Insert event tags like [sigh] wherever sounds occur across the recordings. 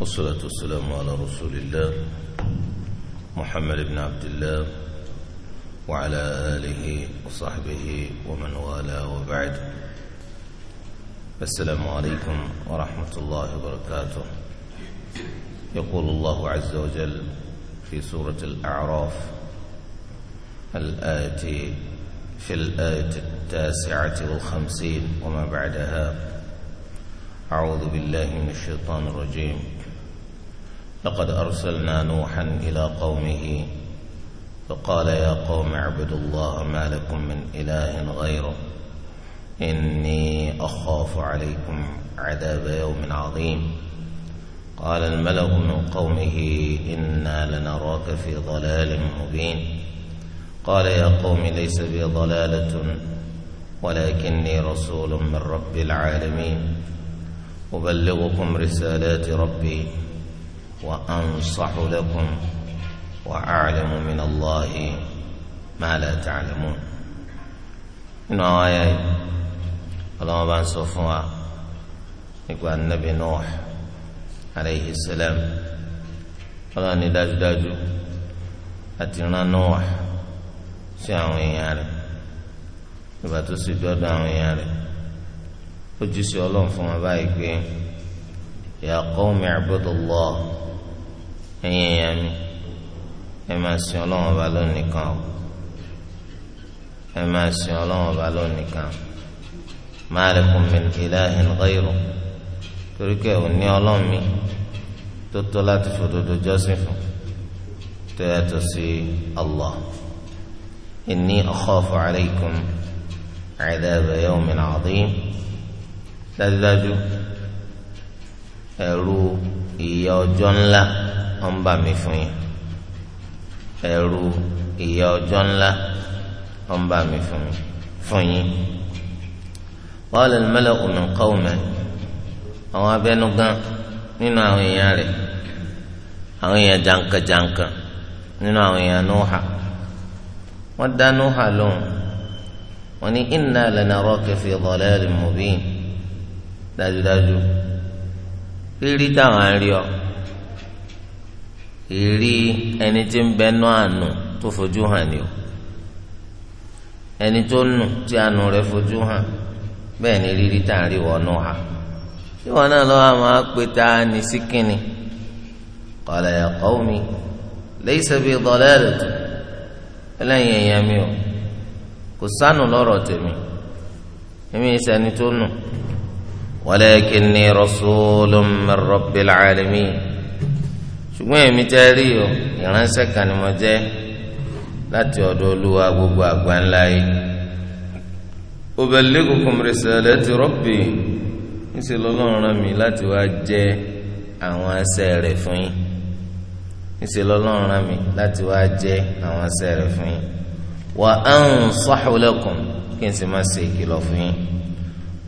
والصلاة والسلام على رسول الله محمد بن عبد الله وعلى آله وصحبه ومن والاه وبعد السلام عليكم ورحمة الله وبركاته يقول الله عز وجل في سورة الأعراف الآية في الآية التاسعة والخمسين وما بعدها أعوذ بالله من الشيطان الرجيم لقد أرسلنا نوحا إلى قومه فقال يا قوم اعبدوا الله ما لكم من إله غيره إني أخاف عليكم عذاب يوم عظيم قال الملأ من قومه إنا لنراك في ضلال مبين قال يا قوم ليس بي ضلالة ولكني رسول من رب العالمين أبلغكم رسالات ربي وأنصح لكم وأعلم من الله ما لا تعلمون إن الله اللهم بان صفوا يقول النبي نوح عليه السلام قال أني داج داج أتينا نوح سيعوين يعني ìgbà tó sì dọ́dọ̀ àwọn èèyàn rẹ̀ ó jíṣẹ́ ọlọ́run fún wọn báyìí pé ya qawmi i'budu Allah. ẹ̀yin ẹ̀yà mi ẹ máa sin ọlọ́run ọba lónìí kan o ẹ máa sin ọlọ́run ọba lónìí kan ma lakum min ilahin ghayru torí kẹ́ ò ní ọlọ́run mi tó tọ́ láti fòdodo jọ́sìn fún tó yàtọ̀ sí Allah inni akhafu alaykum adhaba yawmin adhim dájúdájú ẹ̀rú. ìyà ọjọ́ ńlá ń bà mí fún yín ẹ̀rù ìyà ọjọ́ ńlá ń bà mí fún yín. qala al-mala'u min qawmihi àwọn abẹnugan nínú àwọn èèyàn rẹ̀ àwọn èèyàn jankan-jankan nínú àwọn èèyàn Nuha wọ́n dá Nuha lóhùn wọ́n ní inna lanaraka fi dhalalin mubin dájúdájú. Dájú. rírí táwọn ọ ìrí ẹni tí ń bẹnu àánú tó fojú hàn ni o ẹni tó nù tí àánú rẹ̀ fojú hàn bẹ́ẹ̀ ni riri tá à ń rí ha ìwọ náà lọ́wọ́ àwọn apẹta ní síkìnì qala ya qawmi laysa bi dalalati ẹlẹ́yìn ẹ̀yàn mi o kò sánù lọ́rọ̀ tèmi èmi ìsẹ́ni tó nù. walakinni rasulun min rabbil alamin ṣùgbọ́n èmi tẹ́ rí o ìránṣẹ́ kan ni mo jẹ́ láti ọ̀dọ̀ olúwa gbogbo àgbáńlá yìí uballighukum risalati rabbi níṣẹ́ lọ́lọ́run rán mi láti wá jẹ́ àwọn iṣẹ́ rẹ̀ fún yín níṣẹ́ lọ́lọ́run rán mi láti wá jẹ́ àwọn iṣẹ́ rẹ̀ fún yín wa ansahu lakum kí n sì máa ṣe ìkìlọ̀ fún yín.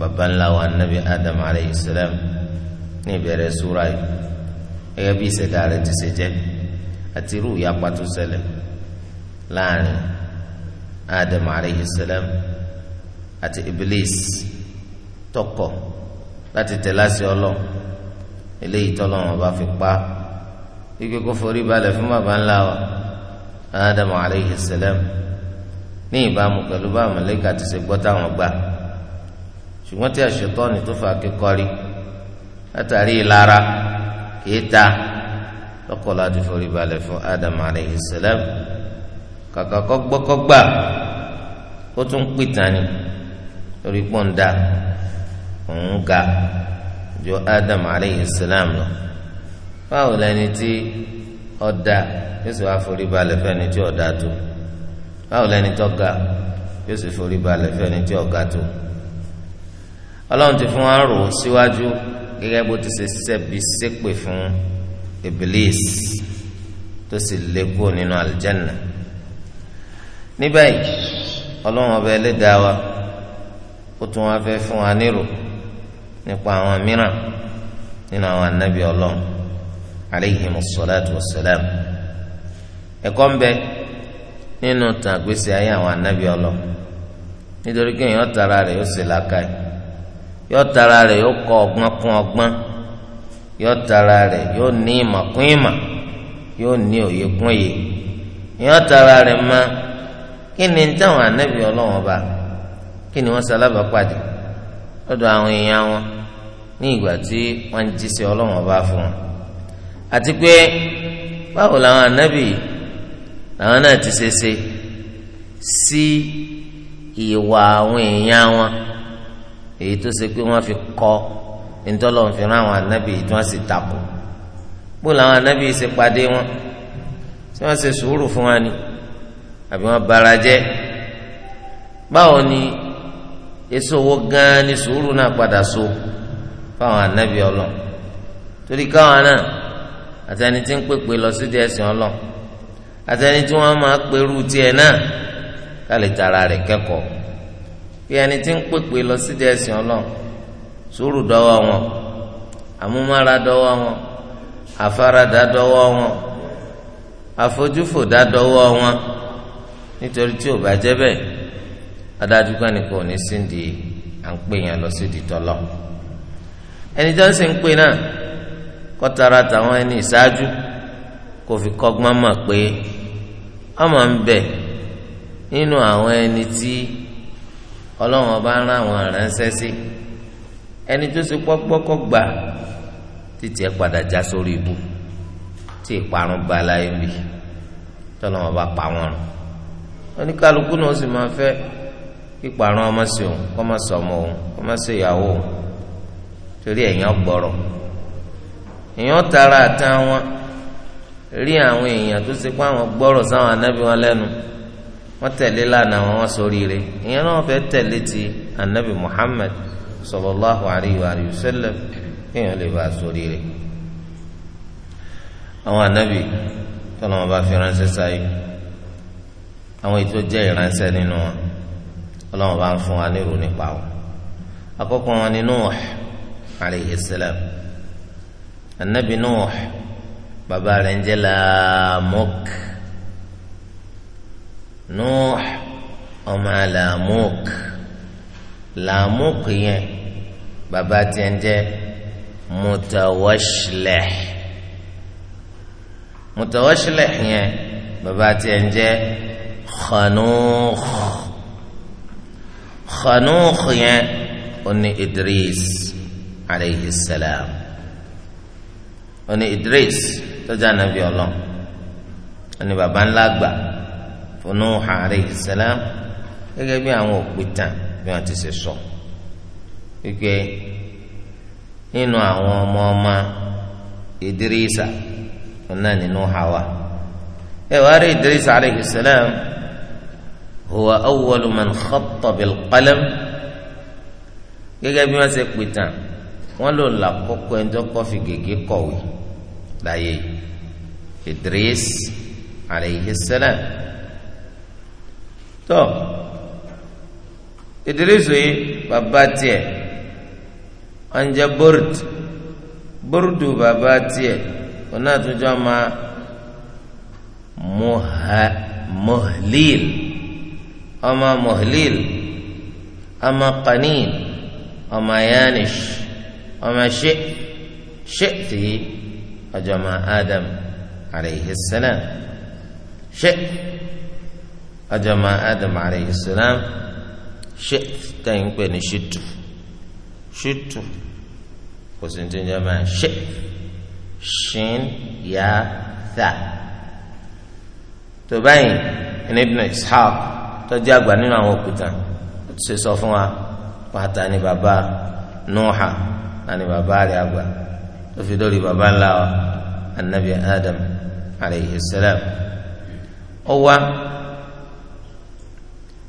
baba ńlá wa nabi adam alayhi salam ní ìbẹ̀rẹ̀ súra yìí gẹ́gẹ́ bí ìṣẹ̀dá rẹ̀ ti ṣe jẹ́ àti irú ìyapa tó ṣẹlẹ̀ láàrin adam alayhi salam àti iblis tọkọ láti tẹ̀lé àṣẹ ọlọ́run eléyìí tọ́lọ́run ọba fi pa ike kó forí balẹ̀ fún baba ńlá wa adam alayhi salam ní ìbámu pẹ̀lú bá màlàíkà ti ṣe gbọ́ táwọn gbà ṣùgbọ́n tí àṣetọ́ni tó fà kíkọ́rí látàrí ìlara kìí ta lọ́kọ̀ láti forí balẹ̀ fún Adam alayhi salam kàkà kọ́gbọ́kọ́gbà ó tún pìtàní lórí pọ́ńdà òun ga ju Adam alayhi salam lọ báwo lẹni tí ọ̀dà yóò sì wá forí balẹ̀ fẹ́ni tí ọ̀dà tó báwo lẹni tó yóò sì forí balẹ̀ fẹ́ni tí ọ̀ga tó ọlọ́run ti fún wa rò ó síwájú gẹ́gẹ́ bó ti ṣe ṣẹ́bi ṣépè fún iblis tó sì lé kúrò nínú àlìjánnà ní báyìí ọlọ́run ọba ẹlẹ́dàá wa ó tún wá fẹ́ fún wa nírò nípa àwọn mìíràn nínú àwọn anábì ọlọ́run aleyhim salatu wa ẹ̀kọ́ ń bẹ nínú tàn ayé àwọn anábì ọlọ́run nítorí kéèyàn tara rẹ̀ ó sì làákàyè. yóò tara rẹ̀ yóò kọ́ ọgbọn kún ọgbọn yóò tara yóò ní ìmọ̀ kún ìmọ̀ ní òye kún òye yóò tara mọ kí ni táwọn anábì Ọlọ́run kí ni wọ́n pàdé lọ́dọ̀ àwọn èèyàn wọn ní ìgbà tí wọ́n jíṣẹ́ Ọlọ́run fún wọn àti pé ti ṣe ṣe sí ìwà àwọn èèyàn èyí tó ṣe pé wọ́n fi kọ́ ntọ́lọ́run fi rán àwọn anábì tí wọ́n sì tàbọ̀ bó làwọn anábì ṣe pàdé wọn tí wọ́n ṣe sùúrù fún wa ni àbí wọ́n bara jẹ́ báwo ni èso owó gan ni sùúrù náà padà so fáwọn anábì Ọlọ́run torí káwọn náà àtẹni tí ń pèpè lọ sí díẹ̀ sí Ọlọ́run àtẹni tí wọ́n máa pẹrù tiẹ̀ náà ká lè tara rẹ̀ kẹ́kọ̀ọ́. bí ẹni tí ń pèpè lọ sí ẹ̀sìn Ọlọ́run sùúrù dọ́wọ́ wọn àmúmára dọ́wọ́ wọn àfaradà dọ́wọ́ wọn àfojúfòdà dọ́wọ́ wọn nítorí tí ò bá jẹ́ bẹ́ẹ̀ adájú kan kò ní síndì à ń pè lọ sí ìdìtọlọ ẹni tó ń pè náà tàwọn ẹni ìṣáájú kò fi kọ́gbọ́n mọ̀ pé ọmọ ń nínú àwọn ẹni tí. ọlọ́run ọba ń rán àwọn aránṣẹ́ sí ẹni tó ṣe pọ́pọ́kọ́ gbà títí ẹ padà já sórí ibu tí ìparun bá láyé bì tọ́lọ́run ọba pa wọ́n rùn oníkálukú náà sì máa fẹ́ ìparun ọmọ sí òun kọ́ máa sọ ọmọ òun kọ́ máa ìyàwó òun torí èèyàn gbọ́rọ̀ èèyàn tara àtàwọn rí àwọn èèyàn tó ṣe pé àwọn gbọ́rọ̀ sáwọn anábì lẹ́nu wọ́n tẹ̀lé lànà wọn wọ́n ṣoríire ìyẹn náà fẹ́ tẹ̀lé ti anabi muhammed sallallahu alayhi wa sallam kéèyàn lè bá a ṣoríire. àwọn anabi tọ́lá wọn bá fi ránṣẹ́ sáyé àwọn ètò jẹ́ ìránṣẹ́ nínú wọn ọlọ́wọ́n bá ń fún wa nírò nípa wọn. àkọ́kọ́ wọn ni nuh alayhi anabi nuh bàbá rẹ̀ ń jẹ́ làmọ́kì. Nuh ọmọ Lamuk Lamuk yẹn bàbá tiẹ̀ ń jẹ́ Mutawashlih Mutawashlih yẹn bàbá tiẹ̀ ń jẹ́ Khanukh Khanukh yẹn oní Idris alayhi salam oní Idris tó jẹ́ ànábì oní bàbá ńlá gbà. Nuh alayhi salam gẹ́gẹ́ bí àwọn òpìtàn bí wọ́n ti ṣe sọ wípé nínú àwọn ọmọ ọmọ Ìdírísà náà ni Nuh wà ẹ wàá rí Ìdírísà alayhi salam huwa awwalu man khatta bil qalam gẹ́gẹ́ bí wọ́n ṣe pìtàn wọ́n lò lákòókò ẹjọ́ kọ́fì gègé kọ̀wé láyé Idris alayhi salam tó ìdírísù yìí bàbá tiẹ̀ wọ́n jẹ́ bord bordu bàbá tiẹ̀ wọn náà tún jọ ma mohlil ọmọ mohlil ọmọ qanin ọmọ yanish ọmọ ṣe ṣètì ọjọ́ ma adam alayhi salam ṣe ajama adam alayhi salam ṣet tẹ̀yìn pé ní ṣètù ṣètù kò sí ní jẹ́ máa ṣe ṣin ya tha tó báyìí ẹni dùn ishaq tó jẹ́ àgbà nínú àwọn òkúta ó ti ṣe sọ fún wa pátá ni bàbá nuha àni bàbá rẹ̀ àgbà tó fi dórí bàbá ńlá wa anabi adam alayhi salam ó wá.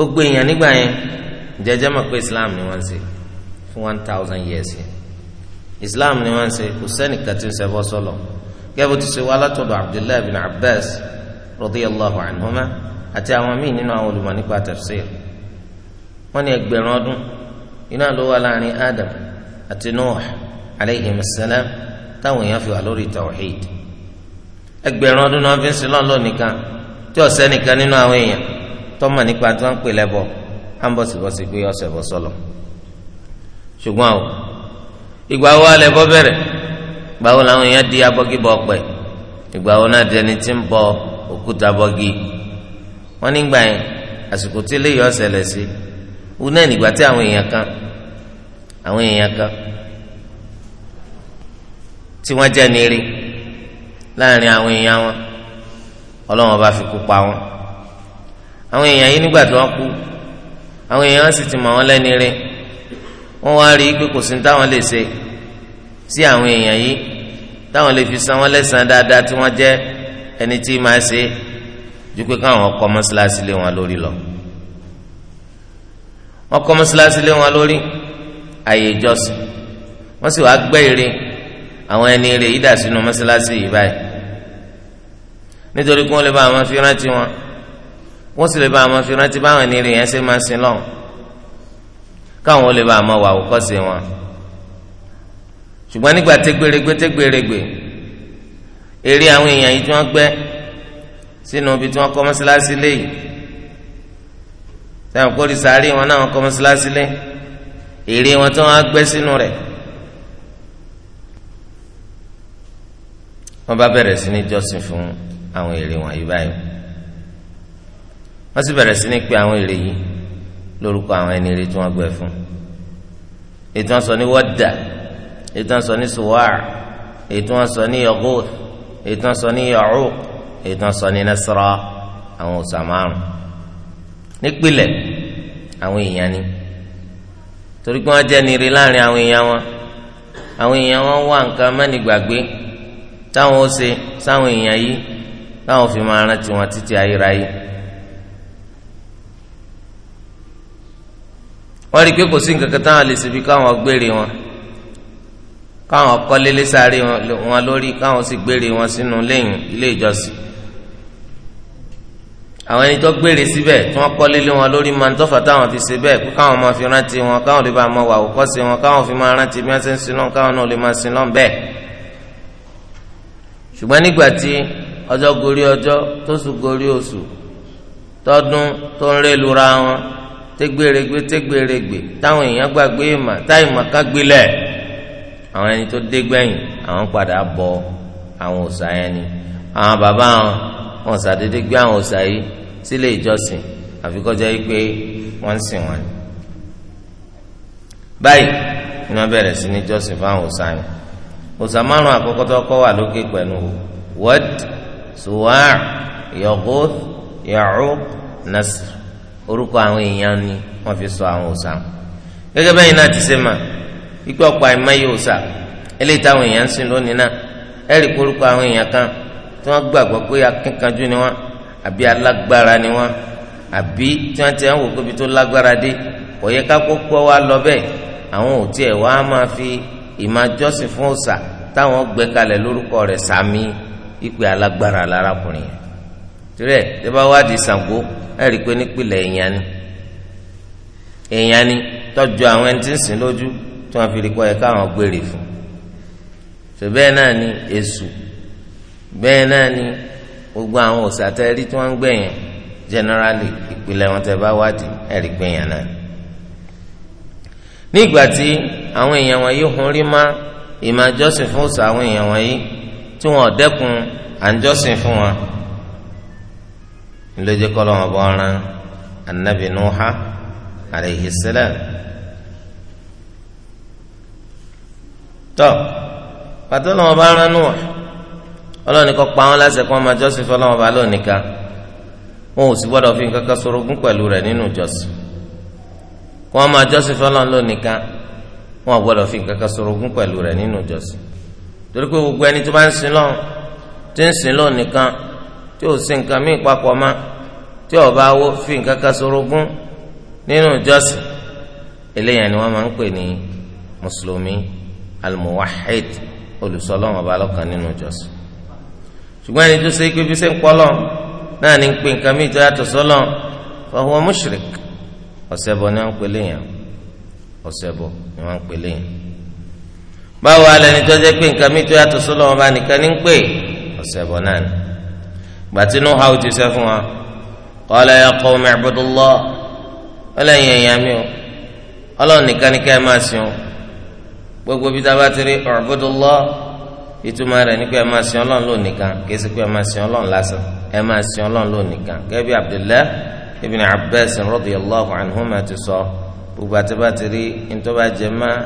gbogbo èèyàn nígbà yẹn jẹjẹ mọ̀ pé islam ni wọ́n ń ṣe fún one thousand years yẹn islam ni wọ́n ń ṣe kò sẹ́nìkan tí ń ṣe bọ́ sọ́lọ̀ gẹ́gẹ́ bó ti ṣe wá látọ̀dọ̀ abdullahi bin abbas radiyallahu anhuma àti àwọn míì nínú àwọn olùmọ̀ nípa tafsir wọ́n ní ẹgbẹ̀rún ọdún iná ló wà láàrin adam àti nuh alayhi salam táwọn èèyàn fi wà lórí tawhid ẹgbẹ̀rún ọdún náà fi ń sin lọ́nà lónìí kan tí ọ̀sẹ́ nìkan nínú àwọn èèyàn tọ́mọ̀ nípa tí wọ́n ń pè lẹ́bọ̀ á ń bọ̀sibọ̀sì pé ọ̀sẹ̀ bọ̀ sọ̀lọ̀ ṣùgbọ́n o ìgbà wo alẹ́ bọ́ bẹ̀rẹ̀ ìgbà wo làwọn èèyàn di abọ́gi bọ ọ̀pẹ ìgbà wo náà dẹni tí ń bọ òkúta bọ́gi wọ́n nígbà yẹn àsìkò tí eléyìí ọ̀sẹ̀ lẹ̀ sí òun náà nígbà tí àwọn èèyàn kan àwọn èèyàn kan tí wọ́n jẹ́ nírí láàrin àwọn èèyàn wọn ọlọ́wọ́n bá fi kú pa wọn àwọn èèyàn yìí nígbà tí wọ́n kú àwọn èèyàn sì ti mọ̀ wọ́n lẹ́ni rẹ̀ wọ́n wá rí i pé kò sí ní táwọn lè ṣe sí àwọn èèyàn yìí táwọn lè fi san wọ́n lẹ́san dáadáa tí wọ́n jẹ́ ẹni tí máa ṣe ju pé káwọn kọ́ mọ́ṣáláṣí lé wọn lórí lọ wọ́n kọ́ mọ́ṣáláṣí lé wọn lórí àyè ìjọsìn wọ́n sì wá gbẹ́ ère àwọn ẹni rè yìí dà sínú mọ́ṣáláṣí yìí báyìí nítorí kí wọ́n lè bá àwọn fi rántí wọn wọ́n sì lè bá àwọn fi rántí báwọn ẹni rè yẹn ṣe máa sin lọ́hùn káwọn ó lè bá àwọn wà òkọ́ sí wọn ṣùgbọ́n nígbà tẹ́gbèrègbè tẹ́gbèrègbè eré àwọn èèyàn yìí tí wọ́n gbẹ́ sínú ibi tí wọ́n kọ́ mọ́sálásí léyìí sẹ́wọ̀n kórì sáré wọn náà wọ́n kọ́ mọ́sálásí lé eré wọn tí wọ́n á gbẹ́ sínú rẹ̀ wọ́n bá bẹ̀rẹ̀ sí ní jọ́sìn fún àwọn eré wọn yìí báyìí wọ́n sì bẹ̀rẹ̀ sí ní pé àwọn èrè yìí lórúkọ àwọn ẹni èrè tí wọ́n gbẹ fún ètò wọ́n sọ ní wọ́dà ètò wọ́n sọ ní suwar ètò wọ́n sọ ní yaghut ètò wọ́n sọ ní ya'uq ètò wọ́n sọ ní nasra àwọn òsàmárùn nípìlẹ̀ àwọn èèyàn ni torí pé wọ́n jẹ́ nire láàrin àwọn èèyàn wọn àwọn èèyàn wọn wá nǹkan mẹ́nìgbàgbé táwọn ó ṣe sáwọn èèyàn yìí táwọn fi máa rántí wọn títí ayérayé. wọ́n rí i pé kò sí nǹkan kan táwọn lè ṣèbí káwọn gbére wọn káwọn kọ́lé lẹ́sàárè wọn lórí káwọn sì gbére wọn sínú lẹ́yìn ilé ìjọsìn àwọn ẹni tó gbére síbẹ̀ tí wọ́n kọ́lé lé wọn lórí máa ń tọ́fà táwọn fi ṣe bẹ́ẹ̀ pé káwọn máa fi rántí wọn káwọn lè bá máa wà òkọ́ sí wọn káwọn fi máa rántí bí wọ́n ṣe ń sin káwọn náà lè máa sin bẹ́ẹ̀. ṣùgbọ́n nígbà tí ọjọ́ gorí ọjọ́ tóṣù gorí oṣù tọdún tó ń rélura wọn tẹgbẹrẹgbẹ tẹgbẹrẹgbẹ táwọn èèyàn gbàgbé ìmà táì mà ká gbilẹ̀ àwọn ẹni tó dé gbẹ̀yìn àwọn padà bọ àwọn òòṣà yẹn ni àwọn bàbá wọn wọn ṣàdédé gbé àwọn òòṣà yìí sílé ìjọsìn àfikọ́jọ́ yìí pé wọ́n sìn wọn báyìí ni bẹ̀rẹ̀ sí ní ìjọsìn fáwọn òòṣà yẹn òòṣà márùn-ún kọ́ wà lókè pẹ̀lú Wad, Suwa', Yaghuth, Ya'uq, Nasr orúkọ àwọn èèyàn ni wọ́n fi sọ àwọn òòṣà gẹ́gẹ́ bẹ́ẹ̀ náà ti ṣe mà ikú ọ̀pọ̀ àìmọye òòṣà eléyìí táwọn èèyàn ń sìn lónìí náà ẹ̀rí orúkọ àwọn èèyàn kan tí wọ́n gbàgbọ́ pé akínkanjú ni wọ́n àbí alágbára ni wọ́n àbí tí wọ́n ti ń wò pé ibi tó lágbára dé kò yẹ ká kókó wa lọ bẹ́ẹ̀ àwọn ò tiẹ̀ wá máa fi ìmájọ́sìn fún òòṣà táwọn gbé lórúkọ rẹ̀ sàmì ìpè alágbára lárakùnrin yẹn torí ẹ tẹ bá wádìí Ṣàngó ẹ rí i pé nípìnlẹ̀ èèyàn ni èèyàn ni tọ́jú àwọn ẹni tí ń sìn lójú tí wọ́n fi rí kọ́ ẹ káwọn gbére fún tó náà ni Èṣù bẹ́ẹ̀ náà ni gbogbo àwọn òsàtẹ́rí tí wọ́n ń gbẹ̀yìn generally ìpìlẹ̀ wọn tẹ bá wádìí ẹ rí gbẹ̀yìn náà ní ìgbà tí àwọn èèyàn wọ̀nyí hun rí má ìmọ̀ àjọsìn fún òsà èèyàn wọ̀nyí tí wọ́n dẹ́kun àjọsìn fún wọn lójú kọlọ́wọ́n bọ́ ọ́rán anabi nuha aleyhi salam tọ́ pàtó lọ́wọ́n bá ọ́rán nuha ọlọ́ni kọ́ pa wọ́n láṣẹ kí wọ́n máa jọ́sìn fọlọ́wọ́n bá lónìka wọn ò sì gbọ́dọ̀ fi nǹkan kan sorogún pẹ̀lú rẹ̀ nínú wọn ò gbọ́dọ̀ fi nǹkan kan sorogún pẹ̀lú rẹ̀ nínú torí pé gbogbo ẹni tó bá ń sin lọ́wọ́ tí ó bá fi nǹkan kan nínú ìjọsìn eléyàn ni wọ́n máa ń pè ní mùsùlùmí almuwahid olùsọlọ́wọ́n ọba lọ́kàn nínú ìjọsìn ṣùgbọ́n ẹni tó ṣe pé ṣe ń náà ní pé nǹkan mìíràn tó yàtọ̀ ni wọ́n ń pè léyàn ọ̀sẹ̀bọ ni wọ́n ń pè léyàn báwo alẹ́ ọba nìkan ní pè ọ̀sẹ̀bọ náà ni قال يا قوم ibudullah الله ẹ̀yà mi o نكاني nìkan nìkan ẹ̀ máa sìn o gbogbo bí tá a bá ti rí ibudullah ìtumọ̀ rẹ̀ ní pé ẹ̀ máa sìn ọlọ́run lónìí kan kì í sì pé ẹ̀ máa sìn ọlọ́run lásán ẹ̀ máa sìn ọlọ́run lónìí kan gẹ́gẹ́ bí Abdullah ibn Abbas radiyallahu anhuma ti sọ gbogbo àti ti rí ntọ́ba jẹ́ máa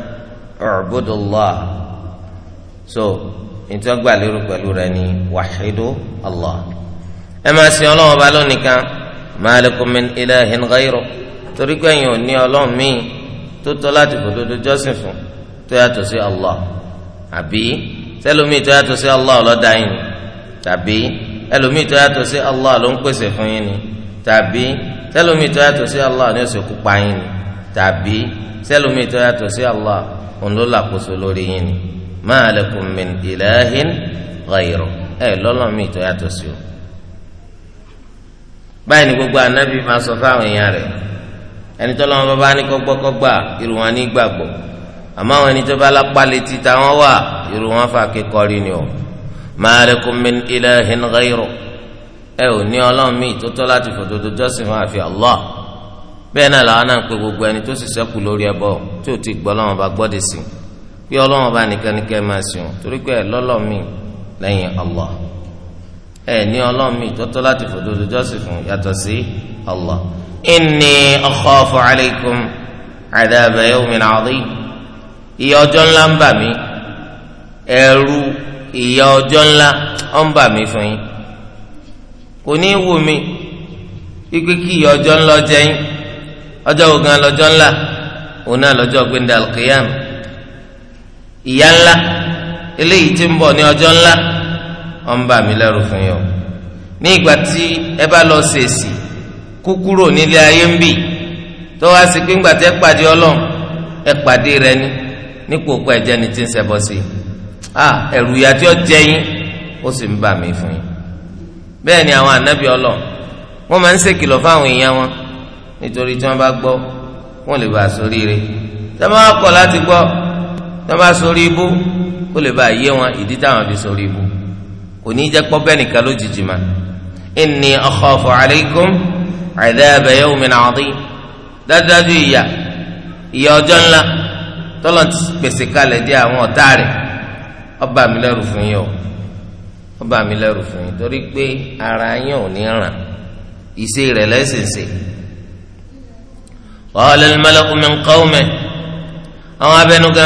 so ntí wọ́n gbà lérò pẹ̀lú rẹ̀ ní wàhídù allah ẹ máa sin ọlọ́wọ́n ba lónìí kan malakum min ilahin ghayru torí pé ẹ̀yin ò ní ọlọ́run míì tó tọ́ láti fòdodo jọ́sìn fún tó yàtọ̀ sí Allah àbí sẹ́lómi tó yàtọ̀ sí Allah ọlọ́dà yín ni tàbí ẹlòmí tó yàtọ̀ sí Allah ló ń pèsè fún yín ni tàbí sẹ́lómi tó yàtọ̀ sí Allah ní oṣù kópa yín ni tàbí sẹ́lómi tó yàtọ̀ sí Allah òun ló lórí yín ni ma lakum min ilahin ghayru ẹ̀ lọ́lọ́mí tó yàtọ̀ sí o báyìí ni gbogbo anabi máa sọ fáwọn èèyàn rẹ̀ ẹni tó lọ́wọ́ bàbá ní kọ́gbọ́kọ́gbà irun wọn ní gbàgbọ́ àmọ́ àwọn ẹni tó bá lápá létí táwọn wà irun wọn fà kékọ́rí ni o ma lakum min ilahin ghayru ẹ ò ní ọlọ́run míì tó tọ́ láti fòdodo jọ́sìn fún àfi Allah bẹ́ẹ̀ náà làwọn náà ń pe gbogbo ẹni tó sì sẹ́kù lórí ẹbọ tí ò ti gbọ́ ọlọ́run bá gbọ́dẹ̀ sí pé ọlọ́run bá nìkan ní máa sìn torí pé ẹ lọ́lọ́ míì lẹ́yìn Allah ẹ ní ọlọ́run mi tó tọ́ láti fòdodo jọ́sìn fún yàtọ̀ sí Allah. inni akhafu alaykum adhaba yawmin adhim ìyà ọjọ́ ńlá ń bà mí ẹ̀rù ìyà ọjọ́ ńlá ń bà mí fún yín kò ní í wù mí ikú kí ìyà ọjọ́ ńlá jẹ yín ọjọ́ ògàn lọ́jọ́ ńlá òun náà lọ́jọ́ gbẹ̀ndẹ̀ alqiyam ńlá eléyìí tí ń bọ̀ ní ọjọ́ ńlá ọ̀ ń bà mí lẹ́rù fún yín o ní ìgbà tí ẹ bá lọ ṣèṣì kú kúrò nílé ayé ń bì tó wá sí pé ńgbà tí ẹ pàdé ọlọ́run ẹ pàdé rẹ ní nípò kọ ẹ̀jẹ̀ ni ti ń ṣẹbọ sí i ah ẹ̀rù ìyà tí ó jẹ yín ó sì ń bà mí fún yín bẹ́ẹ̀ ni àwọn ànábì ọlọ́run wọ́n máa ń ṣèkìlọ̀ fáwọn èèyàn wọn nítorí tí wọ́n bá gbọ́ wọ́n lè bá a sórí rẹ̀ tí bá kọ̀ láti gbọ́ tí bá sórí ibú kó lè bá a yé wọn ìdí táwọn fi sórí ibú kò ní jẹ́ pọ́ bẹ́ẹ̀ nìkan lójijì mà inni akhafu alaykum adhaba yawmin adhim dájúdájú ìyà ìyà ọjọ́ ńlá tọ́lọ̀ ti pèsè kalẹ̀ dé àwọn ọ̀tá rẹ̀ ó bà mí fún yín o ó bà mí fún yín torí pé ara yín ò ní ràn ìṣe rẹ̀ lẹ́sìn sí i. قال الملأ من قومه أو أبنك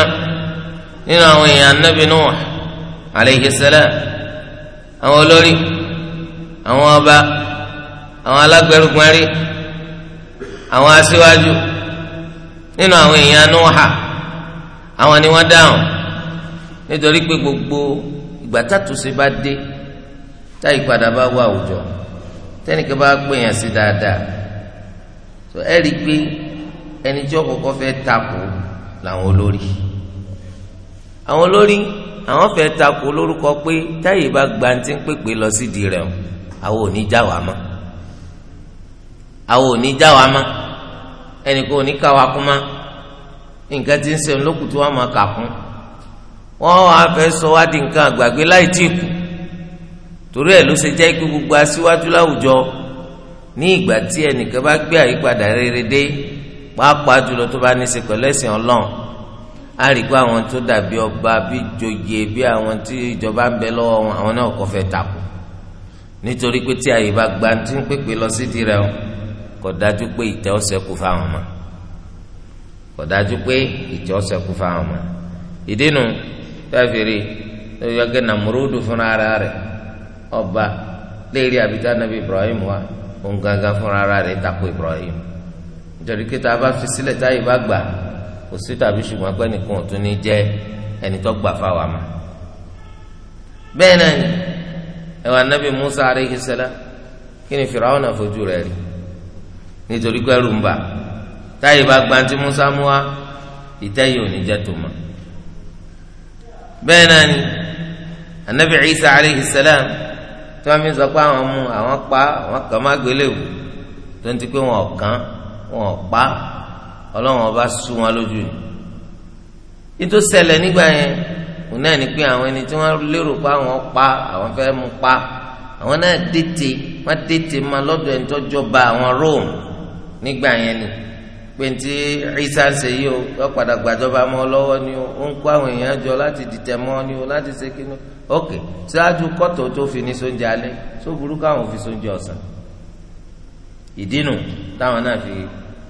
إن أوي النبي نوح عليه السلام àwọn olórí àwọn ọba àwọn alágbẹrùgbọ́nrí àwọn aṣíwájú nínú àwọn èèyàn anúhà àwọn ni wọ́n dáhùn nítorí pé gbogbo ìgbà tàtúnṣe bá dé tá ìpadà bá wà àwùjọ tẹnìkan bá pè yàn sí dáadáa tó ẹ rí i pé ẹni tí ọkọ̀ọ̀kọ̀ fẹ́ takò làwọn olórí àwọn olórí àwọn fẹ́ẹ́ takò lórúkọ pé táyé bá gba ti ń pèpè lọ sídìí rẹ̀ o àwọn ò ní já wa mọ́ àwọn ò ní já wa mọ́ ẹnìkan ò ní ká wa kún mọ́ nǹkan ti ń sẹ́yìn lókùtù wọn máa kà kún wọ́n wàá fẹ́ sọ wá di nǹkan àgbàgbé láì tí kù torí ẹ̀ ló ṣe jẹ́ kí gbogbo aṣíwájú láwùjọ ní ìgbà tí ẹnìkan bá gbé àyípadà rere dé pàápàá jùlọ tó bá ní í ṣe pẹ̀lú ẹ̀sìn ọlọ́run á rí i pé àwọn tó dàbí ọba bí joyè bí àwọn tí ìjọba ń bẹ lọ́wọ́ wọn àwọn náà kọ́ fẹ́ takò nítorí pé tí àyè bá gba tí ń pèpè lọ sídìí rẹ kò dájú pé ìtẹ́ ọ̀sẹ̀ kú fáwọn ọmọ kò dájú pé ìtẹ́ ọ̀sẹ̀ kú fáwọn ọmọ ìdínú fẹ́ẹ́fìrí yọgẹ́ nàmúrúdù fúnra ara rẹ ọba léèrè àbíta nàbí Ibrahim wa òun gangan fúnra ara rẹ takò Ibrahim nítorí pé tá a bá fi sílẹ̀ táyè bá gbà kò sí tàbí ṣùgbọ́n pé nìkan ò tún ní jẹ́ ẹni tó gbà fáwa ma bẹ́ẹ̀ náà ni ẹwà nabi Musa aleyhi salam kí ni Firaun náà fojú rẹ̀ rí nítorí pé ẹrù ń bà táyì bá gbanti Musa mú wa ìtẹ́yìí ò jẹ́ tó ma bẹ́ẹ̀ náà ni anabi Isa aleyhi salam tí wọ́n fi sọ pé àwọn mú àwọn pa àwọn kàn má gbélé wò tó ń ti pé wọn ò kàn wọn ò pa ọlọ́run ọba sún wọn lójú ni ètò ṣẹlẹ̀ nígbà yẹn òun náà ní pé àwọn ẹni tí wọ́n lérò pa àwọn pa àwọn fẹ́ mú pa àwọn náà dètè wọ́n dètè máa lọ́dọ̀ ẹni tó jọba àwọn Rome nígbà yẹn ni pé ní ti Ìsá ń ṣe yìí o wọ́n padà gbàjọba mọ́ lọ́wọ́ ni o ó ń kó àwọn èèyàn jọ láti dìtẹ̀ mọ́ ni o láti ṣe kí ni ok ṣáájú kọ́tọ̀ tó fi ní sóúnjẹ alẹ́ sóburú káwọn fi sóúnjẹ ọ̀sán ìdínú táwọn náà fi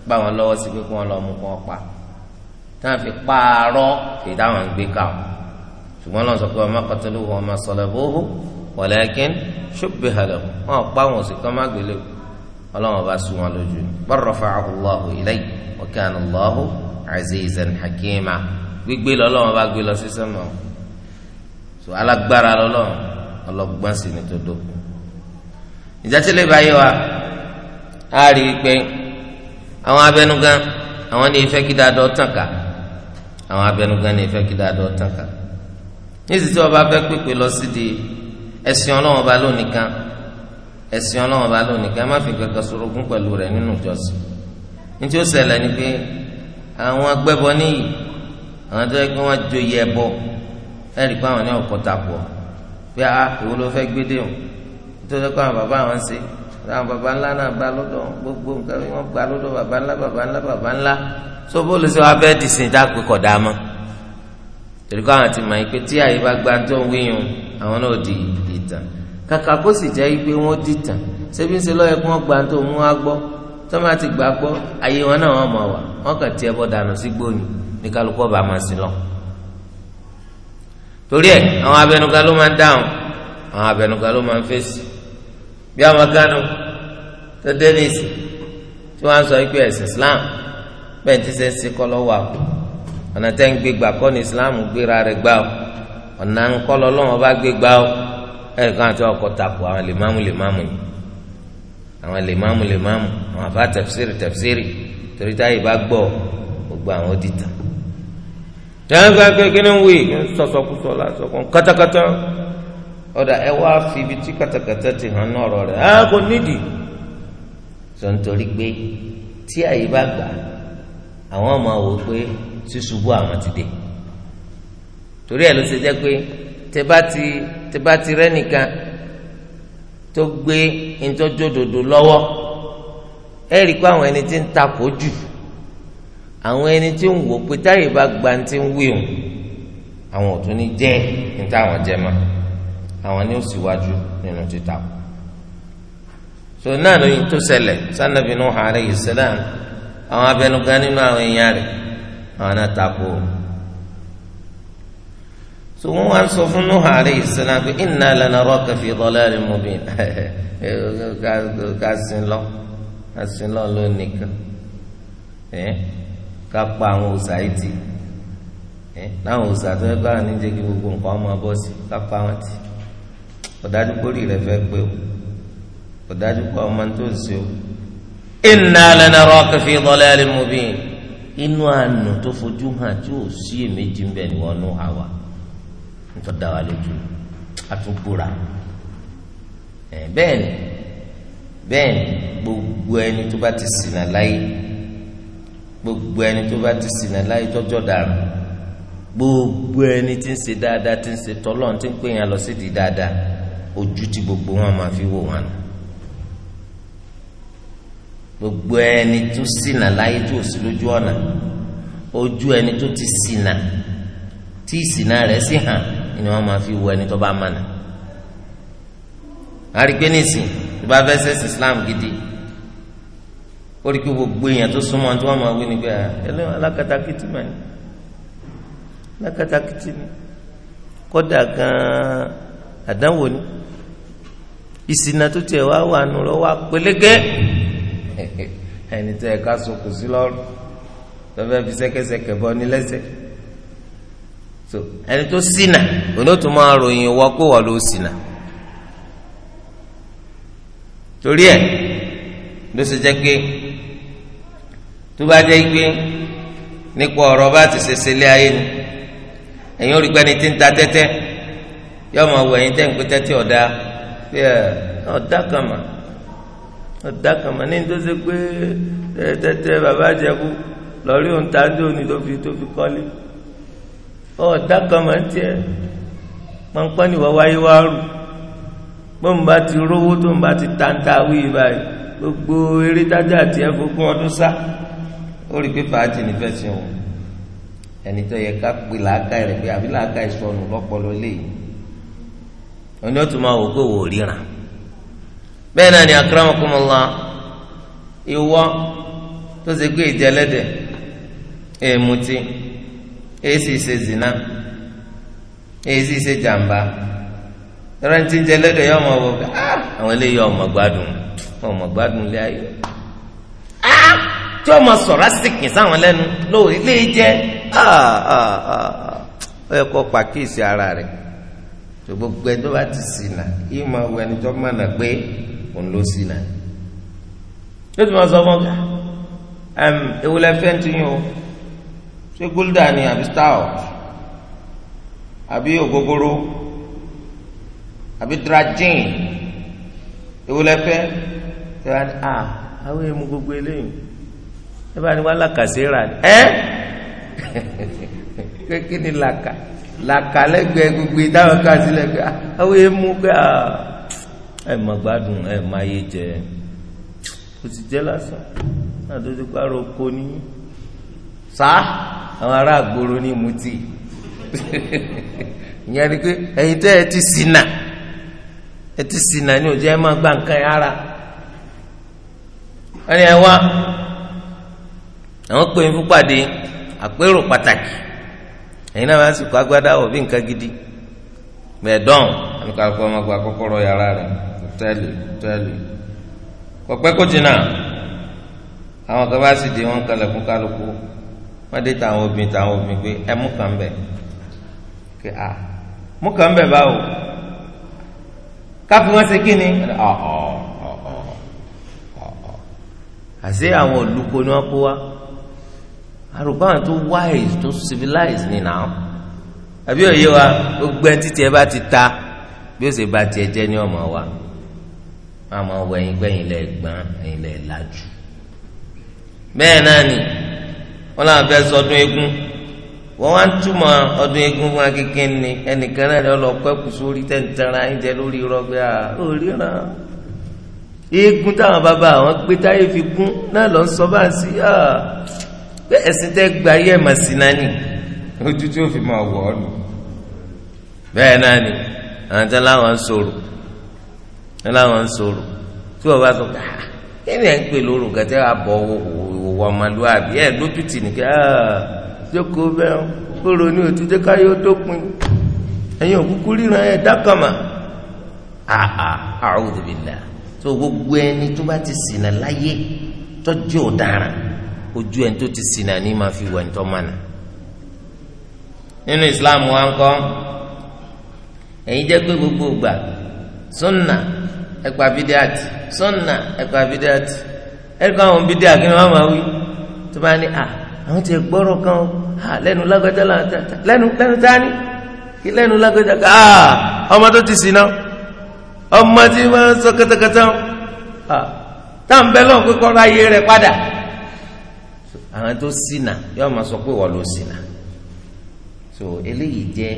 gbá wọn lọ́wọ́ sí pé kí wọ́n lọ mú kí wọ́n pa táwọn fi pààrọ̀ kì í táwọn ń gbé ká o ṣùgbọ́n lọ́n sọ pé wa ma qataluhu wa ma salabuhu walakin shubbiha lahum wọn pa wọn sì kọ́ má gbélé o ọlọ́wọ́n bá sún wọn lójú bal rafa'ahu Allahu ilayhi wa azizan hakima gbígbé lọ́lọ́wọ́n bá gbé lọ sí sẹ́mọ̀ so alágbára lọ́lọ́wọ́n ọlọ́gbọ́n sì ni tó dókun ìjátìlẹ́ báyìí wa á rí i pé àwọn abẹnugan àwọn ní ìfẹ́ kí dáadọ́ tàn ká àwọn abẹnugan ní ìfẹ́ kí dáadọ́ tàn ká nísìsiyìí tí wọ́n bá fẹ́ pèpè lọ sí di ẹ̀sìn ọlọ́wọ́n ba lónìí kan ẹ̀sìn ọlọ́wọ́n ba lónìí kan má fi kankan sorogún pẹ̀lú rẹ̀ nínú ìjọsìn ní ó ṣẹlẹ̀ ni pé àwọn agbẹ́bọ níyì àwọn tó yẹ kí wọ́n joyè ẹbọ ẹ̀rí pé àwọn ní ọ̀kọ́ta pọ̀ pé a ah, ló fẹ́ gbé dé o nítorí pé àwọn bàbá àwọn ń ṣe é àwọn baba ńlá náà bá lọ́dọ̀ gbogbo nǹkan wọn gba lọ́dọ̀ baba ńlá baba ńlá baba ńlá so bóòlù sí wa bẹ́ẹ̀ di sin tá a pè kọ̀ dá mọ́ torí kó àwọn ti mọ̀ pé tí àyè bá gba tó ń wíyùn àwọn náà di ìtàn kàkà kó sì jẹ́ pé wọ́n di ìtàn ṣébi ń ṣe lọ́yẹ kí wọ́n gba tó mú wa gbọ́ tó máa ti gbà gbọ́ àyè wọn náà wọ́n mọ̀ wá wọ́n kàn tiẹ̀ bọ́ dànù sí gbóni ní bí àwọn kánú tó dé tí wọ́n sọ pé ẹ̀sìn islam bẹ́ẹ̀ ti ṣe ń ṣe kọ́ lọ́wọ́ àpò ọ̀nà tẹ́ ń gbé gbà kọ́ ní islam gbéra rẹ̀ gbà ó ọ̀nà ń kọ́ lọ lọ́wọ́ bá gbé gbà ó ẹ̀rì kan àti ọkọ̀ takò àwọn lèmáàmù lèmáàmù yìí àwọn lèmáàmù lèmáàmù àwọn àbá tẹ̀fsírì tẹ̀fsírì torí táyì bá gbọ́ gbogbo àwọn òdìtà tẹ́wọ́n gbà pé kí ń wí sọ̀sọ̀kúsọ̀ lásọ̀kọ̀ kọ́tọ́kọ́tọ́ ọ̀dà ẹ wá fi ibi tí kàtàkàtà ti hàn náà ọ̀rọ̀ rẹ̀ á kò nídìí sọ nítorí pé tí àyè bá gbà àwọn ọmọ wò pé ṣíṣubú àwọn ti dé torí ẹ̀ ló ṣe jẹ́ pé tẹ bá ti tẹ bá ti rẹ́nìkan tó gbé ntọ́jọ́dòdò lọ́wọ́ ẹ rí i pé àwọn ẹni tí ń takò jù àwọn ẹni tí ń wò pé táyè bá gba ti wí òun àwọn ò tún ní jẹ́ ní táwọn jẹ máa àwọn ni ó sì wájú nínú títà so náà lóyún tó ṣẹlẹ̀ sanabi nuhu alayhi salam àwọn abẹnugan nínú àwọn èèyàn rẹ̀ àwọn náà takò so wọn wá ń sọ fún nuhu alayhi salam pé inna lanaraka fi dalalin mubin [laughs] ká sin lọ ká sin lọ lónìí kan ká pa àwọn òòsà yìí tì láwọn òòsà tó ń bá ní kí gbogbo nǹkan ọmọ bọ́ sí ká pa wọn tì. ọ̀dájú kórì rẹ̀ fẹ́ pé o ọ̀dájú pa ọmọ tó ń ṣe o. fi dalalin mubin inú àánú tó fojú hàn tí ò sí èméjì ń bẹ̀ ni wọ́n nú àwa nítorí dáwà lójú gbogbo ẹni tó ti láyé gbogbo ẹni tó ti láyé ojú tí gbogbo wọn máa fi wò wọn gbogbo ẹni tó ṣìnà láyé tó sí lójú ọ̀nà ojú ẹni tó ti ṣìnà tí ìṣìnà rẹ̀ sì hàn ni wọn máa fi wo ẹni tó bá mànà àrígbé nìsín tó bá fẹ́ ṣẹ̀sìn Islam gidi ó rí i pé gbogbo èèyàn tó súnmọ́ tí wọ́n máa wí ni pé ah, ẹlẹ́wọ̀n alákatakítí mà ní alákatakítí ni kódà gan-an àdánwò ni. ìsìnà tó tiẹ̀ wá wà nù lọ wá pélékè [laughs] ẹni tẹ ẹka sọkò sí lọ́rùn lọfẹ fi sẹkẹsẹkẹ bọ ní lẹ́sẹ̀ so ẹni tó ṣìnà onótùú máa ròyìn wọ kó wọ ló ṣìnà torí ẹ ló ṣe jẹ́ pé tó bá jẹ́ pé nípa ọ̀rọ̀ bá ti ṣe lé ayé ni ẹ̀yin ò rí pé tí ń ta ẹ ọ̀dà kàmà ọ̀dà kàmà ní tó ṣe pé tẹ́tẹ́ bàbá àjẹkù lọ́rí òǹtà ń dòní tó fi tó fi kọ́lé ọ̀dà kàmà ń tiẹ̀ pọ́npọ́n ni wọ́n wáyé wá rù bó ń bá ti rówó tó ń bá ti tanta wíì báyìí gbogbo eré tájà àti ẹgbogbo ọdún sá ó rí i pé fàájì nífẹ̀ẹ́ sí wọn ẹni tó yẹ ká pè láàká rẹ̀ pé àbí láàká ìsọnù lọ́pọ̀lọ́ léyìí wọn ni ó tún máa wò pé wò ríran bẹ́ẹ̀ náà ni akramakumullah ìwọ tó ṣe pé ìjẹlẹ́dẹ̀ èèmùtí èsì ṣe zina èsì ṣe jàmbá rántí jẹlẹ́dẹ̀ yọ ọmọ wọ ah! àwọn eléyìí ọmọ gbádùn ọmọ gbádùn lé ayé ah! tí ọmọ sọ̀rọ̀ asìkìn sáwọn lẹ́nu lóòrí lè jẹ́ ẹ kọ́ pàkíyèsí ara rẹ̀. tó gbogbo ẹni tó bá ti ṣìnà yìí máa wọ ẹni tó mọ̀nà pé òun ló ṣìnà yóò tún máa sọ fún ewu lẹ́fẹ́ ń tuyín o ṣé gúldà ni àbí stout àbí ògógóró àbí dragin ewu lẹ́fẹ́ ṣé wàá ní à àwọn èèmù gbogbo eléyìí ṣé wàá ní wàá làkàṣe rà ní ẹ́ kékeré [laughs] làkà làkàlẹ́gbẹ̀ẹ́ gbogbo ìdáhùn ká sílẹ̀ pé ah, àwọn èèmú pé ah, ẹ mọ̀ gbádùn ẹ má yé jẹ kò sì jẹ́ lásán náà tó ti pààrọ̀ oko ní sá àwọn ará àgbòrò ní mutí [laughs] ìyẹn ni pé ẹ̀yin tẹ́ ẹ ti ṣìnà ẹ ti ṣìnà ní òjò ẹ máa gba nǹkan yàrá wọ́n ní ẹ wá àwọn pè é fún pàdé àpérò pàtàkì ẹ̀yin náà máa ń sìnkú agbádá wọ̀ bí nǹkan gidi mẹ̀ẹ́dọ́n àmì kakọ ọmọ gba kọ́kọ́rọ́ yàrá rẹ̀ tẹ́lẹ̀ tẹ́lẹ̀ pọ̀pẹ́ kò jìnnà àwọn kan bá sì di wọn kalẹ̀ fún kálukú wọ́n dé tàwọn obìnrin tàwọn obìnrin pé ẹ mú kàn bẹ̀ kí a mú kàn bẹ̀ báwo káfí wọn ṣe kí ni ọ̀ọ̀ ọ̀ọ̀ ọ̀ọ̀ àti àwọn olùkọ́ ni wọ́n kó wa. àrùkọ àwọn tó wise tó civilize ni nà àbí òye wa gbogbo ẹni títí ẹ bá ti ta bí ó sì bá tiẹ̀ jẹ́ ní ọmọ wa ma wọ ẹyin gbẹ̀yìn lẹ̀ gbọ́n ẹyin lẹ̀ lajú bẹ́ẹ̀ náà ni wọ́n làwọn sọ sọdún eégún wọn wá ń ọdún fún ni ẹnìkan náà ni kù sórí jẹ lórí à òríran táwọn bàbá àwọn gbé táyé fi náà lọ sọ bá sí bẹ́ẹ̀ ẹ̀sìn tẹ́ gba ayé ẹ̀ mà sí náà nì ojú tí ó fi máa wọ̀ ọ́ nù bẹ́ẹ̀ náà ni àwọn tí láwọn ń sọ̀rọ̀ tí láwọn ń sọ̀rọ̀ tí wọ́n bá sọ ká ah, kí ni ẹ̀ ń pè lóru gàtẹ́ àbọ̀ òwò ọmọlúwàbí ẹ̀ lójú tì ní kí ah, jókòó bẹ́ẹ̀ kóró ní òtútù káyọ̀ dópin ẹ̀yin òkúkú ríran ẹ̀ dákàmà àhà ah, a'udhu billah tó gbogbo ẹni tó bá ti ṣìnà láyé tọ́jú ọ̀daràn ojú ẹni tó ti ṣìnà ní ma fi wẹ̀ ńtọ́ mánà nínú Islam wa ń kọ́ ẹ̀yin jẹ́ pé gbogbo gbà sunna ẹ̀pà bídíàtì sunna ẹ̀pà ẹ̀kọ́ àwọn kí ni wọ́n máa wí tó bá ní à àwọn ti gbọ́rọ̀ kan ma lẹ́nu lágbájá lẹ́nu lẹ́nu tání kí lẹ́nu ká ọmọ tó ti ṣìnà ọmọ tí wọ́n sọ kẹtẹkẹtẹ àwọn tó ṣìnà yóò máa sọ pé wọ́n ló ṣìnà so eléyìí jẹ́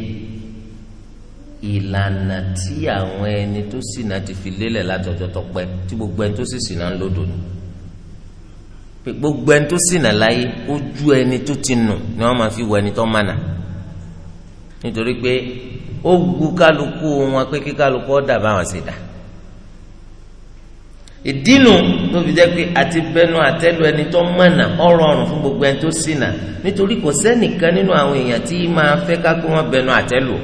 ìlànà tí àwọn ẹni tó ṣìnà ti fi lélẹ̀ látọjọ́ tọpẹ́ tí gbogbo ẹni tó sì ṣìnà ń lòdò ni pé gbogbo ẹni tó ṣìnà láyé ojú ẹni tó ti nù ni wọ́n máa fi wọ ẹni tó mànà nítorí pé ó gu kálukú wọn pé kí kálukú ọ̀dà báwọn ṣe dà ìdínú ló fi jẹ́ pé àti bẹnu àtẹ́lu ẹni tó mọ̀nà ọ̀rọ̀ ọ̀rùn fún gbogbo ẹni tó ṣìnà nítorí kò sẹ́nìkan nínú àwọn èèyàn tí máa fẹ́ ká pé wọ́n bẹnu àtẹ́lu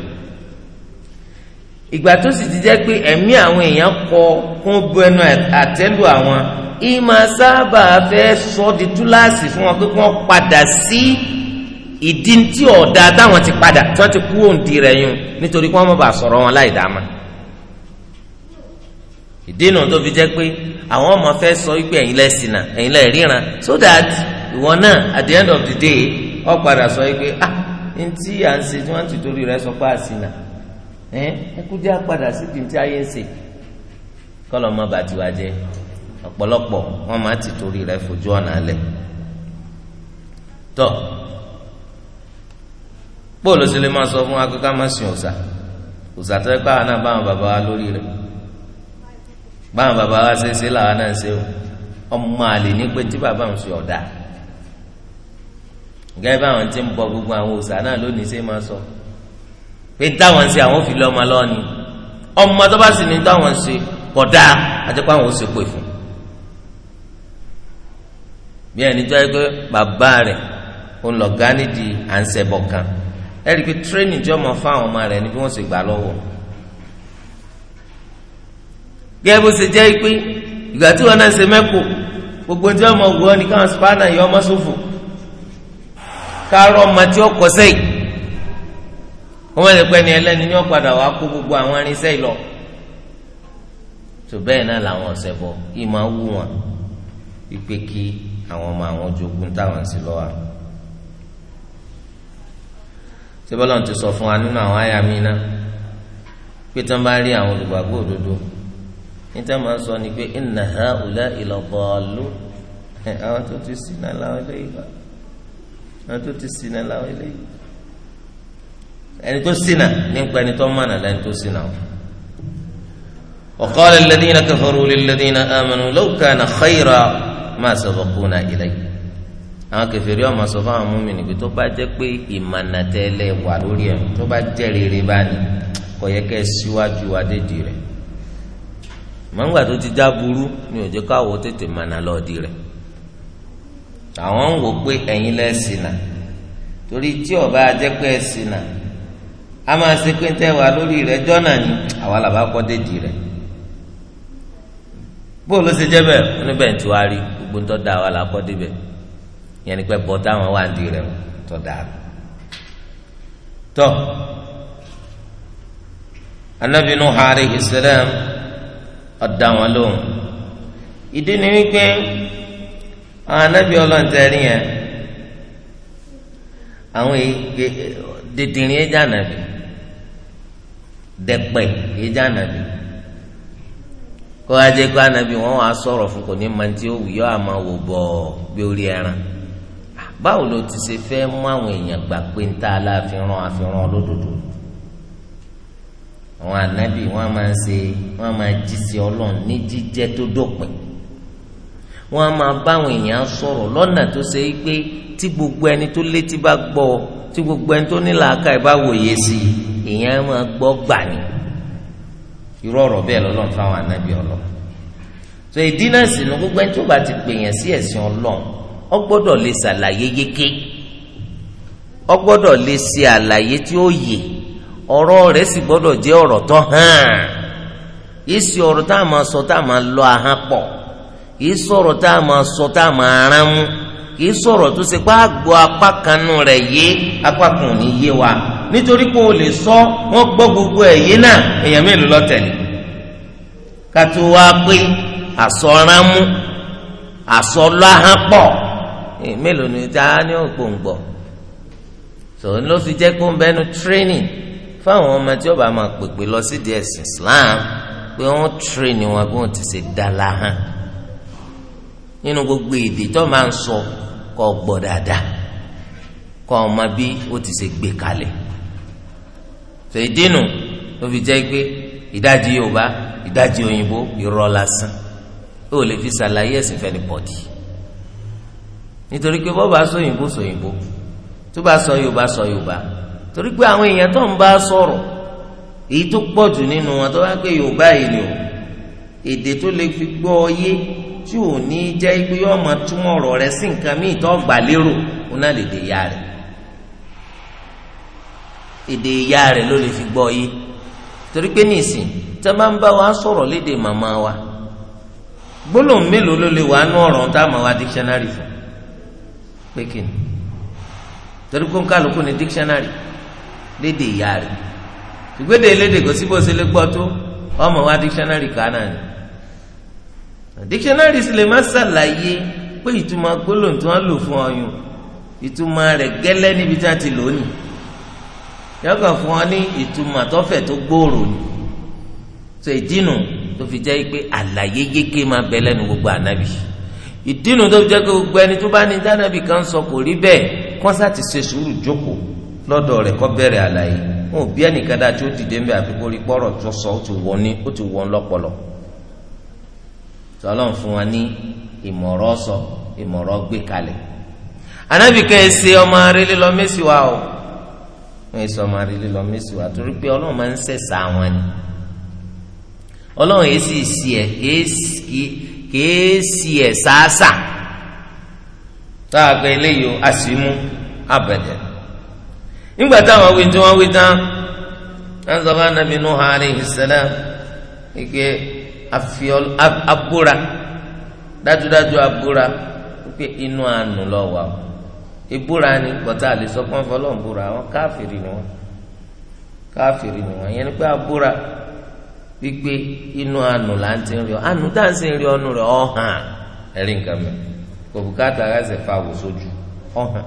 ìgbà tó sì ti jẹ́ pé ẹ̀mí àwọn èèyàn kọ kún bẹnu àtẹ́lu àwọn ìmọ̀ sábà fẹ́ sọ di túláàsì fún wọn pé wọ́n padà sí ìdí tí ọ̀dà táwọn ti padà tí wọ́n ti kú òǹdí rẹ̀ yun nítorí kí wọ́n má bàa sọ̀rọ̀ wọn láì dá máa ìdínà tó fi jẹ́ pé àwọn ọmọ fẹ́ sọ wípé ẹ̀yin lẹ́sìn náà ẹ̀yin lẹ́ ríran so that ìwọ náà at the end of the day ọ padà sọ wípé ah n tí à ń tí ti torí sọ pé ẹ ẹ kú sí n tí ayé ń ọmọ bàtí sọ fún sìn tó ẹ pààrọ̀ báwọn bàbá wa ṣe ṣe làwọn náà ṣe o ọmọ àlè ní pé tí bàbá ń ṣe ọ̀dà gẹ́gẹ́ báwọn ti ń bọ gbogbo àwọn òòṣà náà lónìí ṣe máa sọ pé táwọn ń ṣe àwọn òfin lọ́mọ lọ́ọ̀ni ọmọ tó bá sì ní táwọn ń ṣe kọ̀dá àti pé àwọn ò ṣe pè fún bí ẹni tó yẹ pé bàbá rẹ̀ ń lọ gánìdì à ń ṣẹbọ kan ẹ pé tírénì tí fáwọn ọmọ rẹ̀ ni bí wọ́n ṣe gbà lọ́wọ́ gẹ́gẹ́ bó ṣe jẹ́ pé ìgbà tí wọn náà ṣe mẹ́kò gbogbo tí ọmọ ògùn ọ́ni káwọn sùpánà yọ ọmọ sófò kárọ̀ ọmọ tí ó kọ́ sẹ́yìn wọ́n lè pẹ́ ni ẹlẹ́ni ní ọ̀padà wàá kó gbogbo àwọn irinṣẹ́ ìlọ tó bẹ́ẹ̀ náà làwọn ọ̀sẹ̀ bọ̀ kí máa wú wọn wípé kí àwọn ọmọ àwọn jogún táwọn sí lọ́wọ́ síbọ́lọ́n ti sọ fún wa nínú àwọn àyà mi náà pé tí wọ́n bá rí àwọn olùgbàgbọ́ òdodo níta máa ń sọ ni pé inna ha'ula'i ladallun àwọn tó ti ṣìnà láwọn eléyìí bá àwọn tó ti ṣìnà láwọn eléyìí ẹni tó ṣìnà nípa ẹni tó mọ̀nà lẹ́ni tó ṣìnà o. وقال الذين كفروا للذين آمنوا لو كان خيرا ما سبقونا إليه àwọn kẹfìrí ọmọ sọ fún àwọn múmi níbi tó bá jẹ́ pé ìmọ̀nà tẹ́lẹ̀ wà lórí ẹ̀ tó bá jẹ́ rere báni kò yẹ kẹ́ síwájú adédìí rẹ̀ àmọ́ngbà tó ti já burú ni òjò káwọ́ tètè mànà lọ́ọ̀dì rẹ̀ àwọn ń wò pé ẹ̀yin lẹ́ ṣìnà torí tí ọba ajẹ́pẹ́ ṣìnà a máa ṣe pé tẹ́ wà lórí rẹ̀ jọ́nà ni àwa làbá kọ́ dédì rẹ̀ bó ló ṣe jẹ́ bẹ́ẹ̀ oníbẹ̀ tí wàá rí gbogbo da àwa làkọ́ débẹ̀ yẹn ni pé bọ́ táwọn wà ń rẹ̀ da rẹ̀ ọ̀dà wọn lóhùn ìdí ni wípé àwọn anábì ọlọ́ntẹ́rì yẹn àwọn dìndìnrín ẹja ànàbì dẹpẹ ẹja ànàbì kó ajé kó ànàbì wọn wàá sọ̀rọ̀ fún kò ní máa ti ó wùyọ́ àmọ́ wò bọ̀ bí orí ẹran báwo ló ti ṣe fẹ́ mú àwọn èèyàn gbà pé ń ta aláàfin rán àfihàn lódodo àwọn ànábì wọn máa ṣe wọn máa jíṣẹ́ Ọlọ́run ní jíjẹ́ tó dópin wọn a máa báwọn èèyàn sọ̀rọ̀ lọ́nà tó ṣe é pé tí gbogbo ẹni tó létí bá gbọ́ tí gbogbo ẹni tó nílà aka ẹ bá wòye sí i èèyàn máa gbọ́ gbà ní irú ọ̀rọ̀ bẹ́ẹ̀ lọ́lọ́run fáwọn ànábì Ọlọ́run tó ìdínà sínú gbogbo ẹni tó bá ti pè yàn sí ẹ̀sìn Ọlọ́run ọ gbọ́dọ̀ lè ṣàlàyé yéké ọ gbọ́dọ̀ lè ṣe àlàyé tí ó yè ọ̀rọ̀ rẹ̀ sì gbọ́dọ̀ jẹ́ ọ̀rọ̀ tó hàn yìí sì ọ̀rọ̀ tá a máa sọ tá a máa lọ ahọ́n pọ̀ yìí sọ̀rọ̀ tá a máa sọ tá a máa rán mú yìí sọ̀rọ̀ tó ṣe pé àgbo apá wa nítorí pé o lè sọ wọ́n gbọ́ gbogbo ẹ̀ yé náà èèyàn mélòó lọ ká tó wá pé lọ ahọ́n pọ̀ mélòó ni fáwọn ọmọ tí ó bá máa pèpè lọ sídìí ẹ̀sìn Islam pé wọ́n tírè ni wọn bí wọ́n ti ṣe dá láhàn nínú gbogbo èdè tó máa ń sọ kọ́ gbọ́ dáadáa kọ́ ọmọ bí ó ti ṣe gbé kalẹ̀ fèdínù ló fi jẹ́ pé ìdajì Yorùbá ìdajì òyìnbó irọ́ lásán ó lè fi ṣàlàyé ẹ̀sìn fẹ́ni bọ̀dì nítorí pé bọ́ọ̀ bá sọ òyìnbó sọ òyìnbó tó bá sọ Yorùbá sọ Yorùbá. So torí pé àwọn èèyàn tó ń bá sọ̀rọ̀ èyí tó pọ̀ jù nínú wọn tó bá pé yorùbá yìí ni o èdè tó lè fi gbọ́ ọyé tí ò ní jẹ́ pé yóò máa túmọ̀ ọ̀rọ̀ rẹ sí nǹkan míì tó gbà lérò òun náà lè dè ya rẹ̀ èdè a bá ń bá wa sọ̀rọ̀ lédè màmá wa gbólóhùn mélòó ló léde ìyá rẹ̀ ìgbéde léde kò sí bó ṣe lè gbọ́ tó ọmọ wa dictionary kan náà ni dictionary sì lè má ṣàlàyé pé ìtumọ̀ gbólóhùn tí wọ́n lò fún ọyún ìtumọ̀ rẹ̀ gẹ́lẹ́ níbi tí wọ́n ti lò ó nì yọkàn fún ọ ní ìtumọ̀ tọ́fẹ̀ tó gbòòrò ni so ìdínú tó fi jẹ́ pé àlàyé yéké máa bẹ lẹ́nu gbogbo ànábì ìdínú tó fi jẹ́ pé gbogbo ẹni tó bá ní dánábì kan sọ kò rí bẹ́ẹ̀ kọ́nsá ṣe sùúrù jókòó lọ́dọ̀ rẹ̀ kọ́ bẹ̀rẹ̀ àlàyé wọn ò bí ẹnìkan dáa tí ó dìde mbẹ àfi kó rí pọ́rọ̀ tó sọ ó ti wọ́n ní ó ti wọ́n lọ́pọlọ. sọlọ́n fún wa ní ìmọ̀rọ̀ sọ ìmọ̀rọ̀ gbé kalẹ̀. anábì kẹ́hìnsì ọmọ arílé lọ mẹ́sì wa o wọ́n yẹ sọ ọmọ arílé lọ mẹ́sì wa torí pé ọlọ́run máa ń sẹ̀sà wọn ni. ọlọ́run yìí sì sí ẹ̀ kìí sí ẹ̀ sáásà. táàgbẹ́ eléyìí o àsìmú àbẹ̀dẹ̀ nígbà táwọn wí tí wọ́n wí tán wọ́n sọ fún anabi nuhu alayhi ike abúra dájúdájú abúra pé inú àánú lọ wà ó ìbúra ni bọ́tà lè sọ pé wọ́n fọlọ́ ń búra wọn káfìrí ni wọn káfìrí ni wọn yẹn ni pé abúra wípé inú àánú là ń ti rí ọ àánú tá à ń sì rí ọnu rẹ ọ hàn ẹ̀rí nǹkan mi kò bùkátà ẹ̀ ṣe fa wò sójú ọ hàn.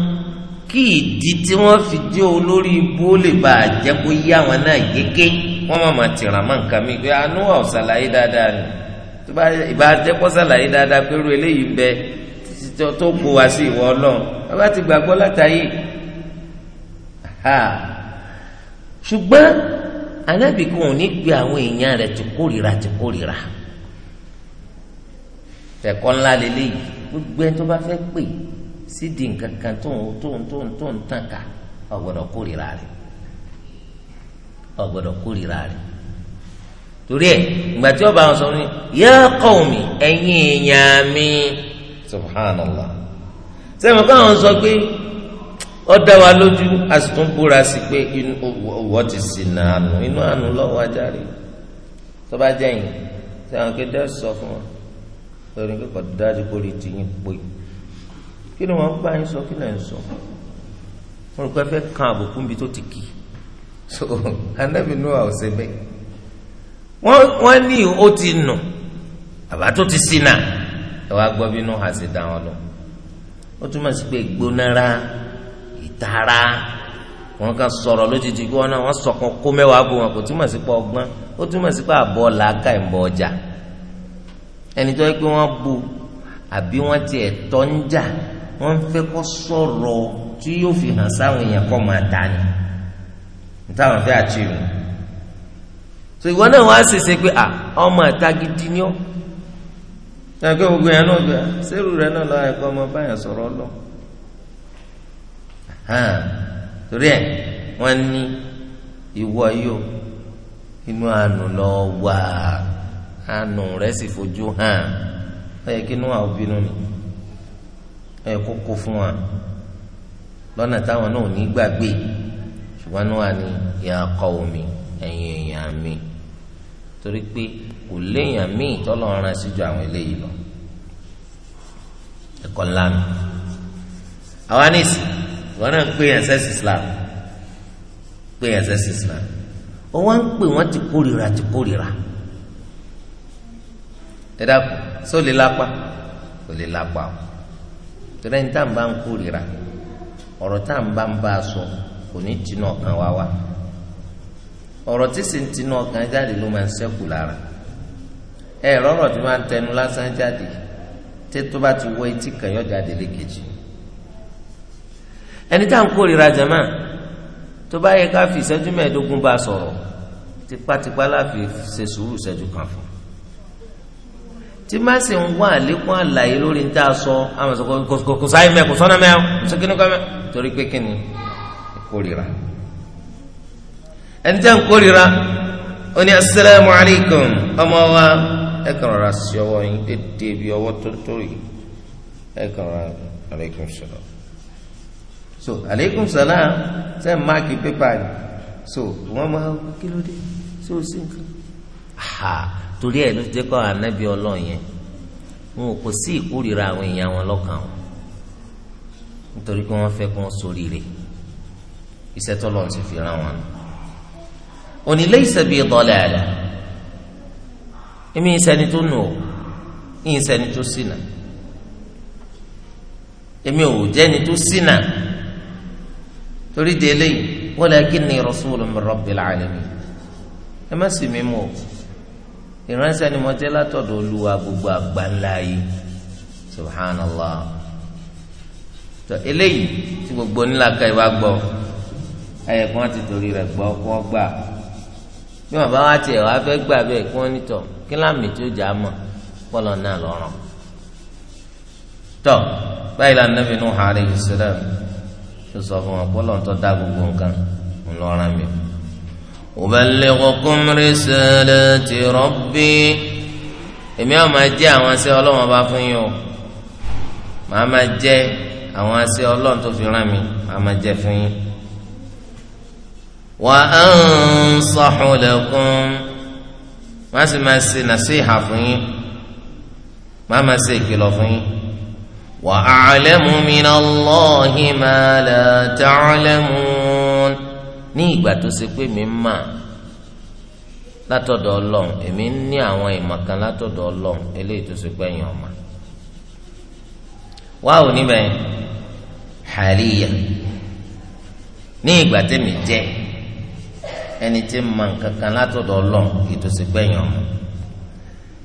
kí ìdí tí wọ́n fi jẹ́ olórí ibú ó lè bàa jẹ́ kó yí àwọn náà yéké wọ́n má má tìrà má nǹkan mi pé anúwà ah, ò ṣàlàyé dáadáa ni tó bá ìbá jẹ́pọ̀ ṣàlàyé dáadáa pé irú eléyìí ń bẹ títí tó kó wa sí ìwọ ọlọ́run bàbá ti gbàgbọ́ látàyè ṣùgbọ́n anábì kan ò ní pe àwọn èèyàn rẹ̀ ti kórìíra ti kórìíra ẹ̀kọ́ ńlá lélẹ́yìí gbogbo ẹ tó bá fẹ́ pè é sídìí nǹkan kan tóun tóun tóun tóun tàn ká ọ̀gbọ́dọ̀ kórìíra rẹ̀ ọ̀gbọ́dọ̀ kórìíra rẹ̀ torí ẹ̀ ìgbà tí ọba àwọn sọ̀rọ̀ ni ya qaumi ẹ̀yin èèyàn mi subhanallah sẹ́mi káwọn sọ pé ó dá wa lójú a sì tún búra sí pé inú owó ti sì nà ánú inú àánú lọ́wọ́ ajáre tó bá jẹ́yìn sẹ́wọ̀n kí dẹ́sọ̀ fún wọn lórí kíkọ̀ dájú kórìí tìyín pé kí ni wọ́n bá yín sọ kí lẹ̀ ń sọ wọn kọ́ fẹ́ kan àbùkù níbi tó ti kì í so anabi noa ò ṣe bẹ́ẹ̀ wọ́n wọ́n ní ó ti nù àbá tó ti sí náà ẹ wá gbọ́ bí noa ṣe dá wọn lọ ó túmọ̀ sí pé gbónára ìtara wọn kan sọ̀rọ̀ lójijì kí wọn náà wọn sọ̀kan kó mẹ́wàá bò wọn kò túmọ̀ sí pé ọgbọ́n ó túmọ̀ sí pé àbọ̀ làákà ìmọ̀ ọjà ẹnìjọ́ pé wọ́n bu àbí wọ́n tiẹ̀ tọ́ ń jà wọ́n fẹ́ kọ́ sọ̀rọ̀ tí yóò fi hàn sáwọn èèyàn kọ́ máa tà ní nítawọn fẹ́ àtìrù so ìwọ náà wọ́n á pé à ọmọ àta gidi ni ọ́ ẹgbẹ́ gbogbo yẹn náà gbé sẹ́rù rẹ náà lọ́wọ́ ẹ̀kọ́ ọmọ báyà sọ̀rọ̀ lọ torí ẹ wọ́n ní ìwọ yóò inú àánú lọ wà àánú rẹ sì fojú hàn ẹ kí inú àwọn obìnrin ni. ẹ kókó fún wa lọ́nà táwọn náà ò ní gbàgbé ṣùgbọ́n ní wà ní ya qaumi ẹ̀yin èèyàn mi torí pé kò léèyàn míì tọ́lọ́run rán síjú àwọn eléyìí lọ ẹ̀kọ́ ńlá mi àwa ní ìsìn ìwọ náà pé ẹ̀sẹ̀ sí Islam pé ẹ̀sẹ̀ sí Islam wọ́n ń pè wọ́n ti kórìíra ti kórìíra ẹ dákun sólè lápá sólè lápá o torí ẹni tá à ń bá ń kórìíra ọ̀rọ̀ tá à ń bá ń bá a sọ kò ní tinú ọkàn wa wá ọ̀rọ̀ tí sì ń tinú ọkàn jáde ló máa ń ṣẹ́kù lára ẹ rọrọ̀ tí máa ń tẹnu lásán jáde tí tó bá ti wọ etí kan yọ jáde lékejì ẹni tá à ń kórìíra jàmá tó bá yẹ ká fi ìṣẹ́jú mẹ́ẹ̀ẹ́dógún bá a sọ̀rọ̀ tipátipá láfi ṣe sùúrù ìṣẹ́jú kan fún un tí má sì ń wá àlékún àlàyé lórí níta sọ àwọn sọ kò kò sáyé mẹ kò sọnà mẹ kò sọ kíni kọ mẹ torí pé kíni kórìíra ẹni tẹ́ ń kórìíra ó ní asalaamu alaykum ọmọ wa ẹ kàn rà sí ọwọ́ yín dédé bí ọwọ́ tó tóri ẹ kàn rà alaykum salaam so aleikum salam sẹ maaki pépà ni so wọn máa kí ló dé so sí torí ẹ̀ ló ti jẹ́ kọ́ ànábì ọlọ́run yẹn wọn ò kò sí ìkórìíra àwọn èèyàn wọn lọ́kàn wọn nítorí pé wọ́n fẹ́ kó wọn sórí rẹ̀ iṣẹ́ tọ́lọ́run sì fi rán wọn. òní laysa bi dalala èmi ìsẹ́ni tó nù ọ́ ìsẹ́ni tó ṣìnà èmi ò jẹ́ni tó ṣìnà torí délé walakinni rasulun min rabbil alamin ẹ má sì mí o ìránṣẹ́ ni mo jẹ́ látọ̀dọ̀ olúwa gbogbo àgbáńlá yìí subhanallah tó eléyìí tí gbogbo onílàkà ìwà gbọ́ ayẹ kí wọ́n ti torí rẹ̀ gbọ́ kí wọ́n gbà bí wọ́n bá wá tiẹ̀ wá fẹ́ gbà bẹ́ẹ̀ kí wọ́n nítọ̀ kí láàmì tí ó jà á mọ̀ pọ́lọ́ náà lọ́rùn tọ́ báyìí la nàbì Nuh alayhi salam tó sọ fún wọn pọ́lọ́ tó dá gbogbo nǹkan ńlọrọ̀ mi. أبلغكم رسالات ربي èmi àwọn máa jẹ́ àwọn asẹ́ ọlọ́wọ́n bá fún yín o màá máa jẹ́ àwọn asẹ́ ọlọ́wọ́n tó fi rán mi màá máa jẹ́ fún yín. wa ansahu lakum màá sì máa ṣe nàṣíhà fún yín màá máa ṣe ìkìlọ̀ fún yín. wa a'lamu minallahi ma la ta'lamun. ní ìgbà tó ṣe pé mi mà látọ̀dọ̀ ọlọ́run èmi ní àwọn ìmọ̀ kan látọ̀dọ̀ ọlọ́run eléyìí tó ṣe pé ẹ̀yìn ọ̀mà wá ò níbẹ̀ hàlíyà ní ìgbà tẹ̀mí jẹ́ ẹni tí mà kan látọ̀dọ̀ ọlọ́run èyí tó ṣe pé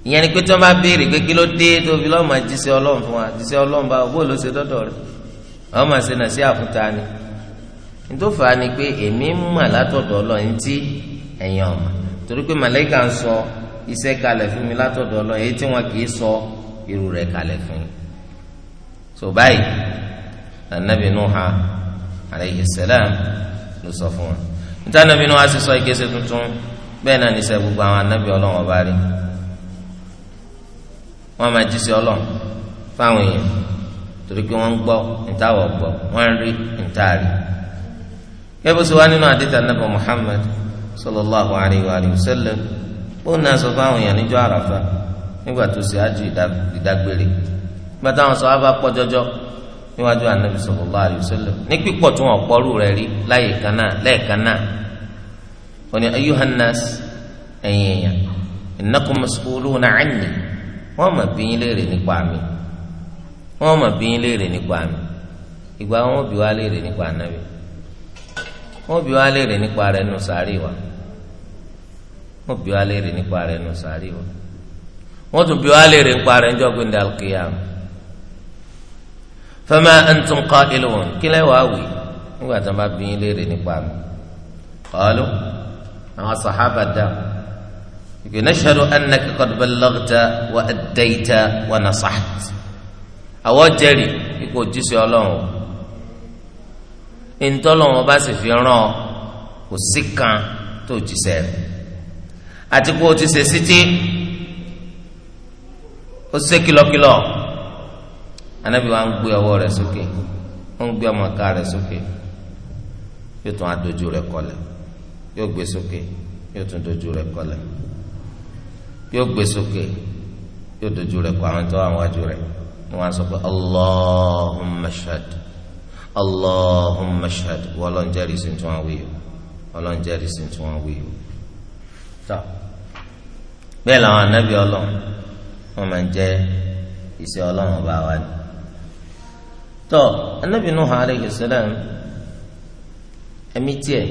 ìyẹn ni pé tí wọ́n bá béèrè pé kí ló dé tó fi lọ́ọ́ jíṣẹ́ ọlọ́run fún wa jíṣẹ́ ọlọ́run bá nítòfà ni pé èmi ń mà látọ̀dọ̀ ọlọ́run tí ẹ̀yin ọ̀mà torí pé màlẹ́kà ń sọ iṣẹ́ kalẹ̀ fún mi látọ̀dọ̀ ọlọ́run èyí tí wọn kì í sọ irú rẹ̀ kalẹ̀ fún mi. so báyìí anabi nuha aleyhi salam ló sọ fún wọn níta anabi nuha sì sọ ìkéṣe tuntun bẹ́ẹ̀ náà níṣẹ́ gbogbo àwọn anabi ọlọ́run ọba rí wọn máa jí sí fáwọn èèyàn torí pé wọ́n kẹ́bù sí wa nínú àdìtà nàbà Muhammad sallallahu alayhi wa sallam ó nà sọ fáwọn èèyàn níjọ́ àràfà nígbà tó ṣe ájú ìdágbére nígbà táwọn sọ wá bá pọ̀ jọjọ níwájú anabi sallallahu alayhi wa sallam ní pípọ̀ tí wọn pọ̀rù rẹ̀ rí láyè kan náà lẹ́ẹ̀kan náà wọn ni ayuhannas ẹ̀yin èèyàn innakum mas'uluna anni wọn mà bí yín léèrè nípa mi wọn mà bí yín léèrè nípa mi ìgbà wọn bí wá léèrè nípa anabi wọ́n bi wá léèrè nípa rẹ̀ nù sàárì wa wọ́n bi wá léèrè nípa rẹ̀ nù sàárì wa wọ́n tún bi wá léèrè nípa rẹ̀ níjọ́ gbẹ̀ndé alkiyam fama antum qailun kílẹ̀ wàá wì nígbà tí wọ́n bá bi yín léèrè nípa mi qalu àwọn sàhábà dá ìgbè nashhadu annaka qad ballaghta wa addaita wa nasahta àwọn jẹ́rìí ikú òjíṣẹ́ Ọlọ́run ntọ́lọ́wọ́n bá sì fi ràn ọ́ kò sí kan tó ti sẹ́ rẹ̀ àti kó o ti ṣe sítí ó ṣe kìlọ̀kìlọ̀ anábì wa ń gbé ọwọ́ rẹ̀ sókè ó ń gbé ọmọ ká rẹ̀ sókè yóò tún adójú rẹ̀ kọlẹ̀ yóò gbé sókè yóò tún dojú rẹ̀ kọlẹ̀ yóò gbé sókè yóò dojú rẹ̀ kọ àwọn tó wà wájú rẹ̀ wọ́n sọ pé Allahumma shahad allahumma shahad wọ́n lọ́n jẹ́rìí sí tí wọ́n wí o wọ́n lọ́n jẹ́rìí sí tí wọ́n wí o tọ́ bẹ́ẹ̀ làwọn anábì ọlọ́run wọ́n máa ń jẹ́ iṣẹ́ ọlọ́run bá wa ni tọ́ anábì Nuhu alayhi salam ẹ̀mí tiẹ̀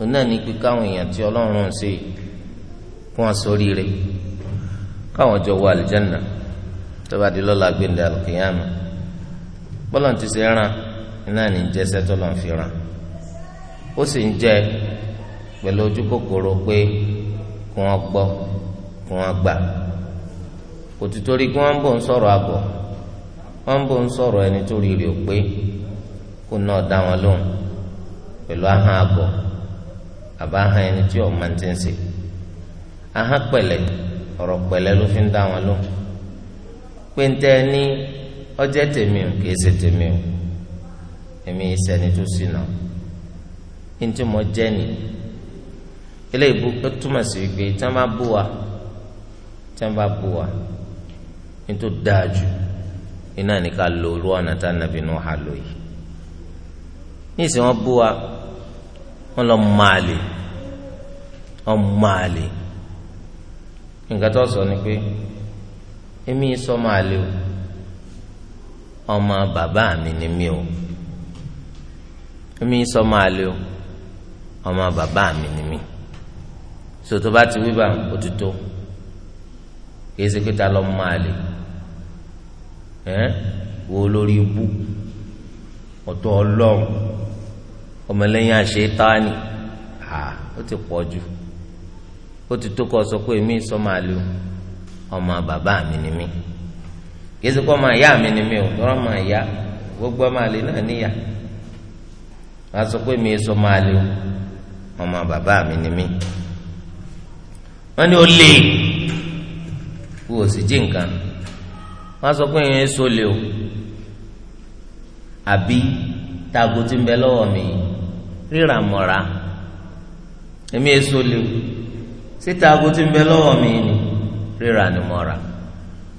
òun náà ní pé káwọn èèyàn tí ọlọ́run ń ṣe kí wọ́n sórí rẹ̀ káwọn jọ wọ àlìjánná tó bá di lọ́la gbẹ̀ndẹ̀ àlùkìyàmù bọ́lá ti ṣe rán naanị ní jẹ́ sẹ́tọ́ lọ́n fi ràn ó sì ń ojú kòkòrò pé kí wọ́n gbọ́ kí wọ́n gbà kò torí kí bò ń o pé kó náà dá wọn lóhùn pẹ̀lú ahọ́n àbọ̀ àbá ahọ́n ẹni tí ò máa ti ń sè èmi ìsẹni tó ṣìnà ntí mo jẹ ni ilé ìbú ó túmọ̀ sí wípé tí wọ́n bá bú wa tí wọ́n bá bú wa nítorí dáa jù iná ní ká lo irú ọ̀nà tá nàbí nù hà lò yìí níìsín wọ́n bú wa wọ́n lọ maale wọ́n maale nǹkan tó sọ ni pé èmi sọ maale o ọmọ bàbá mi ni mi o èmi sọ máa lé o ọmọ bàbá mi ni mí sọtọ bá ti wíwà òtítọ́ kìí ṣe pé ta lọ máa lè ẹ wo lórí ibú ọ̀tọ̀ Ọlọ́run ọmọlẹ́yìn àṣetáni à ó ti pọ̀ jù ó ti tó kọ sọ pé èmi sọ máa lé ọmọ bàbá mi ni mí kìí ṣe pé ọmọ ìyá mi ni mí o tọrọ ọmọ ìyá gbogbo ọmọ àlè náà níyà. wọ́n á sọ pé mi sọ máa lé ọmọ bàbá mi ni mí wọ́n ní ó lé kú ò sì jí nǹkan wọ́n á sọ pé ìyẹn so lé o àbí taago ti ń bẹ mi ríra mọra èmi èso e lé o sí taago ti ń bẹ mi ni ríra ni mọ́ra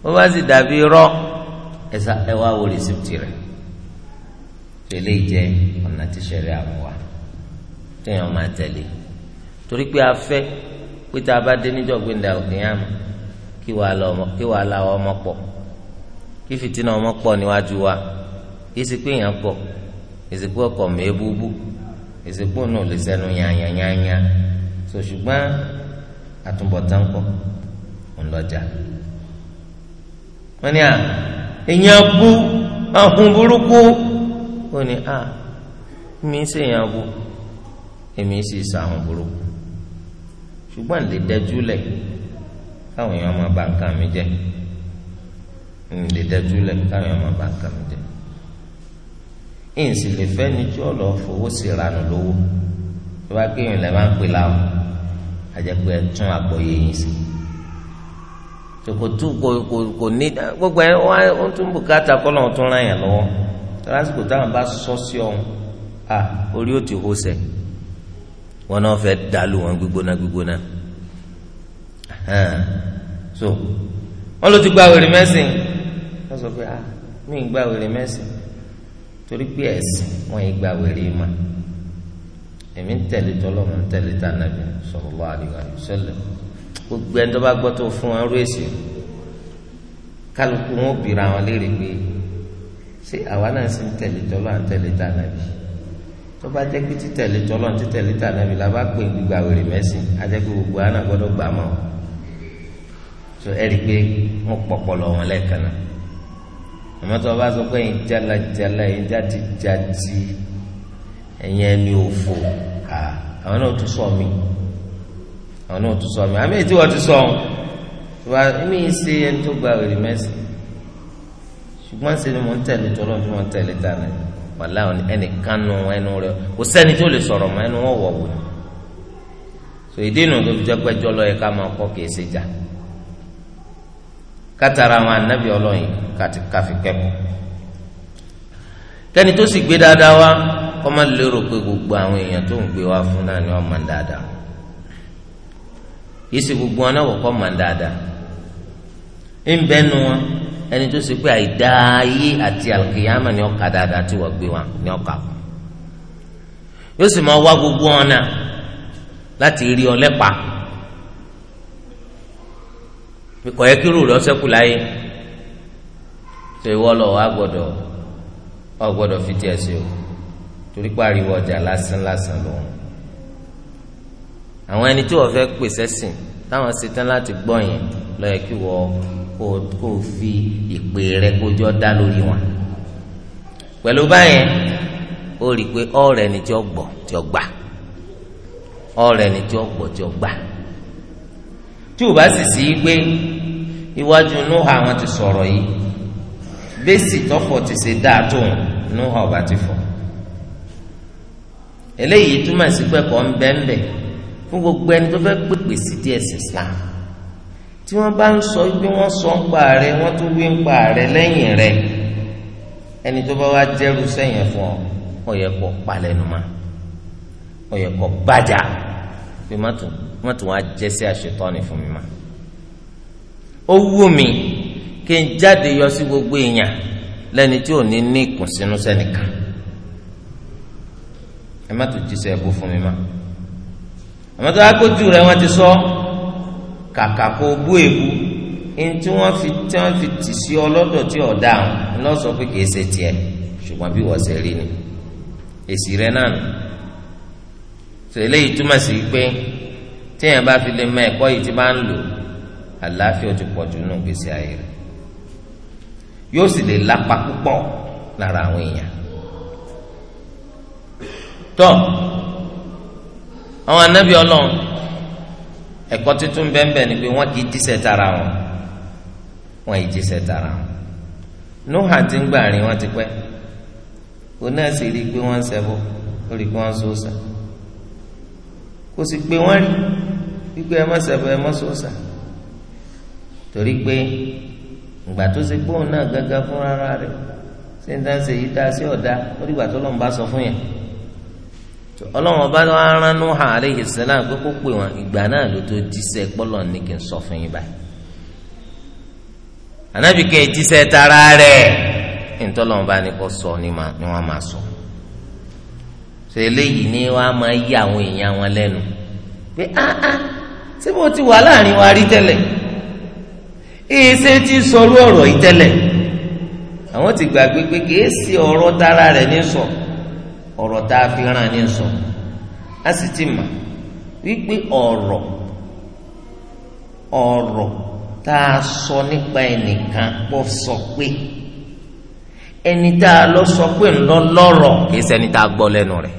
bó bá sì dàbí rọ́ ẹ wá tẹ̀lé jẹ́ ọ̀nà tí sẹ̀rí àmúwa téèyàn máa tẹ̀lé torí pé a fẹ́ pé tá a bá dé níjọ́ gbẹ̀ndà òkèèyàn kí wàá la ọmọ pọ̀ kí fìtínà ọmọ pọ̀ níwájú wa kí èèyàn pọ̀ ìsìnkú ọkọ̀ mẹ́ẹ́búbú ìsìnkú náà lè sẹ́nu yányányányá so àtúbọ̀tán kọ́ ńlọjà wọ́n ní à èèyàn bú ahun burúkú. ó ní a ah, mi ṣèyàn wo èmi sì ṣùgbọ́n lẹ̀ káwọn èèyàn bà nǹkan mi jẹ́ lè lẹ̀ káwọn èèyàn bà nǹkan mi jẹ́ ni tí ó lọ fowó sí ranù lówó tó bá pé èèyàn lè máa ń pè láwọn àjẹpẹ́ tún àgbọ̀yé yìí sí kò kò kò ní gbogbo ẹ wọ́n tún bùkátà lásìkò táwọn bá sọ sí ọ̀hún à orí ò ti hó sẹ̀ wọn náà fẹ́ dàlù wọn gbígbóná gbígbóná so wọn ló ti gba wèrè mẹ́sìn wọn sọ pé à mí gba wèrè mẹ́sìn torí pé ẹ̀sìn wọn yìí gba wèrè mọ́ èmi ń tẹ̀lé tọ́lọ́ mo ń tẹ̀lé tànàbí sallallahu alaihi wasallam gbogbo ẹni tó bá gbọ́ tó fún wọn rú èsì kálukú wọn ò bìrà wọn léèrè pé ṣé àwa náà sì ń tẹ̀lé tọ́lọ́ à ń tẹ̀lé tà nàbì tó bá jẹ́ pé títẹ̀lé tọ́lọ́ títẹ̀lé tà nàbì la bá pè gbígba wèrè mẹ́sìn á jẹ́ pé gbogbo àná gbọ́dọ̀ gbà mọ́ so ẹ̀rí pé wọ́n pọ̀pọ̀lọ̀ wọn lẹ́ẹ̀kan náà àmọ́ tó o bá sọ pé ẹ̀yin jalajala ẹ̀yin jáde jáde ẹ̀yin ẹni òfò àwọn náà tún sọ mí àwọn náà tún sọ mí àmì ètí wọ́n tún sọ ọ́n tó bá mi ṣe ẹni tó gba wèrè mẹ́sìn ṣùgbọ́n ṣe ni ń tẹ̀lé tọ́lọ́ ń tẹ̀lé nu ẹnu rẹ kò sẹ́ni tó lè sọ̀rọ̀ nu tó fi jẹ́ yẹ ká máa kọ́ ṣe jà kátàrà àwọn anábì ọlọ́yin káfi kẹ́kọ̀ọ́ kẹ́ni tó sì gbé dáadáa wá kọ́ máa lérò pé gbogbo àwọn èèyàn tó ń gbé wá fún náà ni wọ́n máa dáadáa kìí ṣe gbogbo wọn náà wọ̀ kọ́ dáadáa ń ẹni tó ṣe pé àìdá ayé àti àlùkìyàmà ni ọkà dáadáa tí wọ́n gbé wa ni ọkà kù yóò sì máa wá gbogbo ọ̀nà láti rí ọ lẹ́pa kò yẹ kí rúurú ọsẹ kù láyé tó ìwọ lọ wá gbọ́dọ̀ ọ gbọ́dọ̀ fi tiẹ̀ sí o torí pariwo ọjà lásán lásán lòun àwọn ẹni tí wọ́n fẹ́ pèsè sìn táwọn ṣetán láti gbọ́ lọ yẹ kí wọ́n kó kó fi ìpè rẹ kójọ dá lórí wọn pẹ̀lú báyẹn ó rí i pé ọ̀rẹ́ ni tí ó gbọ́ tí ó gbà ọ̀rẹ́ ni tí ó gbọ́ tí ó gbà tí ò bá sì sí pé iwájú núhà àwọn ti sọ̀rọ̀ yìí bẹ́sì tọ́fọ̀ ti ṣe dáa tóun núhà ọba ti fọ̀ eléyìí túmọ̀ sí pẹ́kọ̀ọ́ ń bẹ́ńbẹ́ fún gbogbo ẹni tó fẹ́ pèpè sí díẹ̀ sí Islam tí wọ́n bá ń sọ pé wọ́n sọ ń pa rẹ wọ́n tún wí ń pa rẹ lẹ́yìn rẹ ẹni tó bá wá jẹ́rú sẹ́yìn fún ọ ó yẹ kó palẹ̀nu ma ó yẹ kó bàjá pé má tún má tún wá jẹ́ sí àṣetọ́ni fún mi ma. ó wù mí kí n jáde yọ sí gbogbo èèyàn lẹ́ni tí ò ní ní ìkùnsínú sẹ́nìkan ẹ má tún jíṣẹ́ ẹ̀bù fún mi ma àmọ́ tó rẹ wọ́n ti sọ ọ́ kàkà kó bú èbú ntí wọ́n fi tí wọ́n fi tì sí ọlọ́dọ̀ tí ò dáhùn ńlọsọ pé kìí ṣe tiẹ̀ ṣùgbọ́n bí wọ́n ṣe rí ni èsì rẹ̀ náà nù tó eléyìí túmọ̀ sí pé téèyàn bá fi lè mọ ẹ̀kọ́ yìí ti máa ń lò àlàáfíà ti pọ̀ jù nù gbèsè ayé rẹ̀ yóò sì lè lápa púpọ̀ lára àwọn èèyàn tó àwọn anábì Ọlọ́run ẹ̀kọ́ tuntun bẹ́ẹ̀nbẹ́ẹ̀ ni pé wọ́n kì í jíṣẹ́ tara wọn wọ́n yìí tara wọn ti ń gbà rìn ti pẹ òun náà rí i pé wọ́n ń ṣẹbọ ó rí i pé wọ́n ń sòòsà kò sì pé rí ẹ ẹ torí pé ìgbà tó ṣe pé fún rárá ṣé ń dá ṣe yí dá sí ọ̀dá ó dìgbà sọ fún yẹn. ọlọ́run ọba wa rán nuha aleyhi salam pé kó pè wọn ìgbà náà ló tó jíṣẹ́ pọ́lọ̀ ní kí n sọ fún yín báyìí ànábì kẹ́ jíṣẹ́ tara rẹ̀ ntọ́lọ́run bá ní kó sọ ni wọ́n máa sọ ṣe eléyìí ni wọ́n á máa yí àwọn èèyàn wọn lẹ́nu pé áá ṣé mo ti wà láàrin wa rí tẹ́lẹ̀ èsè ti sọrú ọ̀rọ̀ yìí tẹ́lẹ̀ àwọn ti gbàgbé pé kìí ṣe ọ̀rọ̀ tara rẹ̀ ní sọ̀rọ̀ ọ̀rọ̀ tá a fi ràn ní sọ a sì ti mà wípé ọ̀rọ̀ ọ̀rọ̀ tá a sọ nípa ẹnìkan pọ̀ sọ pé ẹni tá a lọ sọ pé ńlọ lọ́rọ̀ kìí ṣẹni tá a gbọ́ lẹ́nu rẹ̀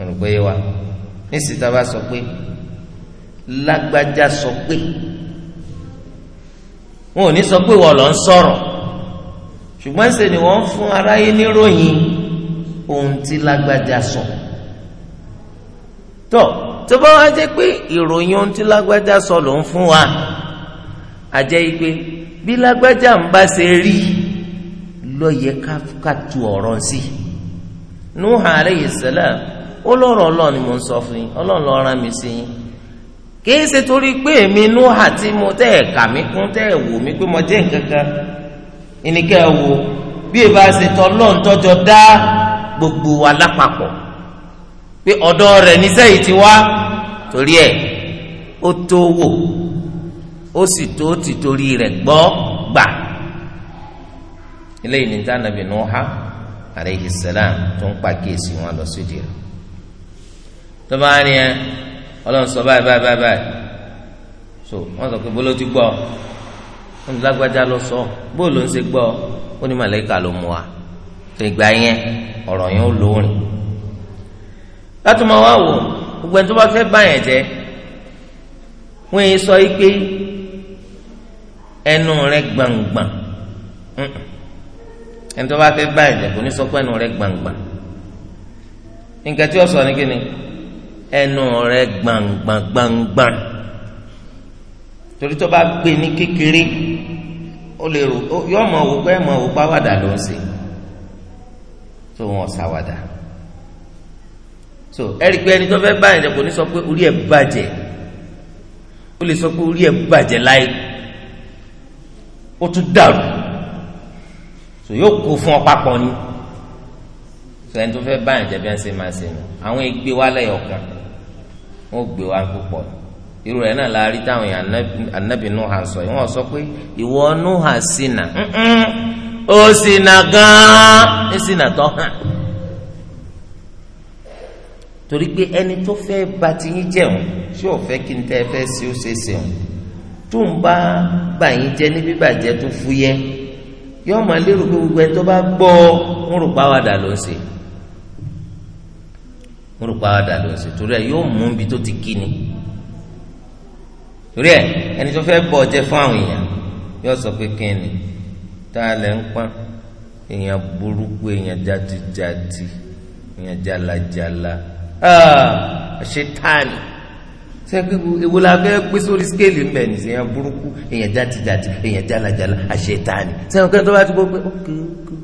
ọ̀rọ̀ pé wa nísìta bá sọ pé lágbájá sọ pé wọn ò ní sọ pé wọ́n lọ ń sọ̀rọ̀ ṣùgbọ́n ṣe ni wọ́n ń fún aráyé níròyìn ohun tí lágbájá sọ tó tó bá wá pé ìròyìn ohun tí lágbájá sọ ló ń fún wa àjẹ́ yìí pé bí lágbájá ń bá ṣe rí ló ọ̀rọ̀ sí salam ó lọ́rọ̀ ni mo ń sọ fún yín ọlọ́run rán mi sí yín kìí ṣe torí pé èmi mo tẹ́ ẹ̀ kà mí kún tẹ́ ẹ̀ wò mí gbogbo wa lápapọ̀ pé ọ̀dọ̀ rẹ̀ níṣẹ́ yìí ti wá torí ẹ̀ ó tó wò ó sì tó ti torí rẹ̀ gbọ́ gbà eléyìí ní tí anabi Nuha aleyhi salam tó ń pa kéèsì wọn lọ sídi rẹ̀ tó bá ní ẹ ọlọ́run sọ báyìí báyìí báyìí so wọ́n sọ pé bóló ti gbọ́ ọ́n lágbájá lọ sọ bóòlù ń ṣe gbọ́ ó ní màlẹ́kà ló mú wa tẹ̀gbà yẹn ọ̀rọ̀ yẹn ó lóorin láti máa wá wò gbogbo ẹni tó bá fẹ́ bá yẹn jẹ́ wọ́n yẹn sọ pé ẹnu rẹ gbàngbàn ẹni tó bá fẹ́ bá yẹn jẹ́ kò ní sọ pé ẹnu rẹ gbàngbàn nǹkan tí ó sọ ni kí ni ẹnu rẹ gbàngbàn gbàngbàn torí tó bá gbé ní kékeré ó lè rò yọ ọmọ wò pé ẹmọ wò pàwádà ló ń ṣe so wọn ṣàwàdà so ẹ̀rí pé ẹni tó fẹ́ báyìí lẹ́kọ̀ọ́ ní sọ pé orí ẹ̀ bàjẹ́ ó lè sọ pé orí ẹ̀ bàjẹ́ láì ó tún dàrú so yóò kó fún ọ papọ̀ ni so ẹni tó fẹ́ báyìí jẹ́ bí wọ́n ṣe máa ṣe nù àwọn ìgbé wa lẹ́yọ̀ kan wọ́n gbé wa púpọ̀ irú rẹ̀ náà la rí táwọn èèyàn anábì Nuha sọ yìí wọ́n sọ pé ìwọ Nuha ṣìnà ó sì nà gan-an ó sì nà tán hàn torí pé ẹni tó fẹ́ ba tiyín jẹun tí ò fẹ́ kí n tẹ́ fẹ́ sí ó ṣe ṣeun tó ń bá bà yín jẹ ní bíbàjẹ́ tó fúyẹ́ yóò máa lérò pé gbogbo ẹ tó bá gbọ́ ń rò páwàdà ló ń ṣe ń rò páwàdà ló ń ṣe torí ẹ yóò mú ibi tó ti kí ni torí ẹ ẹni tó fẹ́ bọ̀ jẹ fún àwọn èèyàn yóò sọ pé kí ni. tá a lẹ̀ ń pọ́n èèyàn burúkú èèyàn jatijati èèyàn jalajala ah, ṣetani sẹ́kìkù ewu la fẹ́ gbé sórí skéèlì ńbẹ ní èèyàn burúkú èèyàn jatijati èèyàn jalajala àṣetani sẹ́kìkù tó bá ti gbọ́ pé ókè ókè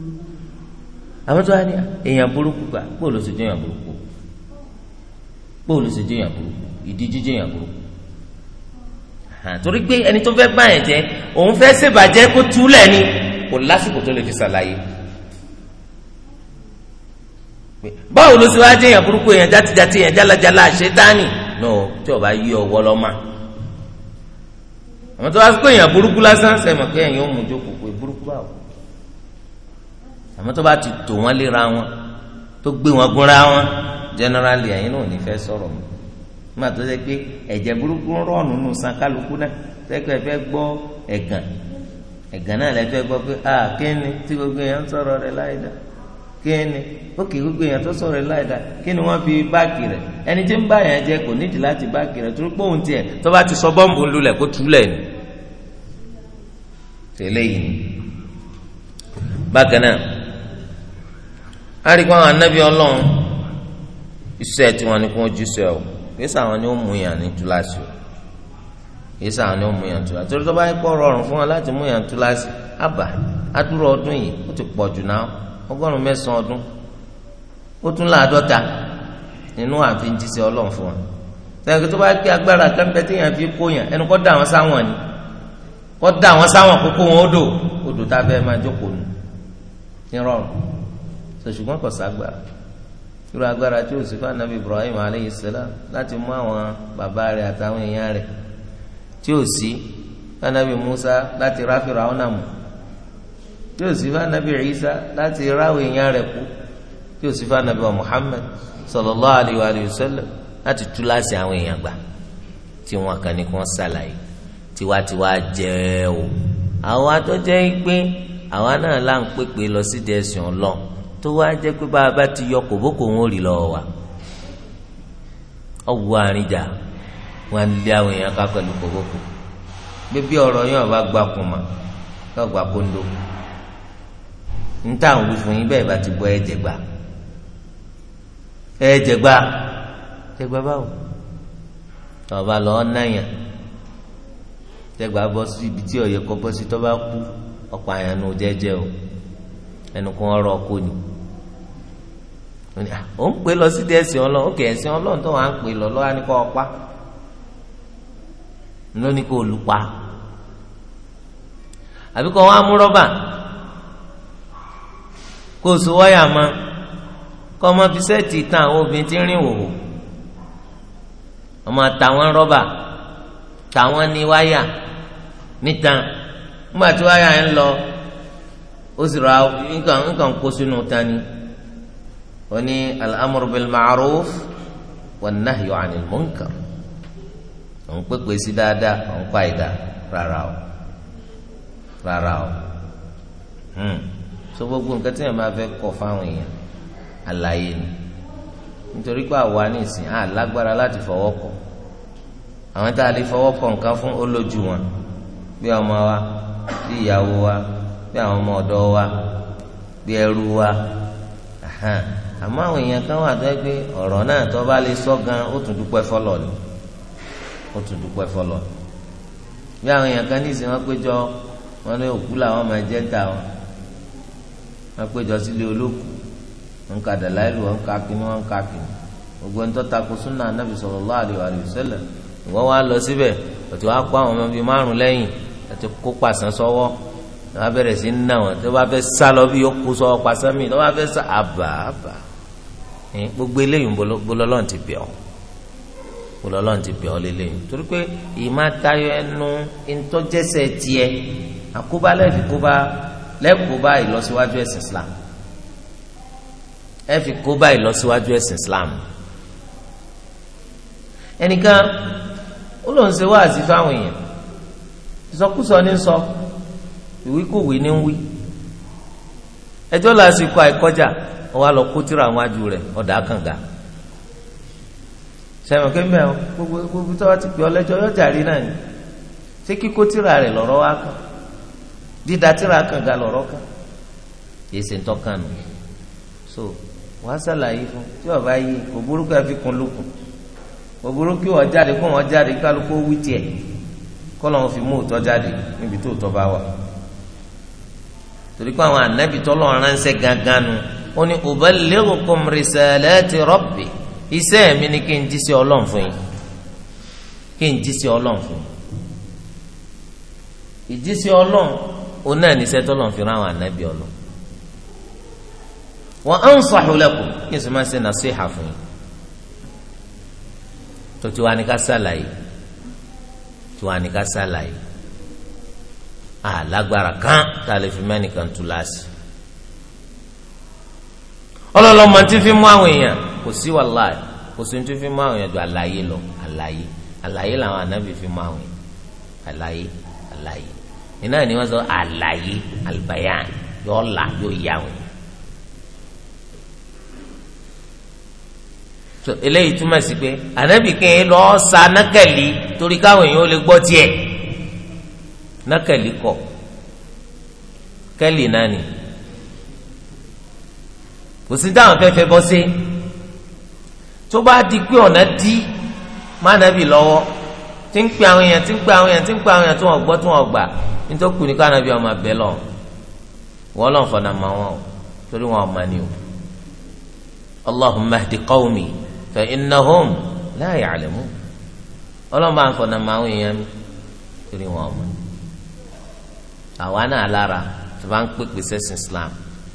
àwọn tó wá ní èèyàn burúkú gbà bóòlù sì jẹ́ èèyàn burúkú bóòlù sì jẹ́ èèyàn burúkú ìdíjú jẹ́ èèyàn burúkú torí pé ẹni tó fẹ́ báyẹn jẹ́ òun fẹ́ ṣèbàjẹ́ kó túlẹ̀ ni kò lásìkò tó lè fi ṣàlàyé báwo ló ṣe wá jẹ́ èèyàn burúkú èèyàn játijáti èèyàn jálajàla àṣetáni no tí o bá yí ọwọ́ lọ́mà àwọn tó bá fi kó èèyàn burúkú lásán sẹ́mọ̀ pé èèyàn ò mú jókòó pé burúkú báwo àmọ́ tó bá ti tò wọ́n léra wọn tó gbé wọn gúnra wọn generally ẹ̀yin náà ò ní fẹ́ sọ̀rọ̀ mọ́ nígbà tó ṣe pé ẹ̀jẹ̀ burúkú rọ̀ọ̀nù nù san kálukú náà tẹ́kọ̀ ẹ fẹ́ gbọ́ ẹ̀gàn ẹ̀gàn náà lẹ́fẹ́ gbọ́ pé a kéènì tí gbogbo èèyàn ń sọ̀rọ̀ rẹ̀ láìda kéènì ókè gbogbo èèyàn tó sọ̀rọ̀ rẹ̀ láìda kí ni wọ́n fi báàkì rẹ̀ ẹni tí ń bá yẹn jẹ kò nídìí láti báàkì rẹ̀ torí pòun tiẹ̀ tó bá ti sọ bọ́ǹbù ń lulẹ̀ kó túlẹ̀ ni tẹ́lẹ̀ yìí ni bákan náà a rí i pé àwọn anábì ọlọ́run iṣẹ́ tiwọn ni kò jíṣẹ́ o gbèsè àwọn ni ó mú yàn ní túláṣì kì í sàánú mú yàn túlá torí tó bá yẹ kó rọrùn fún wọn láti mú yàn túlá sí àbá adúrò ọdún yìí ó ti pọ̀ jù náà ọgọ́rùn mẹ́sàn-án ọdún ó tún láàdọ́ta nínú àfi ń jíṣẹ́ ọlọ́run fún wọn. sẹ́yìn tó bá gbé agbára kan bẹ́ẹ̀ téèyàn fi kó yàn ẹnu kọ́ da àwọn sáwọn ni kọ́ da àwọn sáwọn kókó wọn odò odò tá a fẹ́ máa jókòó nù ní rọrùn ṣùgbọ́n kò ságbà irú agbára tí ó Ibrahim aleyhi salam láti mú àwọn bàbá rẹ̀ àtàwọn tí ò sí fanabi Musa láti rá Fíráúnà mú tí ò sí fanabi Isa láti ráwọ èèyàn rẹ̀ kú tí ò sí fanabi wa Muhammad sallallahu alayhi wa alayhi wa sallam láti tú láti àwọn èèyàn gbà tí wọn kàn ní kí wọn ṣàlàyé tiwantiwa jẹ o àwọn atọ́jẹ́ ń pín náà là ń pèpè lọ sí dẹ̀sùn ọlọ tó wá jẹ́ pé bá a bá ti yọ kòbókò rí lọ́wọ́ wa ọ̀wọ́ àríjà wọn lé àwọn èèyàn ká pẹ̀lú kòkòkò bíbí ọ̀rọ̀ yóò bá gba kùmà yóò gba kóńdó níta àwọn olùfún yín bẹ́ẹ̀ bá ti gbọ́ ẹ̀jẹ̀ gbà ẹ̀jẹ̀ gbà báwo ọba lọ náyà ibi tí sí bá kú o ni ó ń pè di ó kẹ̀ tó wà lọ lọ́wọ́ á ní lónìí kò lùpa àbí kò wá mú rọ́bà kó o so wáyà mọ́ kó ọmọ fi sẹ́ẹ̀tì tan àwọn obìnrin tí ń rìn wòwò ọmọ àtàwọn rọ́bà tàwọn ní wáyà níta nígbà tí wáyà ń lọ ó sì ra nǹkan nǹkan kó sínú tani ó ní al-amru bil ma'ruf wan nahyu 'anil òun pépè sí dáadáa òun pa ìdá rárá o rárá o hmm. so gbogbo nǹkan tí fe bá fẹ́ kọ fáwọn èèyàn àlàyé ni nítorí pé àwa nìsín á lágbára láti fọwọ́ kọ àwọn a lè fọwọ́ kọ nǹkan fún olójú wọn bí ọmọ wa bí ìyàwó wa bí àwọn ọmọ ọ̀dọ́ wa bí ẹrú wa àmọ́ àwọn èèyàn kan wà tó yẹ pé ọ̀rọ̀ náà tó bá lè sọ kó tún dúpẹ́ fọlọ́ bí àwọn èèyàn kan ní wọn péjọ wọn ní òkú làwọn máa jẹ́ ta wọn wọn péjọ sílé olókù wọn ka dàláìlú wọn ka kínní wọn ka kínní gbogbo ń tọ́ta kó súnà anábì sallallahu alaihi wasallam ìwọ́n wá lọ síbẹ̀ òtí wàá kó àwọn ọmọ bíi márùn lẹ́yìn àti kó pàṣán sọ́wọ́ ní wàá bẹ̀rẹ̀ sí nà wọn tó bá fẹ́ sá lọ bí yóò kó sọ́wọ́ mi tó bá fẹ́ sá gbogbo eléyìí ń ti bẹ̀ ọ́ ọlọ́run ti bẹ̀ ọ́ lélẹ̀ torí pé ìmọ̀ atayọ ẹnu ntọ́jẹsẹ̀ tiẹ̀ àkóbá lẹ́ẹ̀fi kóbá lẹ́ẹ̀kóbá ìlọsíwájú ẹ̀sìn Islam ẹ̀fi kóbá ìlọsíwájú ẹ̀sìn Islam ẹnìkan ó lóun ṣe fáwọn èèyàn ìsọkúsọ ní sọ ìwíkúwí ní wí ẹjọ́ làásìkò àìkọjá ó wá lọ kó wájú ọ̀dà sẹ́wọ̀n kẹ́mbẹ́ o gbogbo gbogbo tó wá ti pè ọ lẹ́jọ́ yóò jàre náà ni ṣé kíkó tíra rẹ̀ lọ́rọ́ wá kàn dídá tíra kàn ga lọ́rọ́ kàn èsì ń tọ́kàn nù so wàá sàlàyé fún tí ọba yìí kò burúkú ẹ fi kún lókun kò burúkú ọ jáde kó wọn jáde kálukú ó wí tiẹ̀ kó lọ́n fi mú òótọ́ jáde níbi tó òótọ́ bá wà torí pé àwọn ànábì tọ́lọ́ ránṣẹ́ gangan nu ó ní uballighukum risalati rabbi. iṣẹ́ mi ni kí n jíṣẹ́ ọlọ́run fún yín kí n jíṣẹ́ ọlọ́run fún yín ìjíṣẹ́ ọlọ́run òun náà tọ́lọ́run fi ànábì ọlọ́run wa ansahu lakum kí n sì máa ṣe nàṣíhà fún yín tó ti wá ní ká sàlàyé tí wá ní ká sàlàyé kan tá a lè fi mẹ́nìkan tu láàsì kò sí wàhálà kò sí tó fi máa yẹn do àlàyé lọ àlàyé àlàyé làwọn anábì fi máa yẹn àlàyé àlàyé iná ni wọn sọ àlàyé àlùbáyà yóò là yóò yà wọn. so eléyìí túmọ̀ sí pé ànábì kẹ́hìn lọ́ọ́ sa nákàlí torí káwọn èèyàn ó lè gbọ́ tiẹ̀ nákàlí kọ̀ kẹ́lì náà ni kò sí táwọn fẹ́ fẹ́ bọ́ sí tó bá di pé ọ̀nà dí mánàbì lọ́wọ́ tí ń pe àwọn èèyàn tí ń pe àwọn èèyàn tí ń pe àwọn èèyàn tí wọ́n gbọ́ tí wọ́n gbà nítorí kù ní kánàbì ọmọ abẹ́ lọ wọ́n lọ́n fọ̀nà mọ́ wọn o torí wọn ọmọ ni o allahumma ahdi qawmi fa innahum la ya'lamun ọlọ́mọ àǹfọ̀nà mọ́ àwọn èèyàn mi torí wọn ọmọ àwa náà lára tó bá ń pèpè sẹ́sìn islam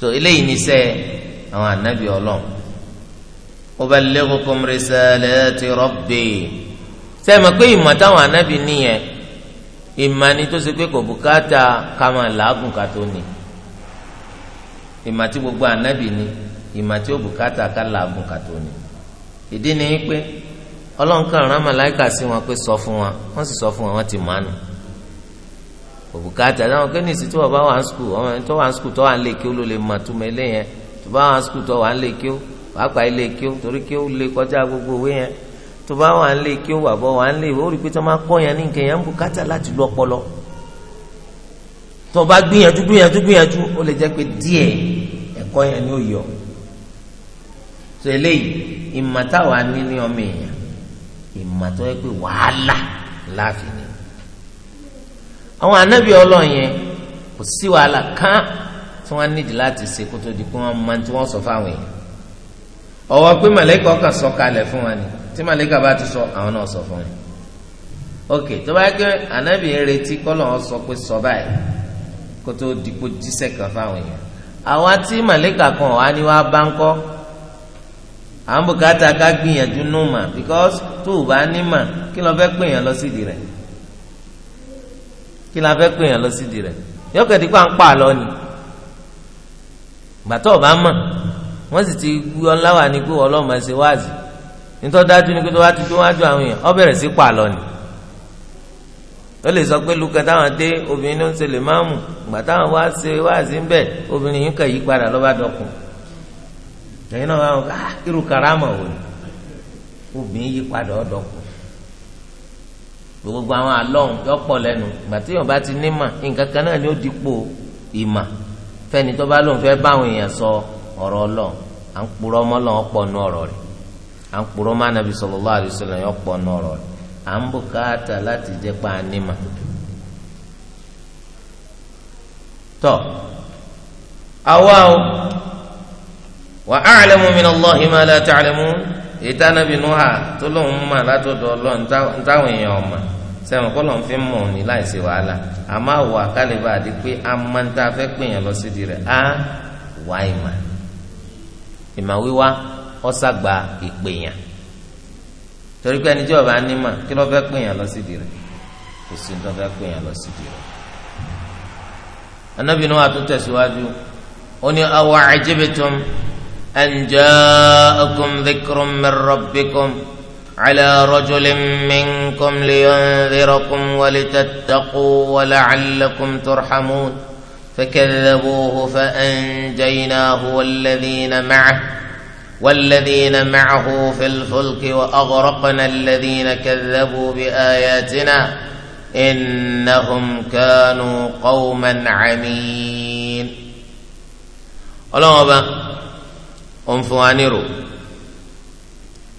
so eléyìí ni sẹ́ àwọn ànábì ọlọ́run uballighukum risalati rabbi sẹ́ẹ̀ mọ̀ pé ìmọ̀ táwọn ànábì nìyẹn ìmọ̀ ni tó ṣe pé kò bùkátà ká máa làágùn ká tó ní ìmọ̀ tí gbogbo ànábì ni ìmọ̀ tí ó bùkátà ká làágùn ká tó ní ìdí ni pé ọlọ́run kan sí wọn pé sọ fún wọn wọ́n sì sọ fún wọn wọ́n ti mọ̀ ánù òbúkátà náà kí ni ìsìn tí wọ́n bá wà ń skul ọmọ ẹni tó wà ń skul tó wà ń lè kí ó ló lè mọ̀ túmọ̀ ilé yẹn tó bá wà ń skul tó wà ń lè kí ó wàá pa ilé kí ó torí kí ó lè kọjá gbogbo òwe yẹn tó bá wà ń lè kí ó wà bọ́ wà ń lè ó rí pé tó máa kọ́ yẹn ní nǹkan ń bùkátà láti lu ọpọlọ tó bá gbìyànjú gbìyànjú gbìyànjú ó lè jẹ́ pé díẹ̀ ẹ̀kọ́ yẹn ni àwọn anábì ọlọ́run yẹn kò sí wàhálà kán tí wọ́n nídìí láti ṣe kó di pé wọ́n máa tí wọ́n sọ fáwọn èèyàn ọ̀wọ́ pé màlẹ́kà ọkàn sọ kalẹ̀ fún wa ni tí màlẹ́kà bá ti sọ àwọn náà sọ fún yẹn ok tó bá gbé anábì retí kọ́lọ̀ wọn sọ pé sọ báyìí kó tó di pé jíṣẹ́ kan fáwọn èèyàn àwa tí màlẹ́kà kan wà ní wàá bá ń kọ́ à bùkátà ká gbìyànjú nù mà because tó o bá ní mà kí lọ fẹ́ pè yàn lọ sídìí rẹ̀ kí la fẹ́ pè yàn lọ sídìí rẹ̀ yọkẹ̀dí pa ń pa àlọ́ ni gbàtọ́ ọba mọ̀ wọ́n sì ti gbé ọláwà ní pé ọlọ́mọ ẹsẹ̀ wáàzì nítorí dájú ni pé tó wá ti tó wájú àwọn èèyàn ọ bẹ̀rẹ̀ sí pa àlọ́ ni ó lè sọ pé lukẹ táwọn dé obìnrin ló ń ṣe lè máa mú gbà táwọn wá ṣe wáàzì ń bẹ̀ obìnrin yìí kàn yí padà lọ́ba dọ̀kun ẹ̀yin náà wá á ah, irú karama wò ni obìnrin yí padà ọ̀dọ̀kun gbogbo àwọn àlọ́hùn yọ pọ̀ lẹ́nu ìgbà tí yorùbá ti ní mà nǹkan kan ni ó dipo ìmà fẹ́ni tó bá lóun fẹ́ báwọn èèyàn sọ ọ̀rọ̀ ọlọ́hùn à ń purọ́ mọ́ lọ́wọ́ pọ̀ nù ọ̀rọ̀ rẹ̀ à ń purọ́ mọ́ anabi sallallahu alaihi wasallam yọ pọ̀ nù ọ̀rọ̀ rẹ̀ à ń bùkátà láti jẹ́ pa ànímà. tọ́ o wa a'lamu min Allahi ma la ta'lamun tó sẹ́wọ̀n kọ́ lọ́n fi mọ̀ ní láìsí wàhálà àmọ́ àwọ̀ àkàlẹ́bà àdí pé a máa ń tá a fẹ́ pè yàn lọ sí di rẹ̀ á wá ìmà ìmà wíwá ọ̀sàgbà ìpèyàn torí pé ẹni tí ọba ní mà kí ló fẹ́ pè yàn lọ sí di rẹ̀ kò sí tó fẹ́ pè yàn lọ sí di rẹ̀. anábìínú wa tó tẹ̀síwájú ó ní awa ajibitum an ja'akum dhikrun min rabbikum. على رجل منكم لينذركم ولتتقوا ولعلكم ترحمون فكذبوه فانجيناه والذين معه والذين معه في الفلك واغرقنا الذين كذبوا باياتنا انهم كانوا قوما عمين ọlọ́wọ́n ọba òǹfọ̀wánirò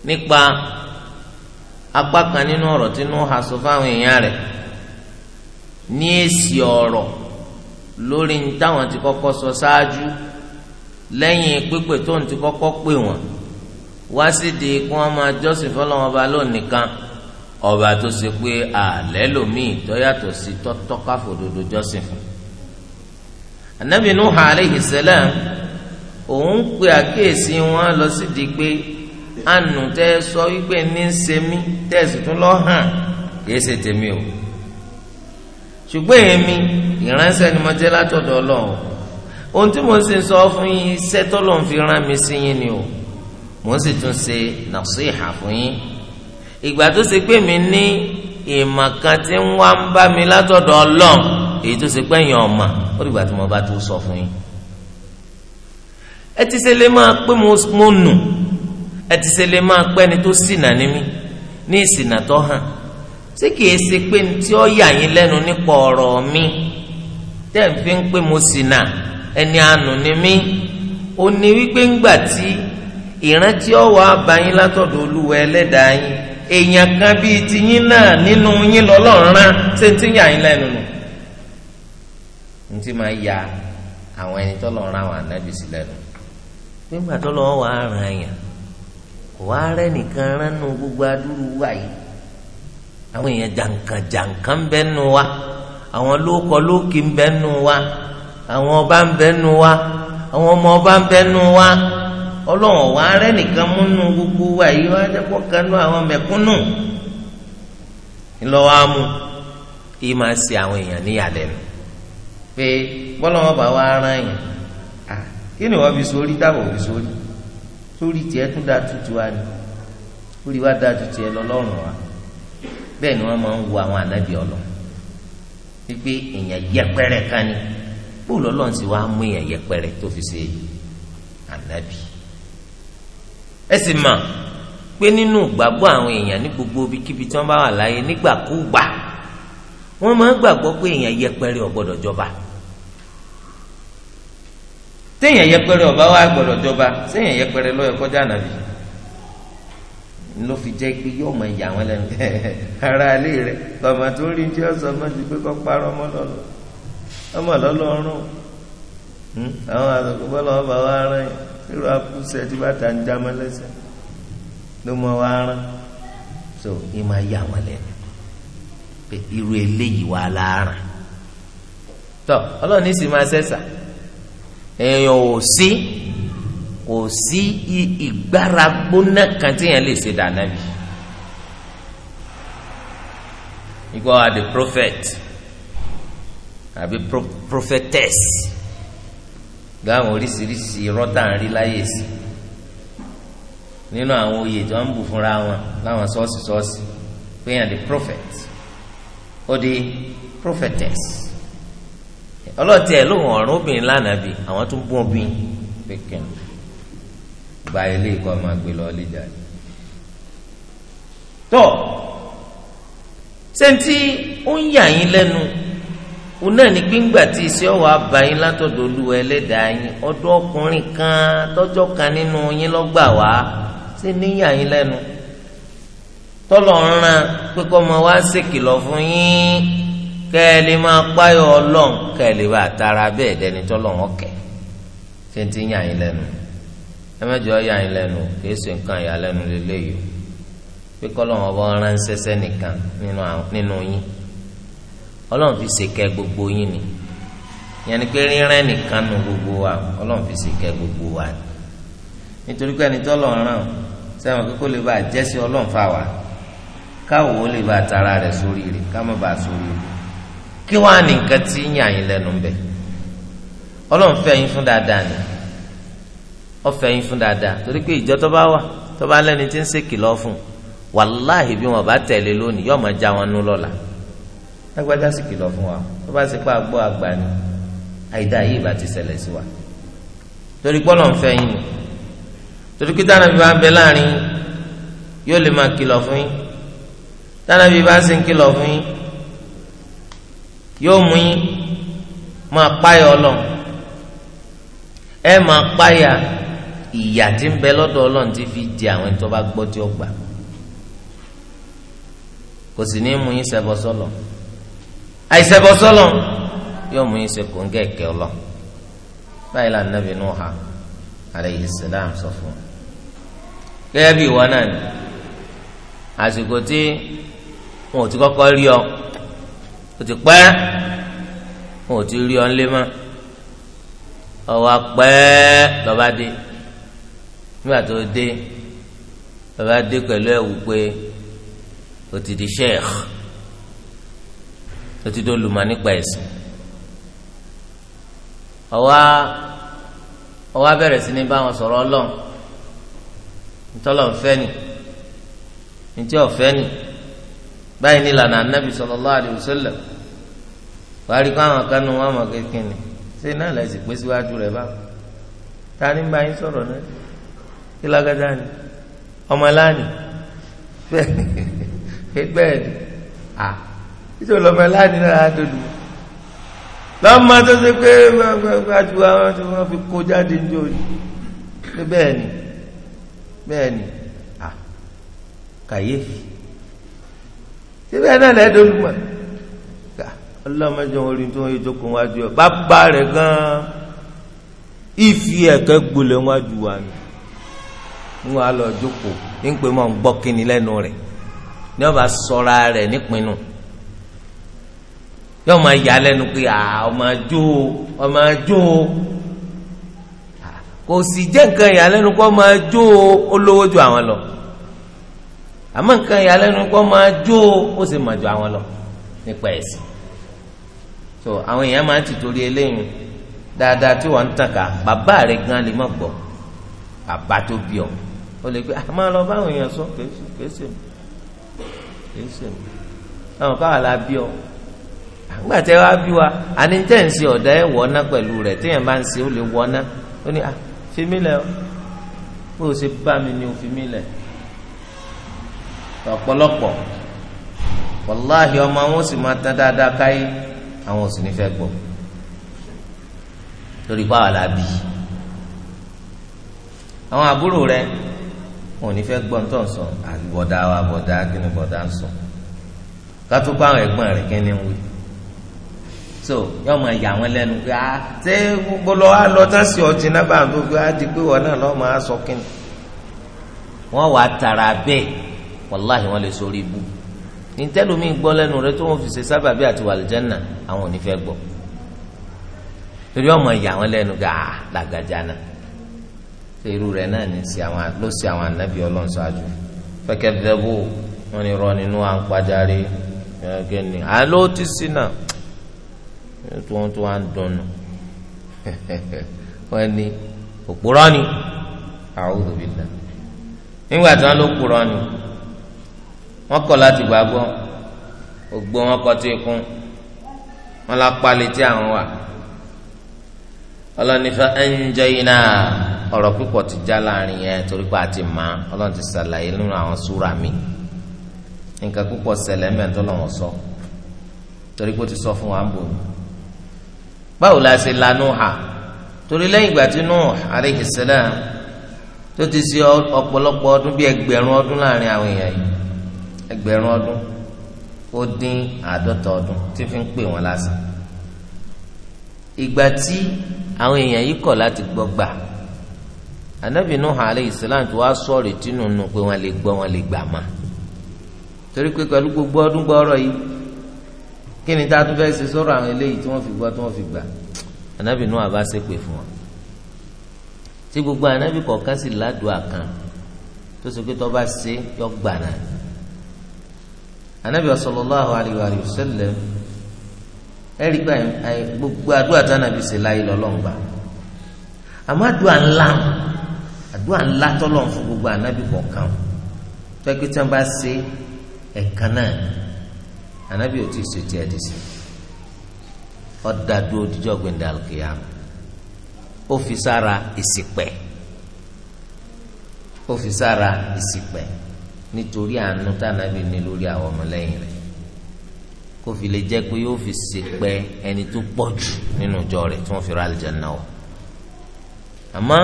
nípa apá kan nínú ọ̀rọ̀ tí Nuhu ha sọ fáwọn èèyàn rẹ̀ ní èsì ọ̀rọ̀ lórí ní táwọn ti kọ́kọ́ sọ ṣáájú lẹ́yìn pípè tóun ti kọ́kọ́ pè wọ́n wá sí di kí wọ́n máa jọ́sìn fọlọ́wọn ọba lónìkan ọba tó ṣe pé àlẹ́ lòmíì tó sí tọ́tọ́ká jọ́sìn fún. Ànábì Nuhu alayhi òun pe àkíyèsí wọn lọ sí di pé àánú tẹ́ ẹ sọ wípé ní ń ṣe mí tẹ́ ẹ sì lọ hàn kìí ṣe tèmi o ṣùgbọ́n èmi ìránṣẹ́ ni mo jẹ́ látọ̀dọ̀ ọlọ́run ohun tí mo sì ń sọ fún yín iṣẹ́ tọ́lọ́run fi rán mi sí yín ni o mo sì tún ṣe nàṣíhà fún yín ìgbà tó ṣe pé mi ní ìmọ̀ kan tí ń wá ń bá mi látọ̀dọ̀ ọlọ́run èyí tó ṣe pé èèyàn ọ̀mà ó dìgbà tí mo bá tó sọ fún yín ẹ ti ṣe lè máa pé mo nù ẹ ti ṣe lè máa pẹ́ ni tó ṣìnà ní mi ní ìṣìnà tó hàn ṣé kìí ṣe pé tí ó yà yín lẹ́nu mi tẹ́ fi ń pé mo ṣìnà ẹni àánú ni mi ó ní wípé ńgbà tí ìrántí ọwọ́ abayín látọ̀dọ̀ olúwa ẹlẹ́dàá yín èèyàn kan bíi tiyín náà nínú yín lọ́lọ́run rán ṣé ti yà yín lẹ́nu nù ní ti máa ya àwọn ẹni tọ́lọ́run àwọn tọ́lọ́run wàá rẹ nìkan ránnú gbogbo adúrú wa yìí àwọn èèyàn jàǹkàn jàǹkàn ń bẹ nù wa àwọn lóòkọ lóòkì ń bẹ nù wa àwọn ọba ń bẹ nù wa àwọn ọmọ ọba ń bẹ nù wa ọlọ́wọ̀n wàá rẹ nìkan múnú gbogbo wa yìí wàá jẹ́ pọ̀ kanú àwọn mẹ̀kúnnù ńlọ wa mú kí máa ṣe àwọn èèyàn níyàlẹ́nu pé bọ́lá wọn bá wa rán yìí kí ni wọ́n fi sórí dábò fi sórí sórí tiẹ̀ tún dáa tutù wa ni orí wa dáa tutù ẹ lọ́lọ́run wa bẹ́ẹ̀ ni wọ́n máa ń wo àwọn ànábì ọlọ wípé èèyàn yẹpẹrẹ kan ni bóòlù ọlọ́run sì wá mú èèyàn yẹpẹrẹ tó fi ṣe ànábì ẹ sì mọ̀ pé nínú ìgbàgbọ́ àwọn èèyàn ní gbogbo ibikíbi tí wọ́n bá wà láyé nígbàkúgbà wọ́n máa ń gbàgbọ́ pé èèyàn yẹpẹrẹ ò jọba sẹ́yìn yẹpẹrẹ ọba wa gbọ́dọ̀ jọba sẹ́yìn yẹpẹrẹ lọ́yẹ kọjá ànàbì ló fi jẹ́ pé yóò mọ ìyá wọn lẹ́nu [laughs] ara ilé rẹ lọ́mọ tó rí jẹ́ ọ̀sán mọ́ ju pé kọ́ parọ́ ọmọ lọ́lọ́ ọmọ lọ́lọ́ ọ̀run hmm? àwọn àtọ̀kọ́ bọ́lá ọba wa rán yìí irú akúṣẹ̀ tí bàtà ń já mọ́ lẹ́sẹ̀ ló mọ wa rán so ìmọ̀ ìyá wọn lẹ́nu pé irú eléyìí wà láàrán tọ́ ọlọ́ọ̀ni sì máa ṣẹ̀ṣà èèyàn ò sí kò sí ìgbára gbóná kan téèyàn lè ṣe dà nàbì ìgbà wa the prophet àbí pro prophetess gáwọn oríṣiríṣi rọ́tà ń rí láyè sí nínú àwọn oyè tí wọ́n ń bù fúnra wọn láwọn ṣọ́ọ̀ṣì ṣọ́ọ̀ṣì pé yàn the prophet ó di prophetess ọlọ́ọ̀tì ẹ̀ lóhùn ọ̀rùn obìnrin lánàá bì àwọn tó ń bún obìnrin pé kẹ́hìn gba ilé ìkọ́ máa gbé lọ lé jáde. tó sẹ́ńtì ó ń yà yín lẹ́nu òun náà ní gbígbà tí iṣẹ́ ọ̀wọ́ abayín látọ̀dọ̀ olúwa ẹlẹ́dàá yín ọ̀dọ̀ ọkùnrin kan tọ́jọ́ kan nínú yín lọ́gbà wá ṣé ní yà yín lẹ́nu tọ́lọ̀ ń ran pé kọ́ ọmọ wa ṣèkìlọ̀ fún yín kẹ́ẹ̀lì máa páyọ̀ ọlọ́run kẹ́ẹ̀lì bá tara bẹ́ẹ̀ dẹni tọ́lọ́run ọ̀kẹ́ ṣé ti ń yà yín lẹ́nu ẹ mẹ́jọ yà yín lẹ́nu kìí ṣe nǹkan ìyàlẹ́nu lélẹ́yìí pé kọ́lọ́run ọba ránṣẹ́ sẹ́nìkan nínú yín ọlọ́run fi ṣèkẹ́ gbogbo yín ni yẹn ni pé rírán nìkan nu gbogbo wa ọlọ́run fi ṣèkẹ́ gbogbo wa nítorí pé ẹni tọ́lọ́run rán sẹ́wọ̀n kíkó lè bá jẹ́sí ọlọ́run fà wá káwọ́ lè bá tara rẹ̀ sórí rẹ̀ ká má bàa sórí rẹ̀ kí wàá ní nǹkan tí ń yà yín lẹ́nu bẹ̀ ọlọ́run fẹ́ yín fún dáadáa ni ó fẹ́ yín fún dáadáa torí pé ìjọ tó bá wà tó bá lẹ́ni tí ń ṣèkìlọ̀ fún wàláhì bí wọn bá tẹ̀lé lónìí yóò máa já wọn nú lọ́la lágbájá sì kìlọ̀ fún wa tó bá ṣe pé àgbọ̀ àgbà ni àìdá yìí bá ti ṣẹlẹ̀ sí wa torí pé ọlọ́run fẹ́ yín ni torí pé dáná bí bá ń bẹ láàrin yóò lè máa kìlọ̀ fún yín dáná bí bá sì ń kìlọ̀ fún yín yóò mú yín máa páyà ọlọ́run ẹ máa páyà ìyà tí ń bẹ lọ́dọ̀ ọlọ́run tí fi jẹ àwọn ẹni tó bá gbọ́ tí ó gbà kò sì ní mú yín ṣẹbọ sọ́lọ̀ àìṣẹbọ sọ́lọ̀ yóò mú yín ṣe kòńgẹ́ ìkẹ́ ọlọ́ báyìí là nàbì Nuha alayhi salam sọ fún un gẹ́gẹ́ bí ìwọ náà àsìkò tí wọn ò ti kọ́kọ́ rí ọ ó ti pẹ́ wọn ò ti rí ọ nílé mọ́ ọwọ́ pẹ́ lọ́ba dé nígbà tó dé lọ́ba dé pẹ̀lú ẹ̀wù pé ó ti di sheikh ó ti di olùmọ̀ nípa ẹ̀sìn ọwọ́ ọwọ́ abẹ́rẹ́ sí ní bá wọn sọ̀rọ̀ ọlọ́run ntọ́lọ́ nfẹ́ ni ntí ọ̀fẹ́ ni. Ntí báyìí ní ìlànà anabi sallallahu alaihi wasallam wàhálì kó àwọn kan nu wọn mọ kékeré ni ṣé náà lẹsìn pé síwájú rẹ bá ta ni bá yín sọ̀rọ̀ náà kí lágádá ni ọmọ láàánì bẹ́ẹ̀ bẹ́ẹ̀ ni à títí lọmọ láàánì náà á dodo lọmọ tó ṣe pé àjù àwọn tí wọn fi kó jáde ní òní bẹ́ẹ̀ ni bẹ́ẹ̀ ni à kàyéfì síbẹ̀ náà lẹ́ẹ̀dọ́ olùmọ̀ ọlọ́mọdé orin tí wọ́n yóò jókòó wájú ọ bàbá rẹ̀ gan-an ìfi ẹ̀kẹ́ gbolẹ̀ wájú wa ni wọn á lọ jókòó ń pè mọ́ ń gbọ́ kíni lẹ́nu rẹ̀ ní ọba sọra rẹ̀ nípinnu yóò máa yà lẹ́nu pé ọmọ ajó ọmọ ajó kò sì jẹ́ nǹkan ìyàlẹ́nu kó ọmọ ajó olówó ju àwọn lọ àmọ́ nǹkan ìyàlẹ́nu kọ́ máa jó ó sì máa jọ àwọn lọ nípa ẹ̀sìn so àwọn èèyàn máa ń tìtorí eléyìí dáadáa tí wọ́n ń tàn ká bàbá rẹ̀ gan lè má gbọ́ bàbá tó bí ọ ó lè pe àmọ́ lọ báwọn èèyàn sọ kèésì kèésì àwọn káwá la bí ọ àgbà tẹ wá bí wa àní tẹ̀ ń ṣe ọ̀dà ẹ̀ wọ́ná pẹ̀lú rẹ̀ téèyàn bá ń ṣe ó lè wọ́ná ó ní à fi mí lẹ̀ ó ṣe bá mi ni ó fi mí lẹ̀ ọ̀pọ̀lọpọ̀ wàláhì ọmọ àwọn sì máa tán dáadáa káyé àwọn ò sì ní fẹ́ gbọ́ lórí pàwọn làbí àwọn àbúrò rẹ wọn ò ní fẹ́ gbọ́ nítorí sọ àbọ̀dá wa bọ̀dá kínní bọ̀dá ń sọ kátó pa àwọn ẹ̀gbọ́n rẹ̀ kínní ń wí so yọọ ma yà wọn lẹ́nu pé ah ṣé gbogbo lọ wá lọ tán sí ọtí náà bá tó pé á ah, di pé wọn náà lọ máa sọ kínní wọn wà á tara bẹ́ẹ̀ wàláhì wọn lè sórí ibú nítẹ́lómi gbọ́ lẹ́nu rẹ tó wọn fi ṣe sábàbí àti wàlìjánà àwọn ò ní fẹ́ gbọ́ torí ọmọ ìyá wọn lẹ́nu gàá làgàjánà ṣe irú rẹ náà ní sí àwọn ló sí àwọn ànábì ọlọ́run ṣáájú fẹ́kẹ́ dẹ́bù wọn ni rọ nínú à ń pàjáre ẹ̀ẹ́dẹ́gẹ́ ni àló ti sí náà tó wọn tó wà ń [laughs] wọn ni òpùrọ́ ni a'udhu billah nígbà tí wọn ló kúrọ́ ni wọ́n kọ̀ láti gbàgbọ́ ògbó wọn kọ tí kún wọn la pali tí àwọn wà ọlọ́ni fa anjayna ọ̀rọ̀ pípọ̀ ti já láàrin yẹn torí pé a ti mọ̀ ọlọ́ni ti sàlàyé nínú àwọn súra mi nǹkan púpọ̀ ṣẹlẹ̀ mẹ́tọ́ lọ́wọ́ sọ torí pé ó ti sọ fún wa ń bò ní. báwo la ṣe la Nuha torí lẹ́yìn ìgbà tí Nuh alayhi salam tó ti ṣe ọ̀pọ̀lọpọ̀ ọdún bíi ẹgbẹ̀rún ọdún láàrin àwọn èèyàn yìí ẹgbẹ̀rún ọdún ó dín àádọ́ta ọdún tí fi ń pè wọ́n lásán ìgbà tí àwọn èèyàn yìí kọ̀ láti gbọ́ gbà anabi nuhu alayhi salam ti wá sọ̀rọ̀ tínú nù pé wọ́n lè gbọ́ wọ́n lè gbà má torí pé pẹ̀lú gbogbo ọdún gbọ́rọ̀ yìí kí ni tá a tún fẹ́ ṣe sọ̀rọ̀ àwọn eléyìí tí wọ́n fi gbọ́ tí wọ́n fi gbà anabi nuhu abá ṣépè fún wọn tí gbogbo anabi kọ̀ọ̀kan sì ládùú àkàn tó sọ pé tó bá ṣe yọ gbà náà anabi sallallahu alayhi wa sallam ẹ̀rí gba gbogbo àdúrà tí anabi ṣe láyé lọ́lọ́ngbà àmọ́ àdúrà ńlá àdúrà ńlá tọ́lọ́n fún gbogbo anabi kọ̀ọ̀kan tọ́kí tí wọ́n bá ṣe ẹ̀ka náà anabi ò tí ì sètì ẹ̀dì sí ọ̀dà dúró díjọ́ gbẹ̀ndà ó fi sára nítorí àánú tànàbí ní lórí àwọn ọmọlẹ́yìn rẹ̀ kó fi lè jẹ́ pé yóò fi ṣèpẹ́ ẹni tó pọ̀ jù nínú ìjọ rẹ̀ tí wọ́n fi ra àlùjánnà wọ̀ àmọ́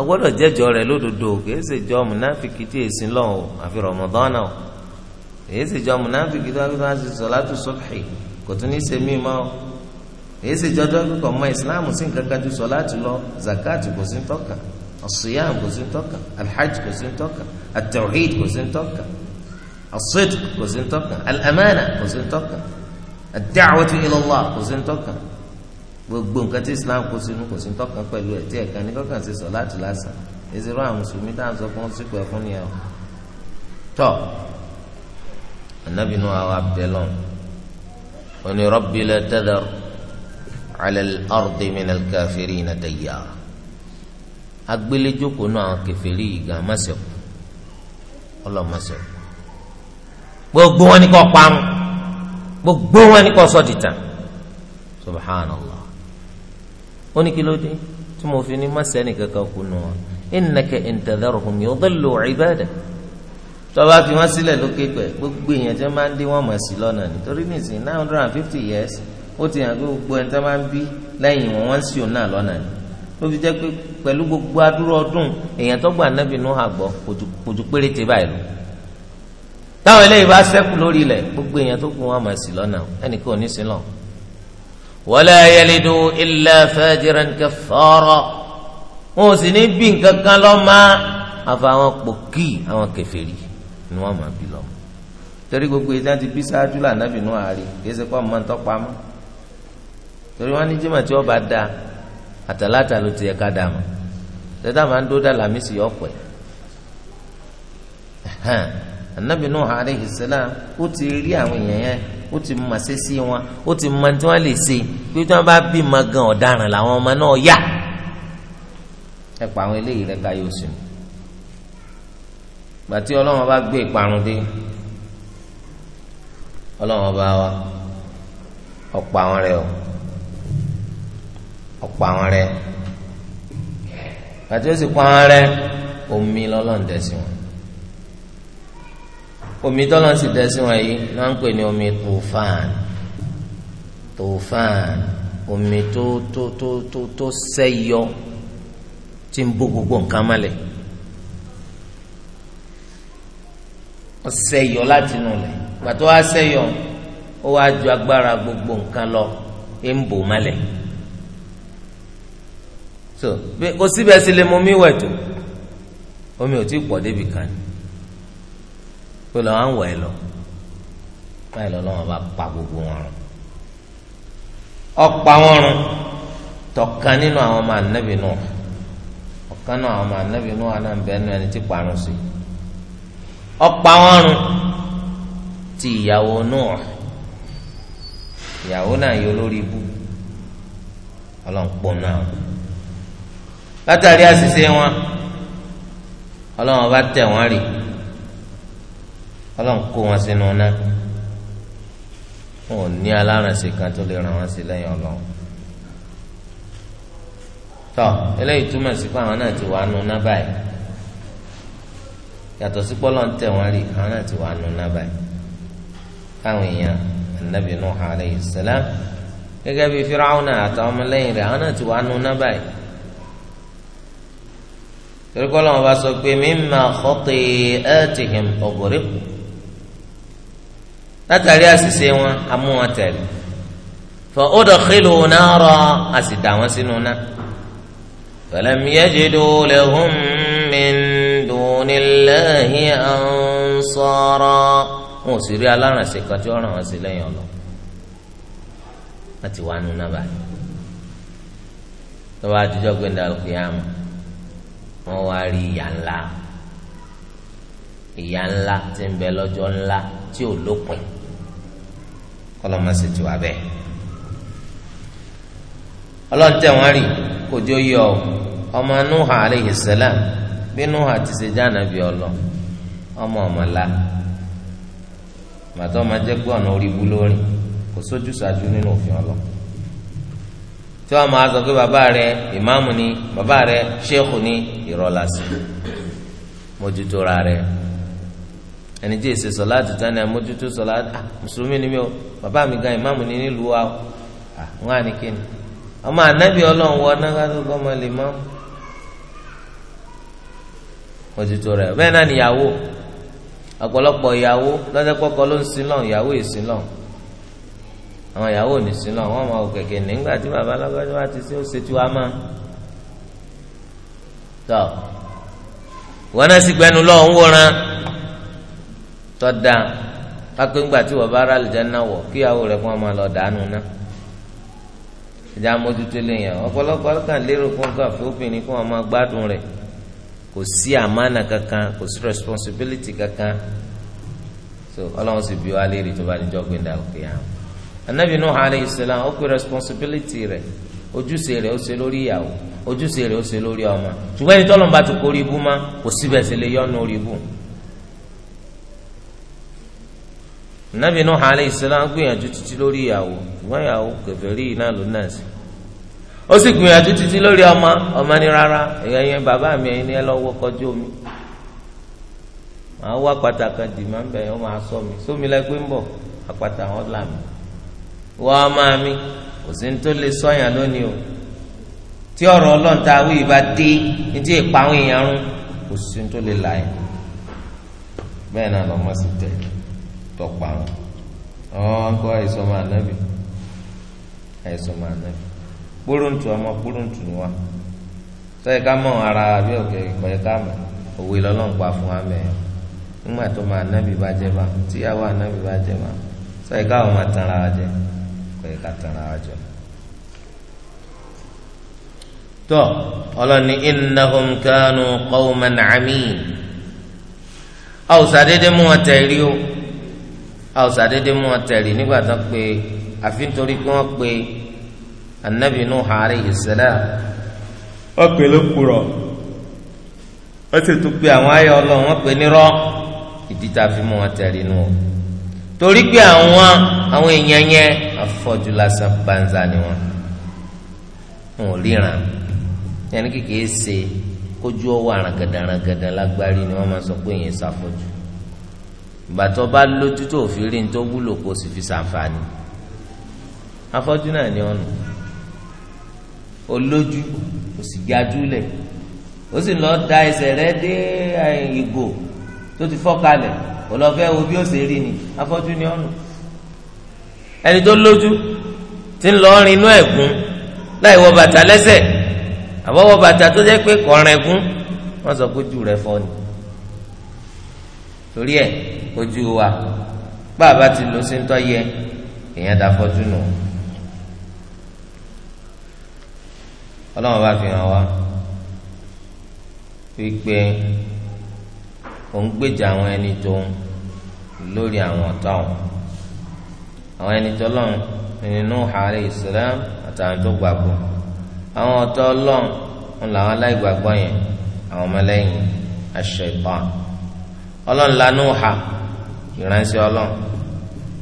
ọgbọ́dọ̀ jẹ́jọ rẹ̀ lódodo kìí ṣe jọ múnáfìkì tí èsì lọ́wọ́ àfi rọ̀mọ́dọ́nà o kìí ṣe jọ múnáfìkì tí wọ́n fi máa ṣe sọ̀látù subhi kò tún ní ṣe mí mọ́ o kìí ṣe jọ dọ́kítọ̀ mọ́ ìsìláàmù sí nǹkan kan ju sọ̀látù lọ zakat kò sí ń tọ́ka ọ̀sùyàm kò sí ń tọ́ka alhaj kò sí tọ́ka التوحيد tawhid kò الصدق ń tọ́ka الأمانة sidq kò الدعوة إلى الله al-amana kò sí ń tọ́ka ad-da'watu ila Allah kò sí ń tọ́ka gbogbo nǹkan tí islam kó sínú kò sí ń tọ́ka pẹ̀lú ẹ̀ tí ẹ̀ka ní kọ́kàn sí sọ láti lásán ìṣirò àwọn mùsùlùmí tá à ń sọ fún sípò ẹ̀fún ni ẹ̀ tọ́ anabi nuhu awa abdelon oni rabbi la tadar ala al-ardi min al-kafirina dayyara agbelejoko náà kẹfẹ́rí ìgbà má ọlọmọsẹ gbogbo wọn ni kò pam gbogbo wọn ni kò sọ dìtà subhanallah ó ní kí ló dé tí mo fi ní má sẹ́ni kankan kú nù wọn innaka intadharhum yudillu ibadak tọ́ba fi wọ́n sílẹ̀ lókè pẹ̀ gbogbo èèyàn tí wọ́n máa ń mọ̀ sí lọ́nà nítorí nìsín nine hundred and fifty years ó ti hàn pé gbogbo ẹni máa ń bí lẹ́yìn wọn wọ́n ń sí òun náà lọ́nà ni tó fi jẹ́ pé pẹ̀lú gbogbo adúrú ọdún èèyàn tó gba ànábì Nuhu àgbọ̀ kò ju péréte báyìí lọ táwọn eléyìí bá ṣẹ́kù lórí ilẹ̀ gbogbo èèyàn tó kù wọn máa ṣì lọ́nà ẹnì kan ò ní sí lọ. wala yalidu illa fajiran kaffara wọn ò sì ní bí nǹkan kan lọ́ máa àfàwọn pòkì àwọn kèfèrí ni wọn máa bí lọ́mọ torí gbogbo yìí náà ti bí sáájú lànàbì Nuhu àárí kì í ṣe kó ọmọ ń tọ́ pamọ́ torí wọn àtàlátà ló ti yẹ ká dàmú tẹ́tà máa ń dó dàlà mí sì ọ̀pẹ́ anabi nuhu alayhi salam ó ti rí àwọn èèyàn yẹn ó ti mọ sẹ́sí wọn ó ti mọ tí wọ́n lè ṣe pé tí wọ́n bá bí ma gan ọ̀daràn làwọn ọmọ náà yá ẹ pa àwọn eléyìí rẹ ká yóò sùn gbàtí ọlọ́wọ́n bá gbé ìparun dé ọlọ́wọ́n bá wa ọ̀pọ̀ àwọn rẹ o. ọ̀pọ̀ àwọn rẹ̀ àti ó sì àwọn omi lọ́lọ́run dẹ̀ sí wọn omi tọ́lọ́run sì dẹ̀ sí wọn yìí náà ń pè ní omi tòfàn tòfàn omi tó tó tó tó tó sẹ́yọ tí ń bó gbogbo nǹkan mọ́lẹ̀ ó sẹ́yọ láti inú rẹ̀ gbàtọ́ wá sẹ́yọ ju agbára gbogbo nǹkan lọ ń bò mọ́lẹ̀. so kò síbẹ̀ sí lè mú mi wẹ̀ tó omi ò tí pọ̀ débi kan pé lọ́ à ń wẹ̀ lọ báyìí lọ́lọ́wọ́n bá pa gbogbo wọn rún ọ̀pá wọn rún tọ̀kan nínú àwọn ọmọ ànábì náà ọ̀kan náà àwọn ọmọ ànábì náà náà bẹ́ẹ̀ náà ẹni tí parun sí ọ̀pá wọn rún ti ìyàwó náà ìyàwó náà yọ lórí ibú ọlọ́nkpọ̀ náà látàrí àṣìṣe wọn ọlọ́run bá tẹ̀ wọ́n rì ọlọ́run kó wọn sínú náà wọn ò ní alárànṣe kan tó lè ràn wọn sí lẹ́yìn ọlọ́run tọ́ eléyìí túmọ̀ sí pé àwọn náà ti wà nù náà báyìí yàtọ̀ sí pé ọlọ́run tẹ̀ wọ́n rì àwọn náà ti wà nù náà báyìí káwọn èèyàn anabi Nuh alayhi salam gẹ́gẹ́ bí Fir'auna àtàwọn ọmọlẹ́yìn rẹ̀ àwọn náà ti wà nù náà báyìí torí kọ́ lọ́wọ́ bá sọ pé mimma khati'atihim ughriqu látàrí àṣìṣe wọn amú wọn tẹ̀lé fa udkhilu nara àṣìdá wọn sínú náà falam yajidu lahum min dunillahi ansara wọn ò sì rí alárànṣe kan tí ó ràn wọn sí lẹ́yìn ọ̀lọ́ láti wá nù náà báyìí tọ́wọ́ àdìjọ́ gbẹ̀ndà òkè àmọ́. wọ́n wá rí ìyà ńlá ìyà ńlá tí ń bẹ lọ́jọ́ ńlá tí ò lópin kọlọ́mọsí ti wà bẹ́ẹ̀ ọlọ́tẹ̀ wọn rí kojú yọ ọmọ nuha aleyhi bí nuha ti ṣe jáde bí ọlọ ọmọ ọmọlá màtọ́ ọmọ jẹ́ pé ọ̀nà orí bu lórí kò sójú ṣáájú nínú òfin ọlọ́ọ̀. tí wọn máa sọ pé bàbá rẹ ìmáàmù ni bàbá rẹ ṣéèkù ni ìrọ̀lásì mójútó ra rẹ ẹni tí èsì sọ láti tán ni àmójútó sọ ah, mùsùlùmí ni mí o bàbá mi gan ìmáàmù ni nílùú wa à ah, wọn àní kíni ọmọ ànábì Ọlọ́run wọ anágádó gbọmọ lè mọ mójútó rẹ bẹ́ẹ̀ náà níyàwó ọ̀pọ̀lọpọ̀ ìyàwó lọsẹ pọkọ ló ń sin lọ ìyàwó èsìn lọ. àwọn ìyàwó ní sínú àwọn ọmọ òkèké nígbà tí bàbá alágbájá wa ti ṣe ó ṣe tí wàá mọ. tọ wọn náà sì gbẹnu lọ ń wòran tọdà kápẹ́ ńgbà tí wọ́n bá rà àlùjánnà rẹ̀ lọ dànù náà ìjà mójútó lèèyàn ọ̀pọ̀lọpọ̀ kan lérò fún kan fún obìnrin gbádùn rẹ̀ kò sí àmánà kankan kò sí so ọlọ́run sì bí wa léèrè tó bá anabi nuhu alayhi salam o pe responsibility rẹ ojúṣe rẹ̀ ó ṣe lórí ìyàwó ojúṣe rẹ̀ ó se lórí ọmọ ṣùgbọ́n ẹni tọ́lọ́mùbá ti kórí ibú má kò síbẹ̀ sí lè yọ́nu orí ibú. anabi nuhu alayhi salam gbìyànjú títí lórí ìyàwó ṣùgbọ́n ìyàwó kèfèrí iná ló náà sí ó sì gbìyànjú títí lórí ọmọ ọmọ rárá bàbá mi ẹ̀yin ni ẹ lọ́wọ́ omi dì máa ń bẹ̀ máa sọ mi sómi ń bọ̀ mi. wọ́n á máa mi kò sí ní tó lè sọ́yàn lónìí o tí ọ̀rọ̀ ọlọ́ọ̀ta awí bá dé ní tí èèpa àwọn èèyàn rún kò sí ní tó lè là bẹ́ẹ̀ náà lọ́mọ sí tẹ̀ tọ̀pọ̀ ọ̀hún kọ́ àìsàn máa ọmọ kpóròntù ni ara bí òkè ká mọ̀ òwe pa fún wa mẹ́ nígbà tó máa nábì bá jẹ́ bá tíyàwó bá jẹ́ bá sọ́yìn ká ara jẹ́ pé ká tẹ̀ra àjọ. tó ọlọ́ni innahum kanu qawman amin àwùsà dédé mú wọn tẹ̀rí o àwùsà dédé mú wọn tẹ̀rí nígbà tó pé àfi nítorí pé wọ́n pe anabi Nuh alayhi salam wọ́n pè ló kúrọ̀ wọ́n sì tún pe àwọn ayé ọlọ́run wọ́n pè nírọ́ ìdí tá a fi mú wọn tẹ̀rí nù o torí pé àwọn àwọn èèyàn yẹn afọ́jú lásán banza ni wọn wọn ò ríran yẹn kékeré ṣe kójú ọwọ́ àràgàdàràgàdà lágbárí ni wọ́n máa sọ pé èèyàn ṣàfọ́jú ìbátan bá lójú tó fi rí ní tó wúlò kó sì fi ṣàǹfààní afọ́jú náà ni ọ̀nà olójú kò sì gbájúlẹ̀ ó sì lọ́ọ́ da ẹsẹ̀ rẹ̀ dé ìgò tó ti fọ́ kalẹ̀ kò lọ fẹ́ wo bí ó ṣe rí ni afọ́jú ni ọ̀nà ẹni tó lójú ti ń lọ rin inú ẹ̀gún láì wọ bàtà lẹ́sẹ̀ àbọ̀wọ̀ bàtà tó jẹ́ pé kọ̀ọ̀rọ̀ ẹ̀gún wọ́n sọ pé ojú rẹ̀ fọ́ ni torí ẹ̀ ojú wa bàbá ti lọ sí ń tọ́ yẹ èèyàn dá fọ́jú nù ọlọ́run bá fi hàn wá wípé. òun gbèjà àwọn ẹni tó ń lórí àwọn ọ̀tá wọn àwọn ẹni tó lọ́n ẹni Nuh alayhi àtàwọn tó gbàgbọ́ àwọn ọ̀tá ọlọ́n ń làwọn aláìgbàgbọ́ yẹn àwọn ọmọlẹ́yìn aṣ-Ṣaitan ọlọ́n la Nuh ìránṣẹ́ ọlọ́n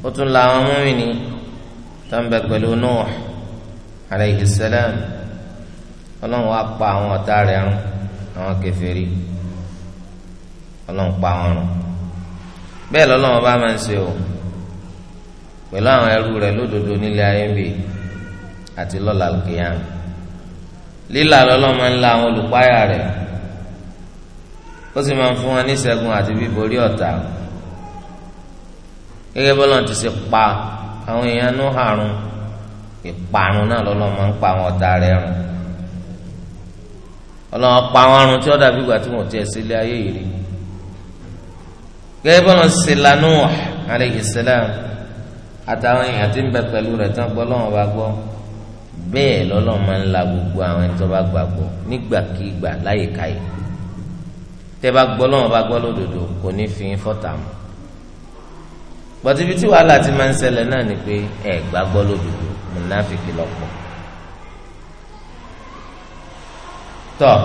ó tún la àwọn mùmínì tó ń bẹ pẹ̀lú Nuh alayhi salam ọlọ́n wa pa àwọn ọ̀tá rẹ̀ ọlọ́run pa wọn rùn bẹ́ẹ̀ lọ́lọ́run bá máa ń ṣe o pẹ̀lú àwọn ẹrú rẹ̀ lódodo nílé ayé ń bì àti lọ́la kìyàm lílà lọ́lọ́run máa ń la àwọn olùpáyà rẹ̀ ó sì máa ń fún wọn ní ìṣẹ́gun àti bíborí ọ̀tá gẹ́gẹ́ bọ́lá ti ṣe pa àwọn èèyàn ní àrùn ìparun náà lọ́lọ́run máa ń pa àwọn ọ̀tá rẹ̀ rùn ọlọ́run pa àwọn àrùn tí ó dàbí ìgbà tí wọ́n ti ẹ̀ sílé ayé yìí rí i gẹ́gẹ́ bọ́lá sila Nuh alayhi salam àtàwọn èèyàn ti ń bẹ pẹ̀lú rẹ̀ tán gbọ́ lọ́wọ́ bá gbọ́ bẹ́ẹ̀ lọ́lọ́ máa ń la gbogbo àwọn ẹni tó bá gbàgbọ́ nígbàkigbà láyìíkáyì tẹ́ bá gbọ́ lọ́wọ́ bá gbọ́ lódodo kò ní fi ń fọ́tà mọ́ gbọ̀tibí tí wàhálà ti máa ń ṣẹlẹ̀ náà ni pé ẹ̀ gbàgbọ́ lódodo mùnáfìkì lọ́pọ̀ tọ́.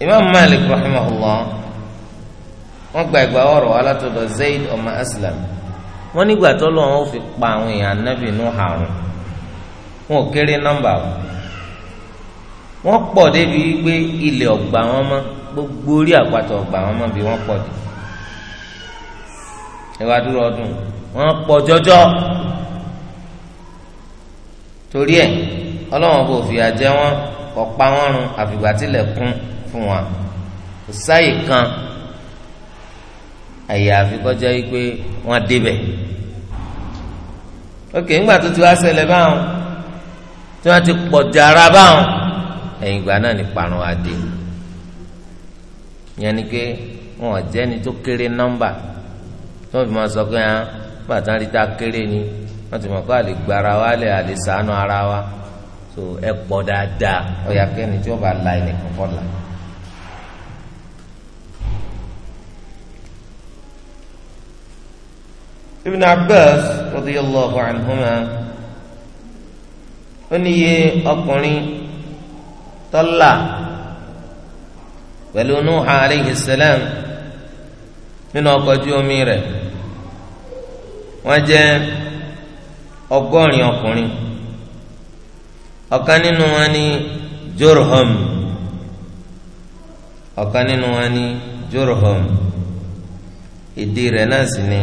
imam malik rahimahullah wọ́n gba ìgbà ọ̀rọ̀ alátọ̀dọ̀ zayd ọmọ aslam wọ́n nígbà tó lọ wọ́n fi pa àwọn èèyàn anábì nù àrùn wọn ò kéré nọ́mbà o wọ́n pọ̀ débi wípé ilẹ̀ ọgbà wọn mọ́ gbogbo orí àpáta ọgbà wọn mọ́ bí wọ́n pọ̀ dé ìwà dúró ọdún wọ́n pọ̀ jọjọ torí ẹ̀ Ọlọ́run kò fìyà jẹ wọ́n kò pa wọ́n run àfìgbà tilẹ̀ kún fún wa kò sáyè kan àyàfi kọjá yìí pé wọ́n débẹ̀ ok ńgbà tó ti wá ṣẹlẹ̀ báwọn tí wọ́n ti pọ̀ jàrá báwọn ẹ̀yìn ìgbà náà ní parun adé yẹn ni pé wọn ò jẹ́ni tó kéré nọ́mbà tí wọ́n fi máa sọ pé hàn bàtà rí ta kéré ni wọ́n ti mọ̀ pé àlè gbára wa lè àlè sànú ara wa so ẹ pọ̀ dáadáa ó yá tí wọ́n bá la ẹnìkan kọ́ la. Ibn Abbas radiyallahu anhuma ó níye ọkùnrin tọ́lá pẹ̀lú Nuh alayhi salam nínú ọkọ̀ ojú omi rẹ̀ wọ́n jẹ́ ọgọ́rin ọkùnrin ọ̀kan nínú wọn ni Jurhum ọ̀kan nínú wọn ni Jurhum ìdí rẹ̀ náà sì ni.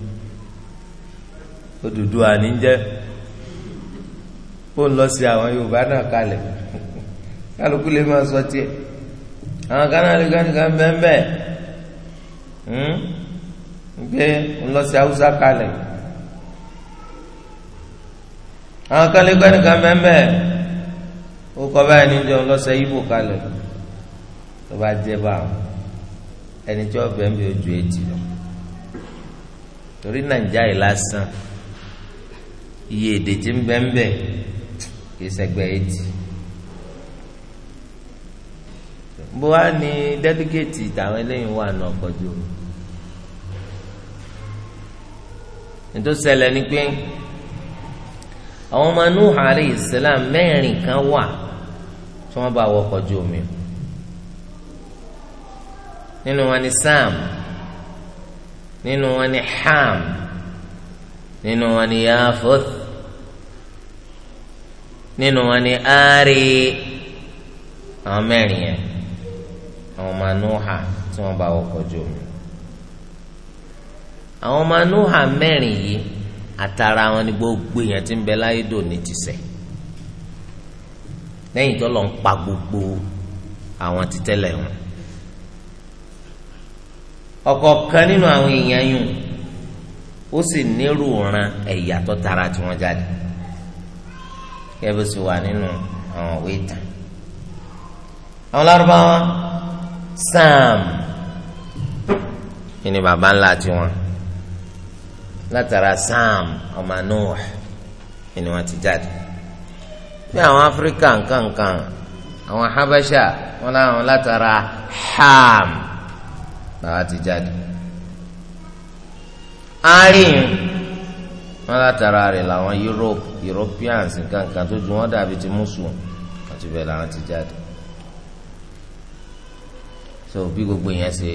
Odùduwà ní jẹ́ ó lọ sí àwọn Yorùbá náà [laughs] kálukú sọ àwọn kanáàlì ń hmm? sí Haúsá àwọn kanáàlì ó báyìí níjọ sí kalẹ tó bá báwọn ẹni tí ń bẹ ojú etí lọ iye èdè tí ń bẹ ń bẹ kì í sẹgbẹ eighty bó wá ní dẹ́lígẹ̀tì tàwọn eléyìí wà nù ọkọ̀ jù nítorí ṣẹlẹ̀ ni pé àwọn ọmọ Nuh alayhi salam kan wà tí wọ́n bá wọkọ̀ jù omi nínú wọn ni Sam nínú wọn ni Ham nínú wọn ni Yafut. nínú wọn ni áárì àwọn mẹ́rin yẹn àwọn ọmọ ha tí wọ́n bá wọkọ̀ jọ mí àwọn ọmọ ha mẹ́rin yìí àtàrà wọn ni gbogbo èèyàn ti ń bẹ láyé dò ní tìṣẹ lẹ́yìn tó lọ ń pa gbogbo àwọn títẹ́lẹ̀ wọn nínú àwọn èèyàn ó sì nírú ran tó tara tí jáde. kẹ́bí sì wà nínú àwọn òwe ìtàn. àwọn lárúbáwá sam ni baba ńlá tiwọn látara sam ọmọ Nuh ni wọ́n ti jáde bí àwọn áfíríkà nkankan àwọn habasha wọn làwọn látara ham làwọn ti jáde. àárín wọn látara rẹ̀ làwọn Europe Europeans nkankan tó ju wọn dàbí ti mùsùlùm àti bẹ́ẹ̀ làwọn ti jáde so bí gbogbo yẹn ṣe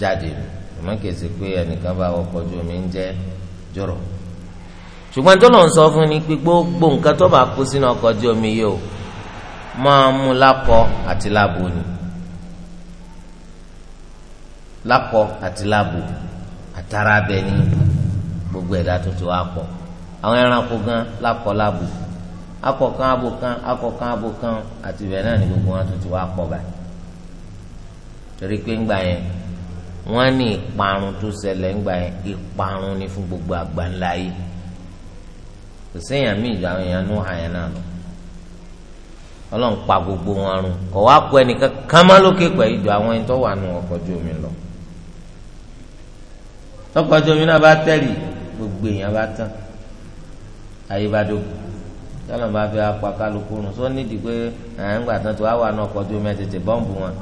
jáde àmọ́ kèsì pé ẹnìkan bá ọkọ̀ ojú omi ń jẹ́ jòrò ṣùgbọ́n tó lọ sọ fún ni pé gbogbo nǹkan tó bá kó sínú ọkọ̀ ojú omi yìí o máa mú lápọ àti lábo ni lápọ àti lábo àtàrà abẹ ni gbogbo ẹ̀dá tó ti wá pọ̀ àwọn ẹranko gan lákọ lábo akọ kan abo kan akọ kan abo kan àti bẹ́ẹ̀ náà ni gbogbo wọn tó ti wá pọ̀ báyìí torí pé ńgbà yẹn wọ́n ní ìparun tó ṣẹlẹ̀ ńgbà yẹn ìparun ni fún gbogbo àgbáńlá yìí kò séèyàn míì ju àwọn èèyàn nú àyàn náà lọ ọlọ́run pa gbogbo wọn run kò wá kó ẹnìkan kán má lókè pẹ̀ ìdò àwọn ẹni tó wà nù ọkọ̀ ojú omi lọ tọkọ̀ ojú omi náà bá tẹ̀lé gbogbo èèyàn bá tán ayé bá dógùn yálà bá fẹ́ apá kálukú nù sọ nídìí pé àwọn ìgbà tán tó wá wà náà kọjú mẹ́ tètè bọ́ǹbù wọn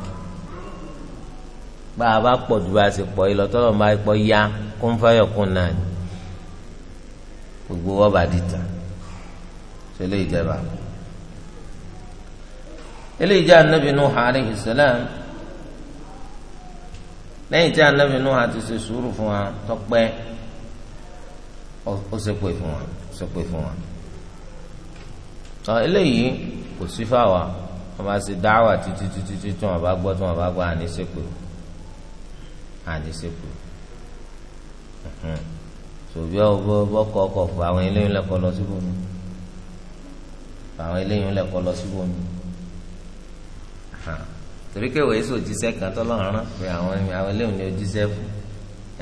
bá a bá pọ̀ ju bá a sì pọ̀ yìí lọ tọ́lọ̀ máa pọ̀ ya kó ń fẹ́yọ̀ kún náà ni gbogbo wọn bá ṣe lè jẹba. eléyìí jẹ́ anabi nuhu alayhi salam lẹ́yìn tí anabi nuhu àti ṣe sùúrù fún wa tọ́pẹ́ ó ṣépè fún wọn ṣépè fún wa, ọ eléyìí kò sí fáwa wọn bá ṣe dáwà títí títí tí wọn bá gbọ́ tí wọn bá gbọ́ àní ṣépè àní ṣépè sòbí ọkọ ọkọ fún àwọn eléyìí lẹ́kọ̀ọ́ lọ síbò ni àwọn eléyìí lẹ́kọ̀ọ́ lọ síbò ni torí kéwà yìí sòjíṣẹ́ kan tọ́lọ́run rán pé àwọn eléyìí ni ojíṣẹ́ fún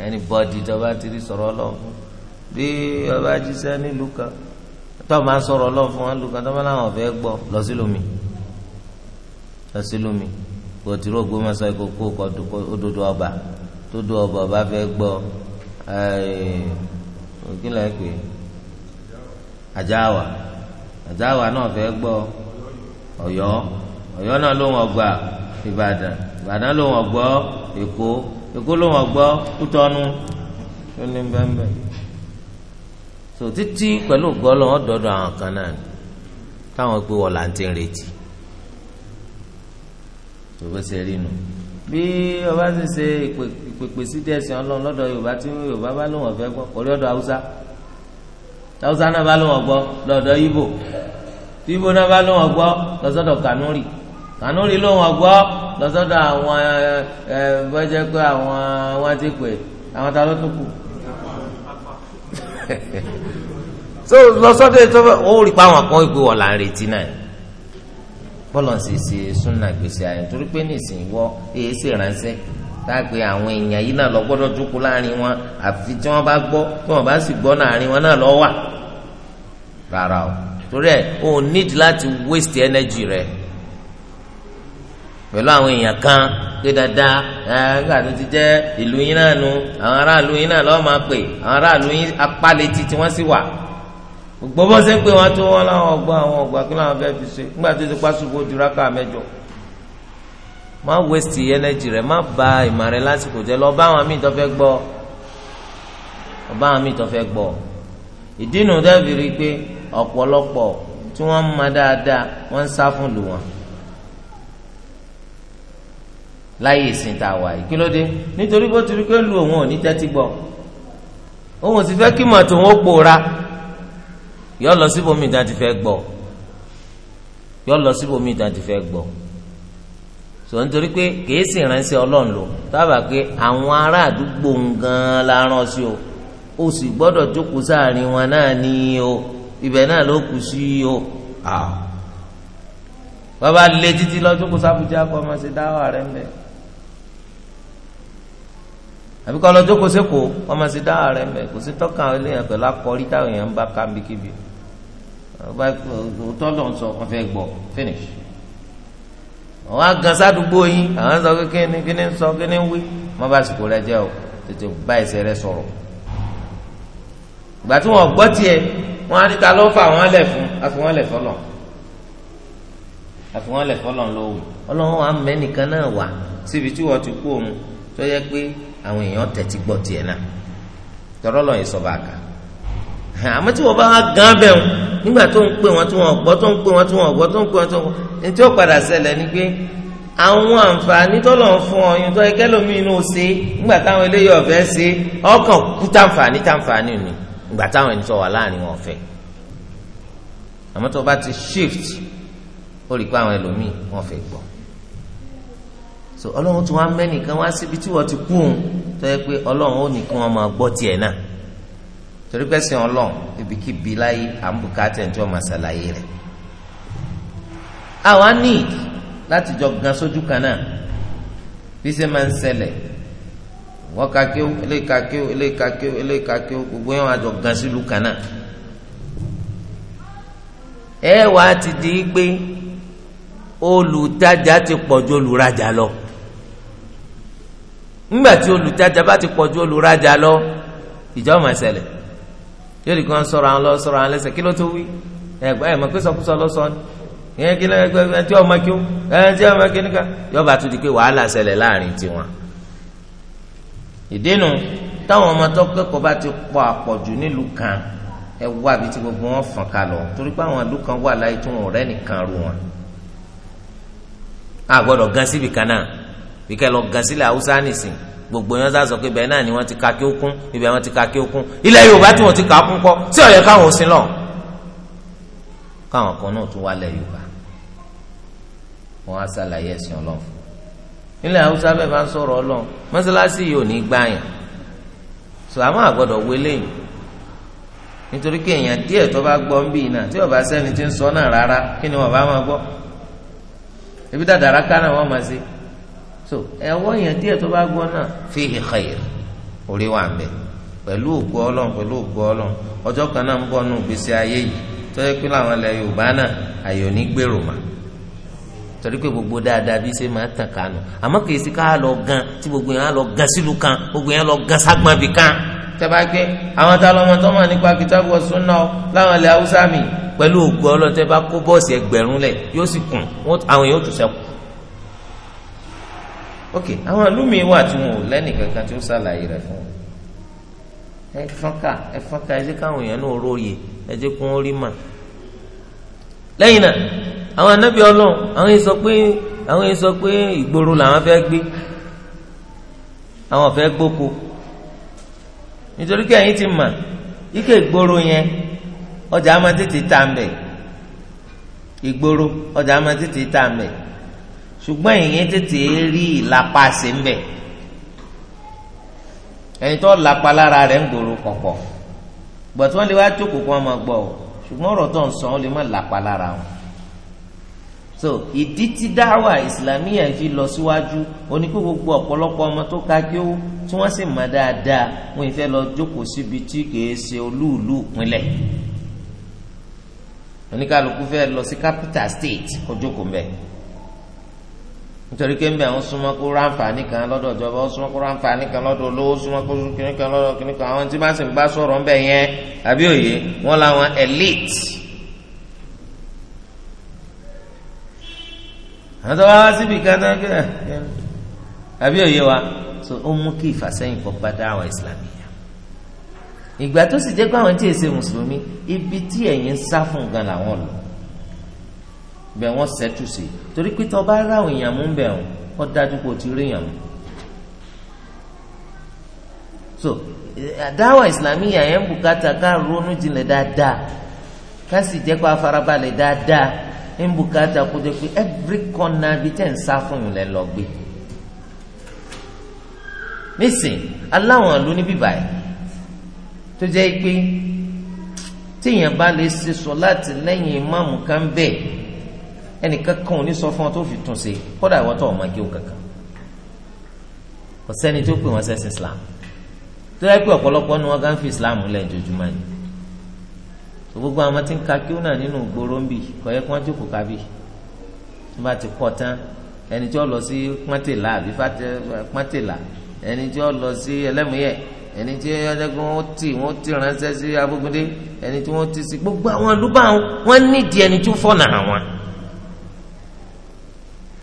ẹni bọ́ọ̀dì tó bá ti rí sọ̀rọ̀ ọlọ́run fún bí ọba jíṣẹ́ nílùú kan tó máa sọ̀rọ̀ lọ fún wọn lùkàn tó máa láwọn ọ̀fẹ́ gbọ́ lọ sí lómi lọ sí lómi kò tí rògbò máa sọ ìkókó kọ òdodo ọba tó do ọba ọba fẹ́ gbọ́ òkìlẹ̀ pé àjáwà àjáwà náà fẹ́ gbọ́ ọ̀yọ́ ọ̀yọ́ náà ló wọn gbà ìbàdàn ìbàdàn ló wọn gbọ́ èkó èkó ló wọn gbọ́ kútọ́nù tó ní bẹ́ẹ̀ bẹ́ẹ̀ so títí pẹ̀lú gọ́lọ́ ọ̀dọ́dọ̀ àwọn kan náà ni táwọn gbé wọ̀ láǹtí retí tó bó ṣe rí nu bí ọba ṣe ṣe ìpèpè sí dẹ́sìn ọlọ́run lọ́dọ̀ yorùbá tí yorùbá bá lóun ọ̀fẹ́ gbọ́ orí ọ̀dọ̀ haúsá haúsá náà bá lóun ọ̀gbọ́ lọ́dọ̀ ibo tí ibo náà bá lóun ọ̀gbọ́ lọ́sọ̀dọ̀ kanúrì kanúrì lóun ọ̀gbọ́ lọ́sọ̀dọ̀ àwọn ẹ bọ́jẹ́ pé àwọn wọn ti pè àwọn ta ló tún kù [laughs] so lọsọdọ yìí tó fẹ ó rí pa àwọn kan ìgbé wọn là ń retí náà bọlọ ń sì ṣe súnà gbèsè àyè torí pé nìsín wọ èyí sì ránṣẹ́ táàgbé àwọn èèyàn yìí náà lọ gbọ́dọ̀ dúkú láàrin wọn àfi tí wọn bá gbọ́ tí wọn bá sì gbọ́ láàrin wọn náà lọ wà rárá o torí ẹ o need láti waste energy rẹ pẹ̀lú àwọn èèyàn kan pé dáadáa ẹ̀ẹ́dà tó ti jẹ́ ìlú yín náà nu àwọn aráàlú yín náà lọ́ọ́ máa pè àwọn aráàlú yín apá létí tí wọ́n sì wà gbogbo bó ṣe ń pè wọn tó wọn láwọn ọgbà àwọn ọgbà kí làwọn fẹẹ fi ṣe nígbà tó ti pàṣípò jùrákà mẹ́jọ má wẹsì ẹnẹjì rẹ má ba ìmọ̀ rẹ lásìkò jẹ lọ bá àwọn míì tó fẹ́ gbọ́ ọba àwọn míì tó fẹ́ gbọ́ ìdí nu dẹ́bi rí i pé ọ̀pọ̀lọpọ̀ tí wọ́n ń ma dáadáa wọ́n ń sá fún lù láyé ìsìn wà yìí kí ló dé nítorí bó ti rí pé lu òun ò ní tẹ́tí gbọ́ yọ lọ síbòmí ìdá ti fẹ́ gbọ́ yọ lọ síbòmí ìdá ti fẹ́ gbọ́ sọ nítorí pé kìí sì ránṣẹ́ Ọlọ́run lò dábàá pé àwọn ará àdúgbò gan la rán sí o ó sì gbọ́dọ̀ jókòó sáàrin wọn náà ní o ibẹ̀ náà ló kù sí o bàbá lé títí lọ jókòó sábùjá kọ ọmọ ṣe dáwà rẹ ń bẹ àbíkọ́ lọ jókòó sẹ́kọ̀ọ́ ọmọ ṣe dáwà rẹ ń kò sí tọ́ka ilé pẹ̀lú akọrí táwọn èèyàn ń bá kábíkíbi ọba tọ́lọ̀ ń sọ wọn fẹ́ gbọ́ finish wọn á gan sádùúgbò yín àwọn sọ pé kíni kíni ń sọ kíni ń wí wọn bá sìkò rẹ jẹ o tètè bá ẹsẹ rẹ sọ̀rọ̀ ìgbà tí wọn gbọ́ tiẹ̀ wọn á níta ló fà wọn lẹ̀ fún àfi wọn lẹ̀ fọlọ̀ àfi wọn lẹ̀ fọlọ̀ lówó ọlọ́run wa mẹ́nìkan náà wà síbi tí wọ́n ti kú òun tó yẹ pé àwọn èèyàn tẹ̀tí gbọ́ tiẹ̀ náà tọ́lọ́lọ́ yìí sọ bàkà àmọ́ tí wọ́n bá wá gan bẹ̀ wọn nígbà tó ń pè wọn tí wọn gbọ́ tó ń pè wọn tí wọn gbọ́ tó ń pè wọn tó ń gbọ́ ní tí ó padà ṣẹlẹ̀ ni pé àwọn àǹfààní tó lọ́n fún ọyún tó ẹgẹ́ lómi inú ṣe nígbà táwọn eléyìí ọ̀fẹ́ ṣe ọkàn kú táǹfààní táǹfààní ni nígbà táwọn ẹni tó wà láàrin wọn ọ̀fẹ́ àmọ́ tó bá ti shift ó rí i pé àwọn ẹlòmíì wọn fẹ́ gbọ́ so ọlọ́run tí wọ́n á mẹ́nìkan wá síbi tí wọ́n ti kú òun tó yẹ pé ọlọ́run ó nìkan ọmọ gbọ́ tiẹ̀ náà torí pé sìn ọlọ́n ibikíbi láyé àmúkátà ẹ̀ tí wọ́n máa ṣàlàyé rẹ̀. àwa need láti jọ gan sójú kan náà bí ṣe máa ń ṣẹlẹ̀ wọ́n ka kéwú ilé ka kéwú ilé ka kéwú ilé ka kéwú gbogbo yẹn wàá jọ gan sílùú kan náà. ẹ wàá ti di pé olùtajà ti pọ̀ olùrajà lọ nígbà olùtajà bá ti pọ̀ olùrajà lọ ìjọ máa ṣẹlẹ̀ yóò di kan sọ̀rọ̀ àwọn lọ sọ̀rọ̀ àwọn lẹ́sẹ̀ kí ló tó wí ẹ̀gbọ́n ẹ̀ mọ̀ pé sọkúsọ lọ sọ ni ìyẹn kí lẹ́gbẹ́ tí ọmọ kí ó ẹ̀ tí ọmọ kí níka yọba tó di pé wàhálà ṣẹlẹ̀ láàrin tiwọn. ìdínú táwọn ọmọ tó kẹ́kọ̀ọ́ bá ti pọ̀ àpọ̀jù nílùú kan ẹ wá bí tí gbogbo wọn fọ̀n ká lọ torí pé àwọn ìlú kan wà láyé tí wọn ò rẹ́ nìkan ru wọn. a gbọ́dọ̀ gan síbi kan náà bí kẹ́ lọ gan sílẹ̀ haúsá nìsín gbogbo yẹn sá sọ pé bẹ́ẹ̀ náà ni wọ́n ti ka kí ó kún ibẹ̀ wọ́n ti ka kí ó kún ilẹ̀ yorùbá tí wọ́n ti kà á kún kọ́ sí ọ̀yẹ́ káwọn òsín lọ. káwọn kan náà tún wá lẹ̀ yorùbá wọ́n á ṣàlàyé ẹ̀sìn ọlọ́run nílẹ̀ haúsá bẹ́ẹ̀ bá ń sọ̀rọ̀ ọlọ́run mọ́sálásí yìí ò ní gbá yẹn sọ àmọ́ àgbọ̀dọ̀ wọlé yìí nítorí pé èèyàn díẹ̀ tó bá gbọ́ ń bì náà tí ó bá ti ń sọ náà rárá kí ni wọ́n bá máa gbọ́ ebi dáadáa ká náà wọ́n máa ṣe so ẹwọ́ yẹn díẹ̀ tó bá gbọ́ náà fi khair orí wa bẹ̀ pẹ̀lú ògbó ọlọ́run pẹ̀lú ògbó ọlọ́run ọjọ́ kan náà ń bọ̀ nù gbèsè ayé yìí tọ́jú pé làwọn ilẹ̀ yorùbá náà àyò ní gbèrò mà torí pé gbogbo dáadáa bí ṣe máa tàn kánú àmọ́ kì í sí ká lọ gan tí gbogbo yẹn á lọ gan sílùú kan gbogbo yẹn lọ gan ságbọ̀nbì kan tẹ́bá gbé àwọn tá lọ́mọ tó mọ̀ nípa kìtàbù sunna láwọn ilẹ̀ haúsá mi pẹ̀lú ògbó ọlọ́run tẹ́bá kó bọ́ọ̀sì ẹgbẹ̀rún lẹ̀ yóò sì kùn àwọn yóò tún sẹ́kù ok àwọn ìlúmi wà tí wọn ò lẹ́nìkankan tí ó ṣàlàyé rẹ̀ fún ẹ fọ́nká ẹ fọ́nká ẹ jẹ́ káwọn èèyàn náà róye ẹ jẹ́ kó wọ́n rí mà lẹ́yìn náà àwọn anábì ọlọ́run àwọn yìí sọ pé àwọn yìí sọ pé ìgboro làwọn fẹ́ gbé àwọn fẹ́ gbóko nítorí kí ẹ̀yin ti mà ike ìgboro yẹn ọjà máa tètè tà mbẹ̀ ìgboro ọjà máa tètè tà mbẹ̀ ṣùgbọ́n èyàn tètè rí ìlapa ṣe ń bẹ̀ ẹni tó lapa lára rẹ̀ ń gbòòrò kọ̀kọ̀ gbọ̀tí wọ́n lè wá jókòó kó wọn máa gbọ́ ọ ṣùgbọ́n ọ̀rọ̀ tó ń sọ ọ́ lè má lapa lára wọn so ìdí tí dáwà ìsìlámíyà fi lọ síwájú oníkó gbogbo ọ̀pọ̀lọpọ̀ ọmọ tó ka kí ó tí wọ́n sì mọ̀ dáadáa wọ́n ìfẹ́ lọ jókòó síbi tí kìí ṣe olúùlú ìpínlẹ̀ oníkàlùkù fẹ́ lọ sí capital state kó jókòó nítorí pé nbẹ̀ ń súnmọ́ kó ráǹfààní kan lọ́dọ̀ ìjọba ó súnmọ́ kó ráǹfààní kan lọ́dọ̀ olówó súnmọ́ kó kíní kan lọ́dọ̀ kíní kan àwọn tí bá sì ń bá sọ̀rọ̀ nbẹ̀ yẹn àbí òye wọn làwọn elite. àwọn tó bá wá síbi kan náà kí àbí òye wa so ó mú kí ìfàsẹ́yìn kọ́ bá dá àwọn ìsìlámì yẹn. ìgbà tó sì jẹ́ pé àwọn tí èsè mùsùlùmí ibi tí ẹ̀yin ń sá fún gan làwọn lọ bẹ̀ wọ́n sẹ́tù sí torí pé tó bá ráwọn èèyàn mú bẹ̀ wọ́n wọ́n dájú pé o ti rí èèyàn so àdáwà ìsìlámì yàyẹn bùkátà ká ronú jinlẹ̀ dáadáa ká sì jẹ́ kó afárabalẹ̀ dáadáa ń bùkátà kó jẹ́ pé every corner bíi tẹ̀ ń sá fún yìí lẹ́ lọ gbé. nísìn aláwọn ìlú níbí báyìí tó jẹ́ pé téèyàn bá lè ṣe sọ láti lẹ́yìn ìmáàmù kan bẹ́ẹ̀ ẹnìkan kan ò ní sọ fún ọ tó fi tún ṣe kódà ìwọ tó ọmọ gíw kankan kò sẹ́ni tó pè wọ́n sẹ́sìn islam tó yẹ pé ọ̀pọ̀lọpọ̀ ni wọ́n gán fi islam lẹ̀ jojúmọ́ ni gbogbo àwọn tí ń ka kíw náà nínú gbòòrò ń bì kò yẹ kí wọ́n jókòó kábì tó bá ti kọ́ tán ẹni tí ó lọ sí pọ́ńtìlá àbí pọ́ńtìlá ẹni tí ó lọ sí ẹlẹ́mùyẹ́ ẹni tí ọ̀dẹ́gun ó tì wọ́n ti ránṣẹ́ sí abógundé ẹni tí wọ́n ti sí gbogbo àwọn àlùbáwọn wọ́n nídìí ẹni tí ó fọ́nà àwọn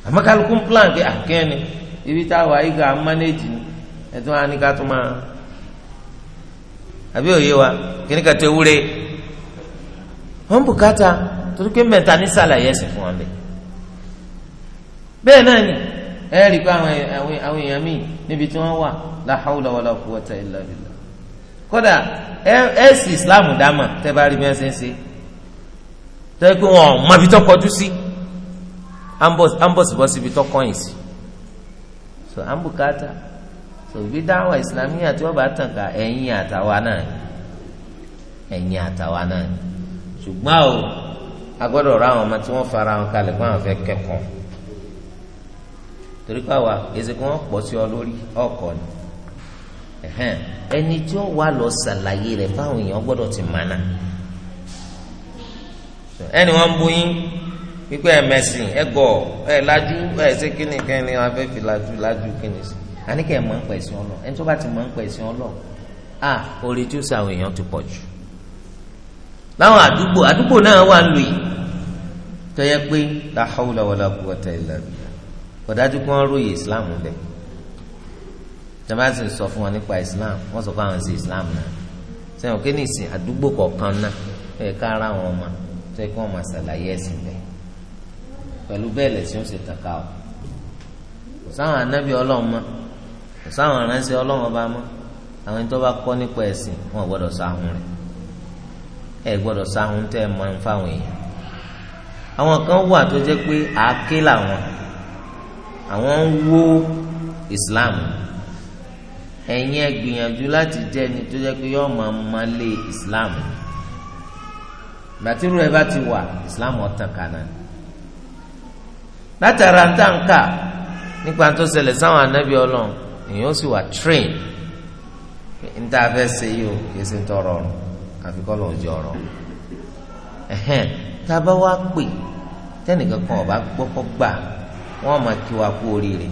àmọ́ kálukú ń plan pé àkẹ́ni ah, ibi tá a wà yìí ká manage ni ẹ̀tún wa ni ká tún máa àbí òye wa kíní ká tó ewúre wọ́n bùkátà torí pé mẹ́ta ní sàlàyé ẹ̀sìn fún wọn lẹ̀ bẹ́ẹ̀ náà ni ẹ rí i pé àwọn èèyàn míì níbi tí wọ́n wà la hawla wala quwwata illa billah kódà ẹ sì islam dáàmà tẹ́ bá rí bí wọ́n ṣe ṣe tẹ́ pé wọn ò mọ ibi tó kọjú sí. Si ambọ̀sibọ̀sì ibi tó kọ́yìn sí so ambukata so bí dáwà ìsìlámì àti ọba tàn ká ẹ̀yìn àtàwa náà ẹ̀yìn àtàwa náà ṣùgbọ́n o a gbọ́dọ̀ ra àwọn ọmọ tí wọ́n fara wọn kalẹ̀ fún àwọn fẹ́ kẹ́kọ̀ọ́ torí pé àwa èsì kí wọ́n pọ̀ sí ọ lórí ọkọ̀ ni ẹni tí ó wà lọ ṣàlàyé rẹ̀ fáwọn èèyàn gbọ́dọ̀ ti mánà ẹni wọ́n ń bóyín wípé ẹ̀mẹ̀sìn ẹ̀gọ̀ ẹ̀ lajú ẹ̀ ṣé kíni kíni wọn fẹ́ fi lajú lajú kíni sí àníkẹ́ ẹ̀ mọ̀ ń pẹ̀sìn ọlọ ẹni tó bá ti mọ̀ ń pẹ̀sìn ọlọ à orí tí ó sà àwọn èèyàn ti pọ̀ jù láwọn àdúgbò àdúgbò náà wà lù tó yẹ pé la hawla wala quwwata illa billah kọ̀dájú kí wọ́n róye islam bẹ̀ jamaasi sọ fún wọn nípa islam wọ́n sọ fún àwọn sí islam náà sẹ́wọ̀n kí ni ìsìn àdúgbò kọ̀ọ̀kan pẹ̀lú bẹ́ẹ̀ lẹ̀sìn ó sì tàn ká o kò sáwọn anábì ọlọ́run mọ́ kò sáwọn aránṣẹ́ ọlọ́run ọba mọ́ àwọn ẹni tó bá kọ́ nípa ẹ̀sìn wọn gbọ́dọ̀ sáhùn rẹ̀ ẹ gbọ́dọ̀ sáhùn tẹ́ ẹ mọ fáwọn èèyàn àwọn kan wà tó jẹ́ pé àáké làwọn àwọn ń wó Islam ẹ̀yin ẹ gbìyànjú láti jẹ́ ẹni tó jẹ́ pé yọ́ọ́ máa máa lé Islam gbàtírù ẹ bá ti wà Islam ọ̀tàn kànáà látara ń tàn ká nípa tó ṣẹlẹ̀ sáwọn anábì ọlọ́run èèyàn sì wà train ń tá a fẹ́ o kìí ṣe ń tọrọ ọrùn àfi kọ́ lọ́ọ́ jẹ ọ̀rọ̀ ẹ̀hẹ́n tá a bá wá pè tẹ́nìkan ọ̀bá gbọ́kọ́ gbà wọ́n máa wa kú oríire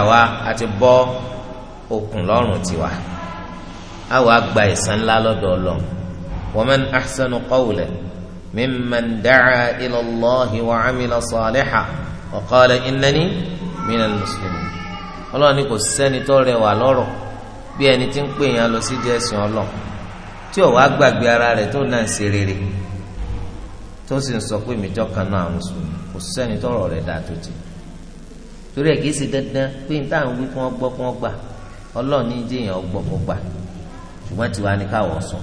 àwa a ti bọ́ okùn lọ́rùn tiwa àwa gba ìsan ńlá lọ́dọ̀ ọlọ́run wa man ahsanu qawlan. ممن دعا إلى الله وعمل صالحا وقال إنني من المسلمين ọlọ́run ní kò sẹ́ni tó rẹwà lọ́rọ̀ bí ẹni tí ń pè yàn lọ sí díẹ̀ sìn ọlọ́ tí ò wá gbàgbé ara rẹ̀ tó náà ṣe rere tó sì ń sọ pé ìmìjọ́ kan náà àwọn mùsùlùmí kò sẹ́ni tó rọ̀ rẹ̀ dáa tó ti torí ẹ̀ kìí ṣe dandan pé ní táwọn wí kí wọ́n gbọ́ kí wọ́n gbà ọlọ́run ní jẹ́yàn ọgbọ́ kó gbà ṣùgbọ́n tiwa ni káwọ́ sùn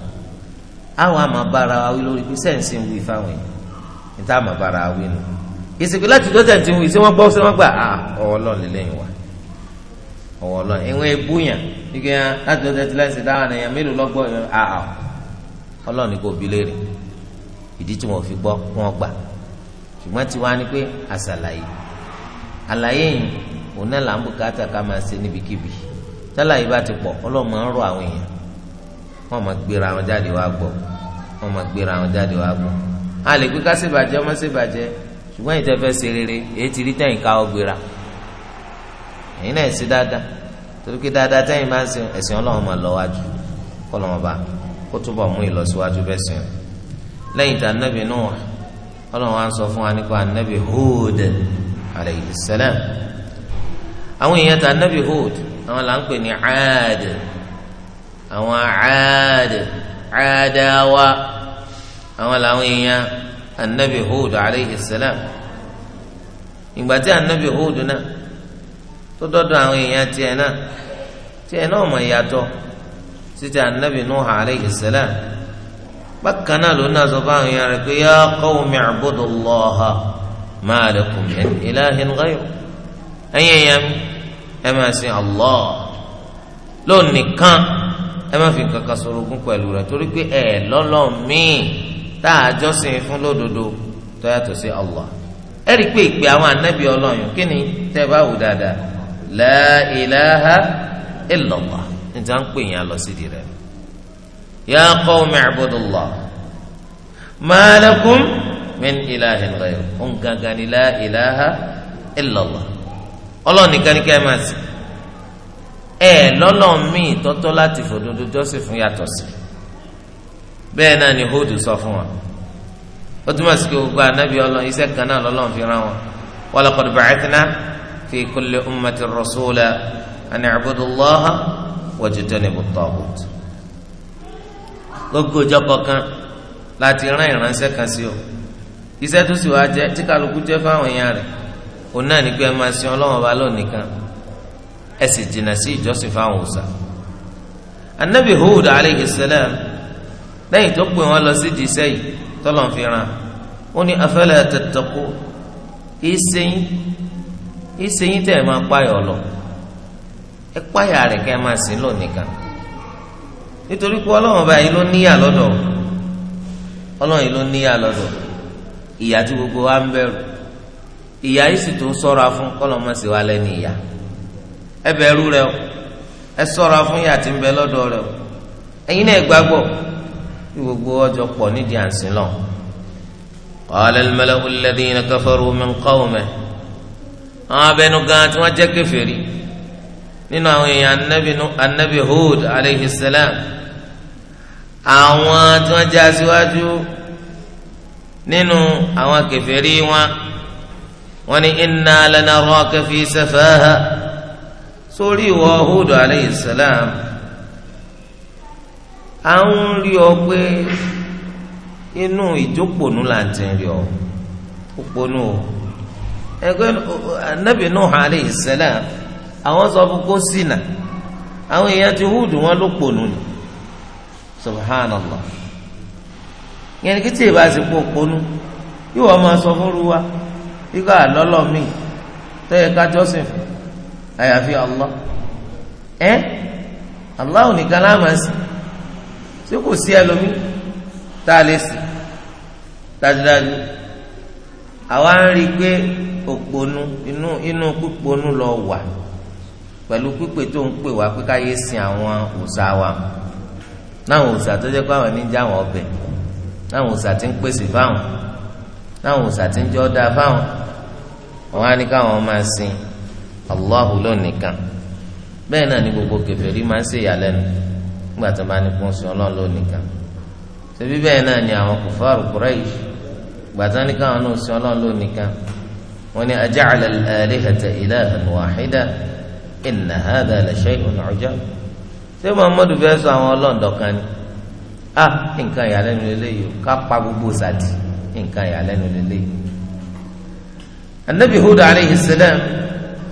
àwọn àmà bára wa wí lórí pé sẹ́ǹsì ń wí fáwọn yìí níta àmà bára wa wí nù ìsìnkú láti tó sẹ́ǹsì ń wí sí wọ́n gbọ́ sí wọ́n gbà á ọwọ́ ọlọ́ọ̀lẹ́ lẹ́yìn wa ọwọ́ ọlọ́ọ̀lẹ́ ìwọ̀n ebúyàn ike hàn ah, láti tó sẹ́ǹsì láti dáhùn ẹ̀yàn mélòó lọ́gbọ́ àà ah, ah. ọlọ́ọ̀ni kò bí léèrè ìdí tí wọ́n fi gbọ́ wọ́n gbà ṣùgbọ́n tiwa ni pé àṣàlàyé àlàyé yìí òun náà là ń bùkátà ká máa ṣe níbikíbi tálàyé bá ti pọ̀ ọlọ́ọ̀ máa ń rọ àwọn èèyàn wọ́n máa gbéra wọn jáde wá gbọ́ wọn máa gbéra wọn jáde wá gbọ́ a lè gbé ká ṣèbàjẹ́ ọmọ ṣèbàjẹ́ ṣùgbọ́n ìtẹ́fẹ́ ṣe rere èyí ti rí tẹ̀yìn ká ọ gbéra ẹ̀yin náà ṣe dáadáa torí pé dáadáa tẹ́yìn máa ń ṣe ẹ̀sìn ọlọ́run máa lọ wájú kọ́ lọ́mọ bá kó túbọ̀ mú ìlọsíwájú bẹ́ẹ̀ sìn lẹ́yìn tí anabi nù wá ọlọ́run wá ń sọ fún wa nípa anabi Hud alayhi àwọn èèyàn tí anabi Hud àwọn là ń pè ní Aad àwọn Aad àádáwa àwọn làwọn èèyàn anabi Hud alayhi salam ìgbà tí anabi Hud náà tó dọ́dọ̀ àwọn èèyàn tiẹ̀ náà tiẹ̀ náà mọ̀ ìyàtọ̀ títí anabi Nuh alayhi salam bákan náà ló náà sọ fáwọn èèyàn rẹ̀ pé ya qawmi i'budullaha ma lakum min ilahin ghayruh ẹ̀yin èèyàn mi ẹ máa sin Allah lónìí kan ẹ má fi kankan sorogún pẹ̀lú rẹ̀ torí pé ẹ lọ́lọ́ míì tá a jọ́sìn fún lódodo tó yàtọ̀ sí Allah ẹ rí i pé ìpè àwọn anábì ọlọ́yún kí ni tẹ́ bá wù dáadáa la ilaha illallah níta ń pè yín lọ sídìí rẹ̀ ya qawmi ibudullah ma lakum min ilahin ghayruh òun gangan ni la ilaha illallah ọlọ́ọ̀nì kan ní ká ẹ máa sìn ẹ lọ́lọ́run míì tọ́tọ́ láti fòdodo jọ́sìn fún yàtọ̀ sí bẹ́ẹ̀ náà ni Hud sọ fún wa ó túmọ̀ sí pé gbogbo anábì ọlọ́run iṣẹ́ kan náà lọ́lọ́run fi rán wọn wa laqad ba'athna fi kulli ummatin rasula an i'budu Allaha wajtanibu at-taghut gbogbo ìjọ kọ̀ọ̀kan láti rán ìránṣẹ́ kan sí o iṣẹ́ tó sì wá jẹ́ tí kálukú jẹ́ fáwọn èèyàn rẹ̀ òun náà ní pé ẹ máa sin ọlọ́run ọba lónìí kan ẹ sì jìnnà sí ìjọsìn fáwọn òòṣà anabi Hud alayhi salam lẹ́yìn tó pè wọ́n lọ sí dìísẹ́ yìí tọ́lọ̀ ń fi ràn ó ní afala tattaqu ìsẹ́yìn ìsẹ́yìn tẹ̀ máa páyọ̀ lọ ẹ páyà rẹ̀ kẹ́ máa sìn lọ nìkan nítorí pé ọlọ́run báyìí ló níyà lọ́dọ̀ ọlọ́run yìí ló níyà lọ́dọ̀ ìyà tí gbogbo wa ń bẹ̀rù ìyà yìí sì tó sọ́ra fún kọ́lọ́ wa lẹ́nu ìyà ẹ bẹ̀rù rẹ̀ o ẹ ṣọ́ra fún ìyà tí ń bẹ lọ́dọ̀ rẹ̀ o ẹ̀yin náà gbàgbọ́ kí gbogbo ọjọ́ pọ̀ nídìí àǹsìn lọ. qala al-mala'u alladhina kafaru min qawmihi àwọn abẹnú gan tí wọ́n jẹ́ kèfèrí nínú àwọn èèyàn anabi Hud alayhi salam àwọn tí wọ́n jẹ́ aṣíwájú nínú àwọn kèfèrí wọn wọ́n ní inna lanaraka fi safaha sórí ìwọ Hud alayhi salam à ń rí ọ pé inú ìjókòónú là ń ti rí ọ òpónú o ẹgbẹ́ anabi Nuh alayhi salam àwọn sọ fún kó ṣìnà àwọn èèyàn ti Hud wọn ló pònú ni subhanallah yẹn ni kí tí ìbá sì pò pònú yíwọ máa sọ fún ruwa yíkọ àlọ́lọ́ mi tẹ́yẹ ká jọ́sìn fún àyàfi Allah ẹ Allah ò nìkan láàmà sí tí kò sí ẹlòmí tá a lè sí dájúdájú àwa ń rí i pé òpònú inú inú pípònú lọ wà pẹ̀lú pípè tó ń pè wá pé ká yé sin àwọn òòṣà wa náwọn òòṣà tó jẹ́ pé àwọn ní jáwọn ọbẹ̀ náwọn òòṣà tí ń pèsè fáwọn náwọn òòṣà tí ń jọ́ dáa fáwọn wọn á ní káwọn máa sin allahu ló nìkan bẹ́ẹ̀ náà ni gbogbo kèfèrí máa ń ṣe ìyàlẹ́nu nígbà tó bá ní kún sí ọlọ́run ló nìkan ṣebí bẹ́ẹ̀ náà ni àwọn kòfàrù Quraysh gbàtà ní káwọn náà sí ọlọ́run ló nìkan wọ́n ní aja'ala al-alihata ilahan wahida inna hadha la shay'un 'ajab ṣé muhammadu fẹ́ sọ àwọn ọlọ́run ni a nǹkan ìyàlẹ́nu lélẹ́yìí ká pa gbogbo sàdí nǹkan ìyàlẹ́nu lélẹ́yìí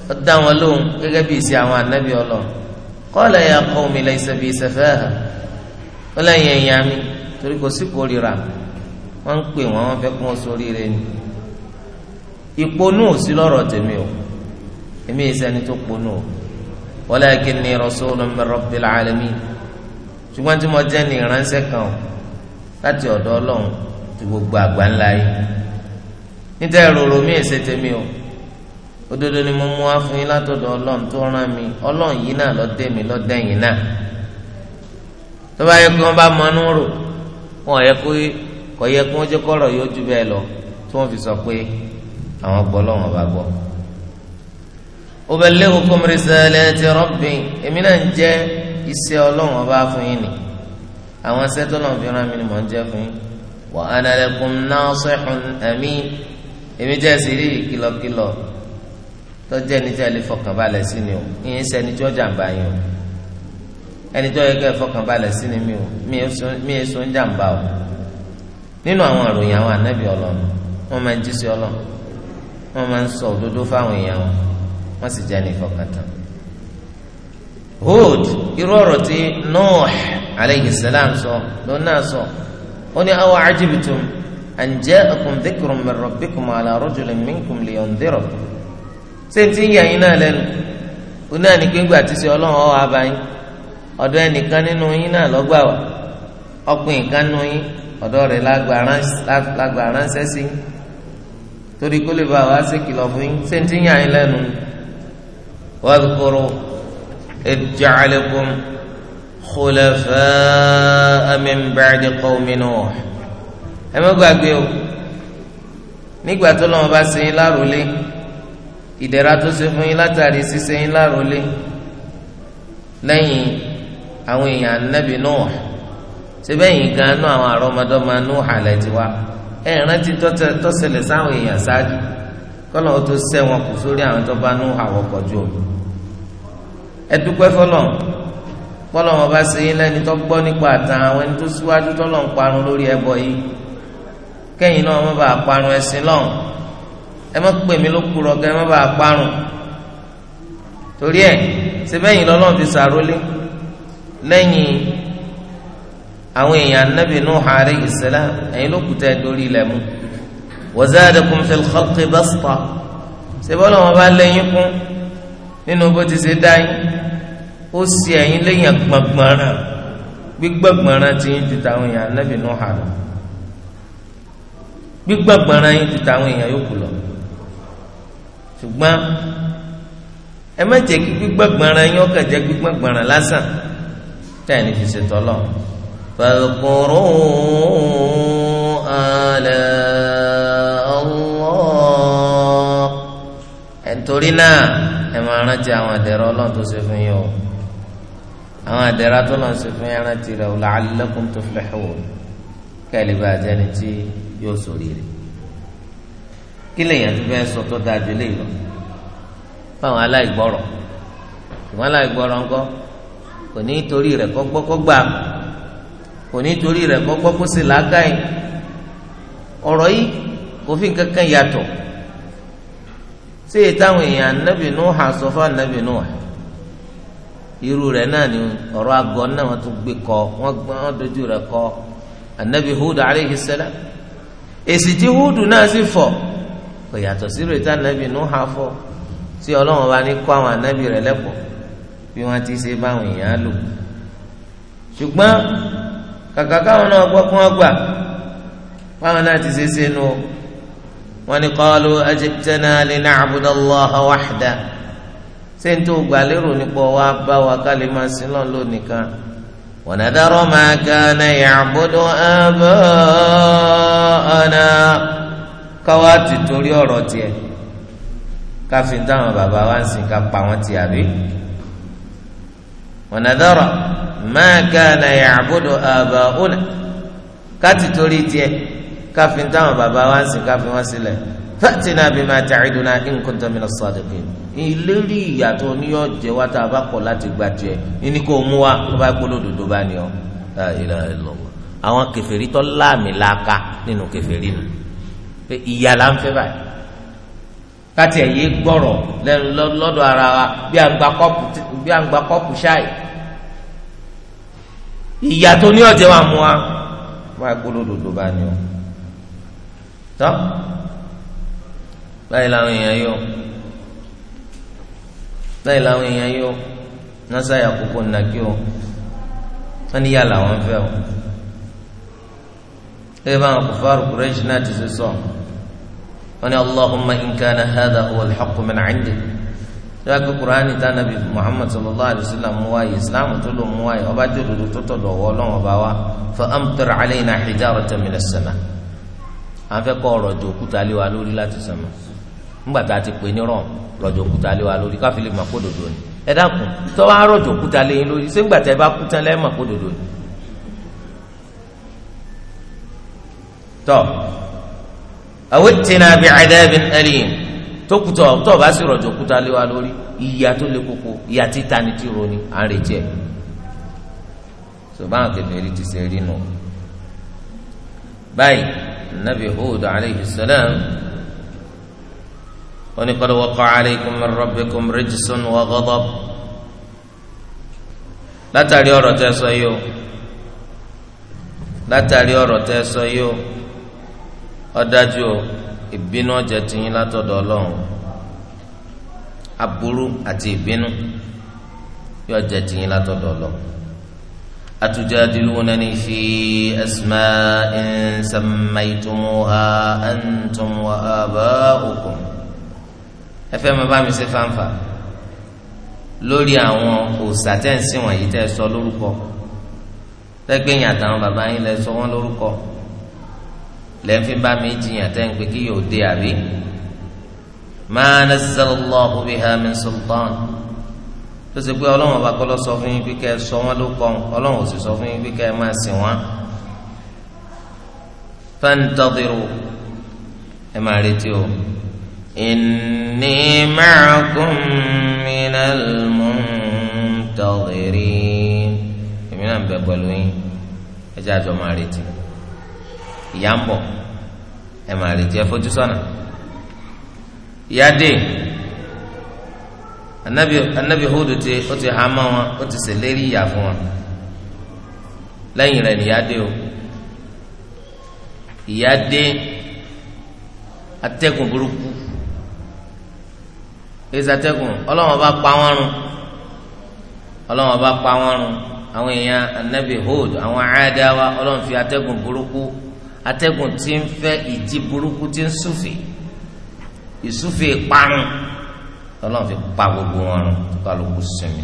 ó dá wọn lóhùn gẹ́gẹ́ bí ìṣe àwọn ànábì ọlọ qala ya qaumi laysa bi safaha ó lẹ́yìn ẹ̀yà mi torí kò sí kórìíra wọ́n ń pè wọ́n wọ́n fẹ́ kún sórí rẹ ni ìponú ò sí lọ́rọ̀ tèmi o èmi ìsẹ́ni tó ponú o walakinni rasulun min rabbil alamin ṣùgbọ́n tí mo jẹ́ ní ìránṣẹ́ kan o láti ọ̀dọ̀ ọlọ́run ti gbogbo àgbáńlá yìí níta ìrorò mi ìṣe tèmi o òdodo ni mo mú wá fún yín látọ̀dọ̀ ọlọ́run tó rán mi ọlọ́run yìí náà lọ́dẹ̀ mi lọ́dẹ̀ yìí náà tó bá yẹ kí wọ́n bá mọ́nú rò wọ́n yẹ kó kọ́ yẹ kí wọ́n jẹ́ kọ́rọ̀ yóò ju bẹ́ẹ̀ lọ tí wọ́n fi sọ pé àwọn gbọ́ lọ́wọ́n bá gbọ́. uballighukum risalati rabbi èmi náà ń jẹ́ iṣẹ́ ọlọ́run ọba fún yín ni àwọn iṣẹ́ tó lọ́n fi rán mi ni mò ń jẹ́ fún yín wa ana lakum nasihun amin èmi jẹ́ sí rí ìkìlọ̀kìlọ̀ tọ́jú ẹni tí a lè fọkànbalẹ̀ sí ni o ìyẹn ṣe ẹni tí ó jàǹbá yẹn o ẹni tó yẹ kẹ́ ẹ fọkànbalẹ̀ sí ni mi o mi è so ń jàǹbá o nínú àwọn àròyìn àwọn ànábì ọlọ́run wọ́n máa ń jí sí ọlọ́run wọ́n máa ń sọ òdodo fáwọn èèyàn wọn wọ́n sì jẹ́ ẹni ìfọkàntán. Hud irú ọ̀rọ̀ tí Nuh alayhi sọ lóun náà sọ ó ní awa ajibtum an ja'akum dhikrun min rabbikum ṣé tí ń yẹ̀yìn náà lẹ́nu òun náà ní pé ńgbà tí ṣe ọlọ́run ọ̀ abayín ọ̀dọ̀ ẹnìkan nínú yín náà lọ́gbà wá ọkùnrin kan nínú yín ọ̀dọ̀ rẹ̀ lágbà ránṣẹ́ sí torí kó lè bá wa ṣe kìlọ̀ fún yín ṣé tí ń yẹ̀yìn lẹ́nu wadhkuru idh ja'alakum khulafa'a min ba'di ẹ má gbàgbé o nígbà tó lọ́wọ́ bá ṣe yín láròlé ìdẹ̀ra tó ṣe fún yín látàrí ṣíṣe yín lárólé lẹ́yìn àwọn èèyàn anábì Nuh síbẹ̀ yìí gan-an náà àwọn àrọ́mọdọ́mọ Nuh àlẹ́ ti wá ẹ̀ rántí tọ́sẹ̀lẹ̀ sáwọn èèyàn ṣáájú kọ́nà ó tó sẹ́ wọn kù sórí àwọn tó bá Nuh àwọn kọjú omi ẹ dúpẹ́ fọlọ́n kọ́nà wọn bá ṣe yín lẹ́ni tó gbọ́ nípa àtàn àwọn ẹni tó síwájú tọ́lọ̀ ń parun lórí ẹbọ yìí kẹ́yìn náà wọ́n bá parun ẹ̀sìn lọ́hùn ẹ má pè mí ló kúrọ kẹ ẹ má bàa parun torí ẹ sẹbẹyìn lọ́lọ́run fi sàrólé lẹ́yìn àwọn èèyàn anabi nuh alayhi salam ẹ̀yin ló kùtà lórí ilẹ̀ mu wa zadakum fil khalqi basta sẹbọlọ wọn bá lẹ́yìn kún nínú bó ti ṣe dá yín ó sì ẹ̀yin lẹ́yìn gbọngbọnrán gbígbọngbọnrán ti yín ju tàwọn èèyàn anabi nuh alayhi gbígbọngbọnrán yín ju tàwọn èèyàn yòókù lọ ṣùgbọ́n ẹ má jẹ́ kí gbígbọ́n gbọ́nra yín ọkàn jẹ́ gbígbọ́n gbọ́nra lásán táyà ní fi ṣe tọ́lọ̀ fàkùrù àlẹ́ ọ̀wọ́ ẹ̀ torí náà ẹ máa rántí àwọn àdẹ̀rọ ọlọ́run tó ṣe fún yín o àwọn àdẹ̀rà tó ṣe fún yín rántí rẹ̀ o la'allakum tuflihun kẹ́lẹ́ bá jẹ́ni tí yóò sórí rẹ̀ kí lèèyàn tó fẹ́ sọ tó dáa ju léyìí lọ fáwọn aláìgbọ́rọ̀ ìwọ́n aláìgbọ́rọ̀ ńkọ́ kò ní torí rẹ̀ kọ́ gbọ́ kó gbà kò ní torí rẹ̀ kọ́ gbọ́ kó sì làákàyè ọ̀rọ̀ yìí kò fi kankan yàtọ̀ sí ìtàwọn èèyàn anábì Nuha sọ fún anábì Nuha irú rẹ̀ náà ni ọ̀rọ̀ àgọ́ náà wọ́n tún gbé kọ́ wọ́n gbọ́n dojú rẹ̀ kọ́ anábì Hud alayhi salam èsì tí Hud náà sì fọ̀ kò yàtọ̀ sí rètá nàbì nù hà fọ tí ọlọ́run bá ní kó àwọn ànábì rẹ̀ lẹ́pọ̀ bí wọ́n ti ṣe báwọn èèyàn lò ṣùgbọ́n kàkà káwọn náà gbọ́ kí wọ́n gbà báwọn náà ti ṣe ṣe nu wọn ni qalu ajitana lina'buda Allaha wahda ṣé n tó gbà lérò nípa wa bá wa ká lè máa sin lọ́n lónìí kan wa nadharu ma kana ya'budu aba'ana káwá ti torí ọ̀rọ̀ tiẹ̀ káfí táwọn bàbá wa ń sìn ká pa wọn ti àbí. wa nadhara ma kana ya'budu aba'una ká ti torí tiẹ̀ káfí táwọn bàbá wa ń sìn káfí wọn sílẹ̀ fa'tina bima ta'iduna in kunta minas sadiqin ìlérí ìyàtọ̀ oníyọ̀ jẹ́ wá tá a bá kọ̀ láti gba tiẹ̀ ní kò mú wa ló bá gbọ́dọ̀ dòdò bá ní ọ. àwọn kèfèrí tó láàmì láaka nínú kèfèrí nù pé ìyá la ń fẹ́ báyìí káti ẹ̀yẹ gbọ́rọ̀ lẹ́nu lọ́dọ̀ ara wa bí à ń gba kọ́ọ̀pù ṣáì ìyá tó ní ọ̀jẹ̀ wa mú wa wáá gbọ́dọ̀ bá ní o tọ́ báyìí làwọn èèyàn yóò báyìí làwọn èèyàn yóò nasaya koko nàkí o wọn ní yàrá àwọn o ẹ bá wọn kò fárú kúrẹ́ṣì náà ti wọn ni allahumma in kana hadha huwa alhaqqu min indi lọ́wọ́ kúránì tá nàbì muhammad sallallahu alayhi wa sallam mú wáyé islam tó ló mú wáyé ọba jòdòdò tó tọ̀ lọ́wọ́ ọlọ́wọ́n bá wa fa amtar alayna hijaratan minas sama à ń fẹ́ kọ́ rọ̀jò òkúta lé wa lórí láti sàmà ńgbà tá a ti pè ní rọ̀m rọ̀jò òkúta lé lórí káfí lè mọ̀ kó dòdò ni ẹ dákun tó wá rọ̀jò òkúta lé yín lórí ṣé ńgbà tẹ́ bá kú tán lẹ́ẹ̀ mọ̀ kó dòdò ni. tọ́ awittina bi adabin alim tó kutọ tó bá sì rọ̀jò kúta lé wa lórí ìyà tó lé koko ìyà títa ni ti roni à ń retí ẹ ṣùgbọ́n àkèbèrè ti ṣe rí nù. báyìí nabi Hud alayhi salam oni qad waqa'a alaykum min rabbikum rijsun wa ghadab látàrí ọ̀rọ̀ tẹ́ sọ yìí o látàrí ọ̀rọ̀ tẹ́ sọ yìí o ọdájú ìbínú ọjà tìyín látọ̀dọ̀ Ọlọ́run aburú àti ìbínú yóò jẹ tìyín látọ̀dọ̀ Ọlọ́run atujadilunani fi asma'in sammaytumuha antum wa aba'ukum ẹ fẹ́ máa bá mi ṣe fáńfà lórí àwọn òòṣà tẹ́ wọ̀nyí tẹ́ sọ lórúkọ tẹ́gbẹ́yìn àtàwọn bàbá yín lẹ sọ wọ́n lórúkọ lẹ́nfín bá mi jiyàn tẹ́ ń pé kí yóò dé àbí ma nazzalallahu biha min sultan tó ṣe pé ọlọ́run ọba kọ́ lọ sọ fún yín pé kẹ́ ẹ sọ wọ́n ló kọ́ ọlọ́run ò sì sọ fún yín pé kẹ́ ẹ máa sìn wọ́n fantadiru ẹ máa retí o inni ma'akum minal muntadirin èmi náà ń bẹ pẹ̀lú yín ẹ jẹ́ àjọ máa retí o. ìyá ń bọ̀ ẹ máa retí ẹ fojú sọ́nà ìyá dé anabi anabi hudu ti o ti ha ma wọn o ti ṣèlérí ìyà fún wọn lẹ́yìn rẹ̀ nìyá dé o ìyá dé atẹ́gùn burúkú èsì atẹ́gùn ọlọ́wọ́n bá pa wọ́n run ọlọ́wọ́n bá pa wọ́n run àwọn èèyàn anabi hudu àwọn àádáwa ọlọ́wọ́n fi burúkú atẹ́gùn tí ń fẹ́ ìdí burúkú tí ń súfè ìsúfè parun ọlọ́run fi pa gbogbo wọn rún kálukú sinmi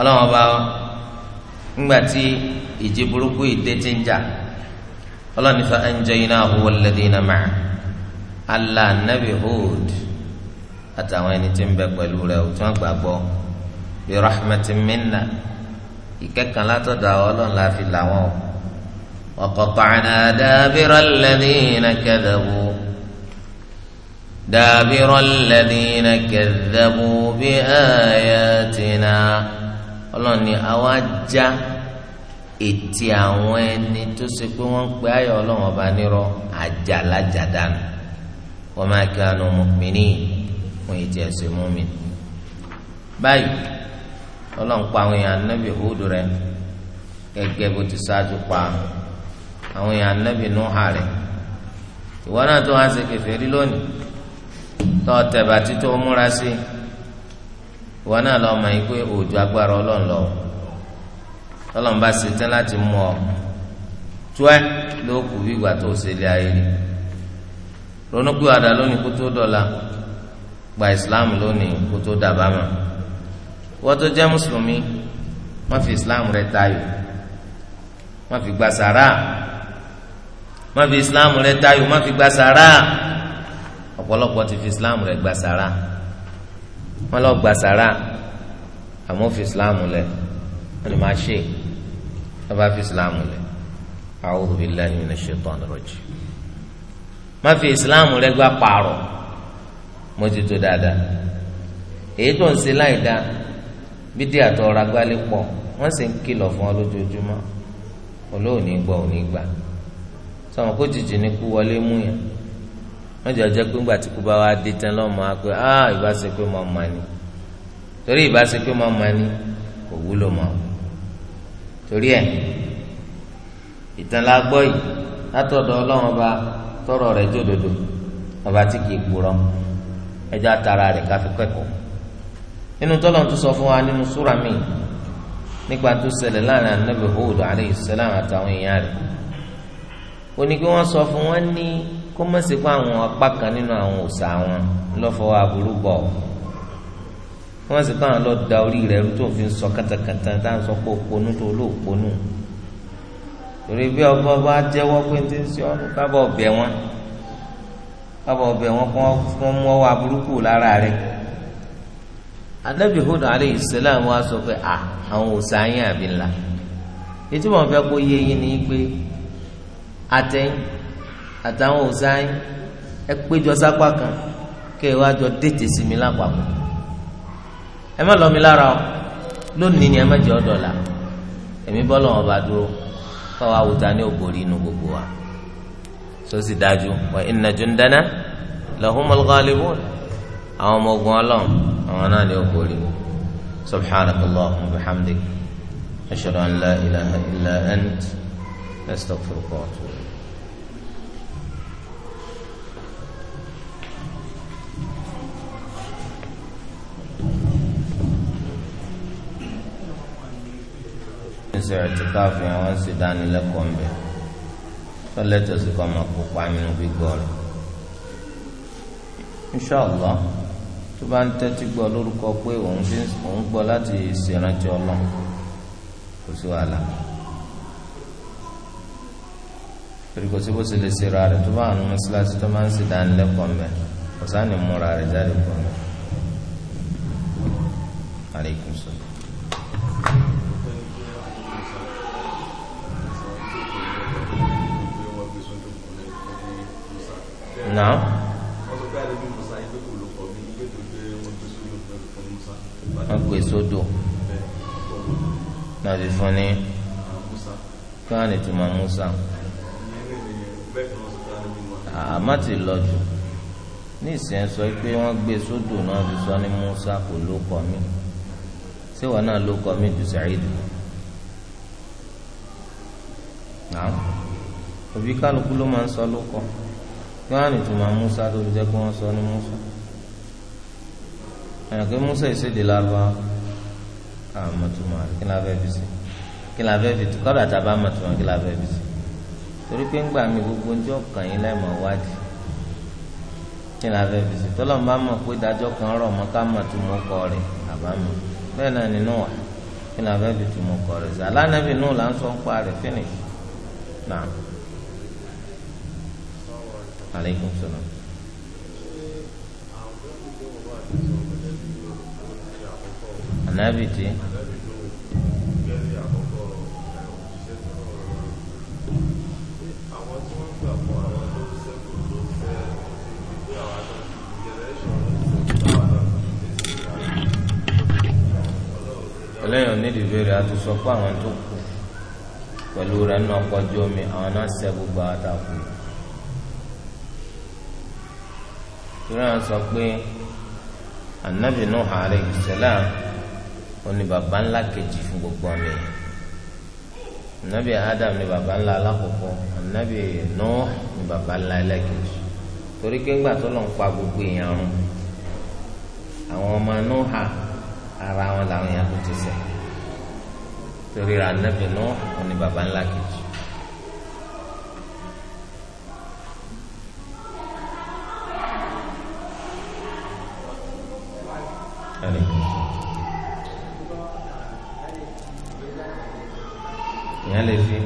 ọlọ́run ọba ńgbà tí ìdí burúkú ìdé ti ń jà ọlọ́run ní fa anjaynahu walladhina ma'a Allah nabi Hud àtàwọn ẹni tí ń bẹ pẹ̀lú rẹ̀ ò tí wọ́n gbàgbọ́ minna ìkẹ́kànlá tọ̀dọ̀ àwọn ọlọ́run la làwọn o. وقطعنا دابر الذين كذبوا دابر الذين كذبوا بآياتنا Ọlọ́run ni àwa já ètí àwọn ẹni tó ṣe pé wọ́n ń pe ayọ̀ Ọlọ́run ọba nírọ́ àjàlájà dànù wa ma kanu mu'minin fún ètí ẹ̀sìn mọ́mí. báyìí Ọlọ́run pa àwọn èèyàn anábì Hud rẹ̀ gẹ́gẹ́ bó ti ṣáájú pa àwọn èèyàn anábì nù hà rẹ̀ ìwọ náà tó wá ṣe kèfèrí lónìí tó tẹ̀bà títí ó múra sí ìwọ náà lọ mọ̀ yín pé òòjọ́ agbára ọlọ́run lọ ọlọ́run bá ṣe tán láti mú ọ tó ẹ ló kù bí ìgbà tó ṣe lé ayé ni ronú àdá lónìí kó tó dọ̀la gba ìsìláàmù lónìí kó tó dàbámà wọ́n tó jẹ́ mùsùlùmí wọ́n fi ìsìláàmù rẹ̀ tayò wọ́n fi gba má fi islam rẹ tayò má fi gba sàrà ọ̀pọ̀lọpọ̀ ti fi islam rẹ gba sàrà wọ́n lọ gba sàrà fi islam lẹ̀ wọ́n lè má ṣe wọ́n bá fi islam lẹ̀ a'udhu billahi minash shaitanir rajim má fi islam rẹ gba pààrọ̀ mójútó dáadáa èyí tó ń ṣe láì dá bídí àtọ̀ ọ̀rọ̀ agbálẹ̀ pọ̀ wọ́n sì ń kìlọ̀ fún ọ lójoojúmọ́ olóòní gbọ́ òní gbà sọmọ kó jìjì ní kú wọlé mú yẹn wọn jẹ ọjọ pé ńgbà tí kú bá wá dé tán lọmọ á pé ah ìbá ṣe pé mo mọ ni torí ìbá ṣe pé mo mọ ni kò wúlò mọ́ torí ẹ ìtàn la gbọ́ yìí látọ̀dọ̀ Ọlọ́run ọba tọrọ rẹ̀ jódodo ọba tí kìí kúrọ ẹjọ àtàrà rẹ̀ káfí kẹ́kọ̀ọ́ nínú tọ́lọ̀ tó sọ fún wa nínú súra mi nígbà tó ṣẹlẹ̀ láàrin anabi Hud aleyhi salam àtàwọn èèyàn rẹ̀ òní pé wọ́n sọ fún wọn ní kó má sí fún àwọn apá kan nínú àwọn òòṣà wọn lọ́fọwọ́ aburú bọ̀ kó má sí fún àwọn lọ́ọ́ da orí rẹ̀ tó fi ń sọ katakata tá à ń sọ pé òponú tó olóòponú torí bí ọba bá jẹ́wọ́ pé ti ń sọ ọ́nù kábọ̀ wọn kábọ̀ ọbẹ̀ wọn kó wọ́n mú ọwọ́ aburúkú lára rẹ̀ anabi Hud alayhi salam wa sọ pé à àwọn òòṣà yẹn àbí ńlá ètò wọn fẹ́ kó yé yín ni pé àtẹ̀yìn àtàwọn òsáyìn ẹ péjọ sápá kan kẹ ẹ wáá jọ dètè sí mi lápapọ̀ ẹ má lọ mi lára o lónìí ni ẹ má jẹ́ ọ̀dọ̀ la èmi bọ́ lọ́wọ́ bá dúró fáwọn awùtá ní ògbórí inú gbogbo wa sosi dájú wa inna jundana lahumul ghalibun àwọn ọmọ ogun Ọlọ́run àwọn náà ní ògbórí subhanakallahumma wa bihamdik ashhadu an la ilaha illa ant astaghfiruka. ṣe ẹ̀tìkáàfù yẹn wọ́n sì dánilẹ́kọ̀ọ́ ń bẹ̀ tọ́lẹ́tọ̀ sí kọ́ máa kópa nínú gbígbọ́ rẹ̀ inṣàlá tó bá ń tẹ́tí gbọ́ lórúkọ pé òun fi òun gbọ́ láti ṣèrántí ọlọ́run kò sí wàhálà torí kò sí bó ṣe lè ṣera rẹ̀ tó bá àwọn mọ́ṣáláṣí tó máa ń ṣe dánilẹ́kọ̀ọ́ ń bẹ̀ kò sáà ní múra rẹ̀ jáde kọ́ ń salaam. náà. wọ́n gbé sódò náà fi fún ní káàní tó máa Musa ah, àmọ́ ti lọ jù ní ìsìn sọ pé wọ́n gbé sódò náà fi sọ ní Musa kò ló kọ́ mi ṣé wọn náà ló kọ́ mi jù Sa'id náà òbí kálukú ló máa ń sọ ló kọ́ mi. kí wọ́n á Musa tó fi jẹ́ kí sọ Musa ẹ̀yàn pé Musa ìṣèdè lába àmọ̀túmọ̀ kí la fẹ́ fi sí kí la fẹ́ fi kọ́dà tá a bá mọ̀túmọ̀ kí fi torí pé mi gbogbo ń jọ kàn lẹ́mọ̀ wádìí kí la fẹ́ fi sí tọ́lọ́mù bá mọ̀ pé dájọ́ kan rọ̀ mọ́ ká rẹ̀ bẹ́ẹ̀ náà nínú wa kí la fẹ́ fi túmọ̀ kọ́ rẹ̀ sí alánàbì nù là ń finish náà. aleykum salaam. anabi ti. lẹ́yìn onídìí béèrè a ti sọ pé àwọn tó kù pẹ̀lú rẹ̀ náà kọjú omi àwọn náà ṣẹ́ gbogbo àtàkùn torí wọn sọ pé anabi nuhu alayhi salam ó ní baba ńlá kejì fún gbogbo ọmọ yẹn anabi adam ní baba ńlá alákọ̀ọ́kọ́ anabi nuhu ní baba ńlá ẹlẹ́kejì torí pé ńgbà tó lọ ń pa gbogbo èèyàn rún àwọn ọmọ nuhu ara wọn làwọn èèyàn tó ti ṣẹ̀ torí anabi nuhu ó baba ńlá kejì. èèyàn lè fi.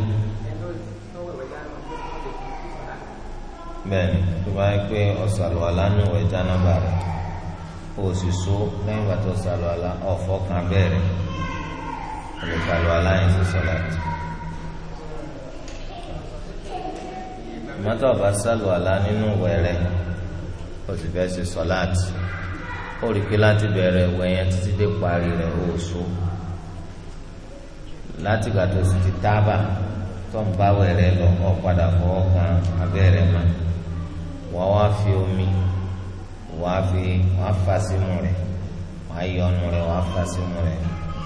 bẹ́ẹ̀ni tó bá yẹ pé ọ̀sàlùwàlá nù wẹ̀ jánábà rẹ̀ o sì so lẹ́yìn ìgbà tó ọ̀sàlùwàlá ọ̀fọ́ kan bẹ̀rẹ̀ ọ̀sàlùwàlá yẹn sì sọ̀lá tì. mọ́tò ọ̀bá sàlùwàlá nínú wẹ̀ rẹ̀ o sì fẹ́ ṣe sọ̀lá tì. ó rí pé láti bẹ̀rẹ̀ wẹ̀ yẹn títí dé parí rẹ̀ o so. látìgbà tó sì ti tábà tó ń bá wẹ̀rẹ̀ lọ kọ́ padà fọwọ́ kan abẹ́rẹ́ wá fi omi wàá fi wàá fa símú rẹ̀ wàá yọ ọnu rẹ̀ na fa símú rẹ̀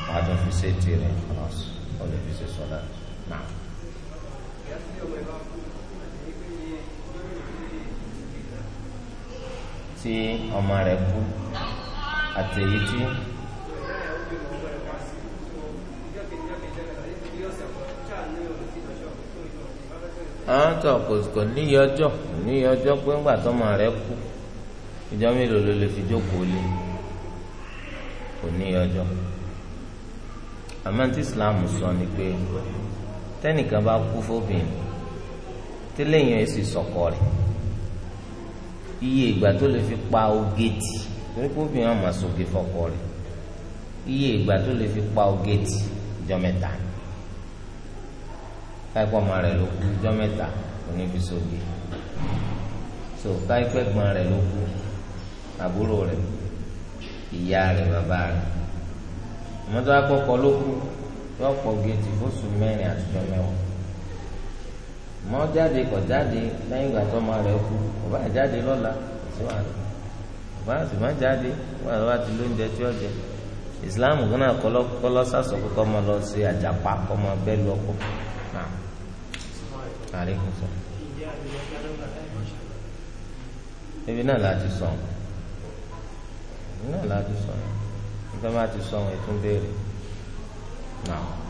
wàá tún fi rẹ̀ fi ṣe náà. tí ọmọ kú tí. àtọ kò níyọjọ níyọjọ pé ńgbà tọmọ rẹ kú ìjọ mélòó ló lè fi jókòó lé kò níyọjọ àmọ́ Islam sọ ni pé tẹ́nìkan bá kú fóbìnrin yẹn sì sọkọ rẹ iye ìgbà tó lè fi pa ogeti torí pé àmọ́ fọkọ iye ìgbà tó lè fi pa ogeti káyipọ̀ ọmọ rẹ̀ ló kú ọjọ́ mẹ́ta òní fi so káyipọ̀ ẹ̀gbọ́n rẹ̀ ló kú àbúrò rẹ̀ ìyá rẹ̀ bàbá rẹ̀ ọmọdé wa kọ́kọ́ ló kú yọ pọ̀ géètì fóṣù mẹ́rin àtijọ́ mẹ́wàá mọ́ jáde kọ̀ jáde lẹ́yìn ìgbà tó ọmọ rẹ̀ kú bàbá jáde lọ́la sí wàhálà bàbá sì má jáde wàhálà wa ti lóúnjẹ tí ó jẹ ìsìláàmù gánà kọ́lọ́ sàṣọ kọ́kọ́ mọ́ lọ sí àjàpá kọ́ mọ́ bẹ́ẹ̀ lọ́kọ́ àríkùn sọ ibi náà la ti sọ ibi náà la ti sọ nígbà má ti sọ ètò náà.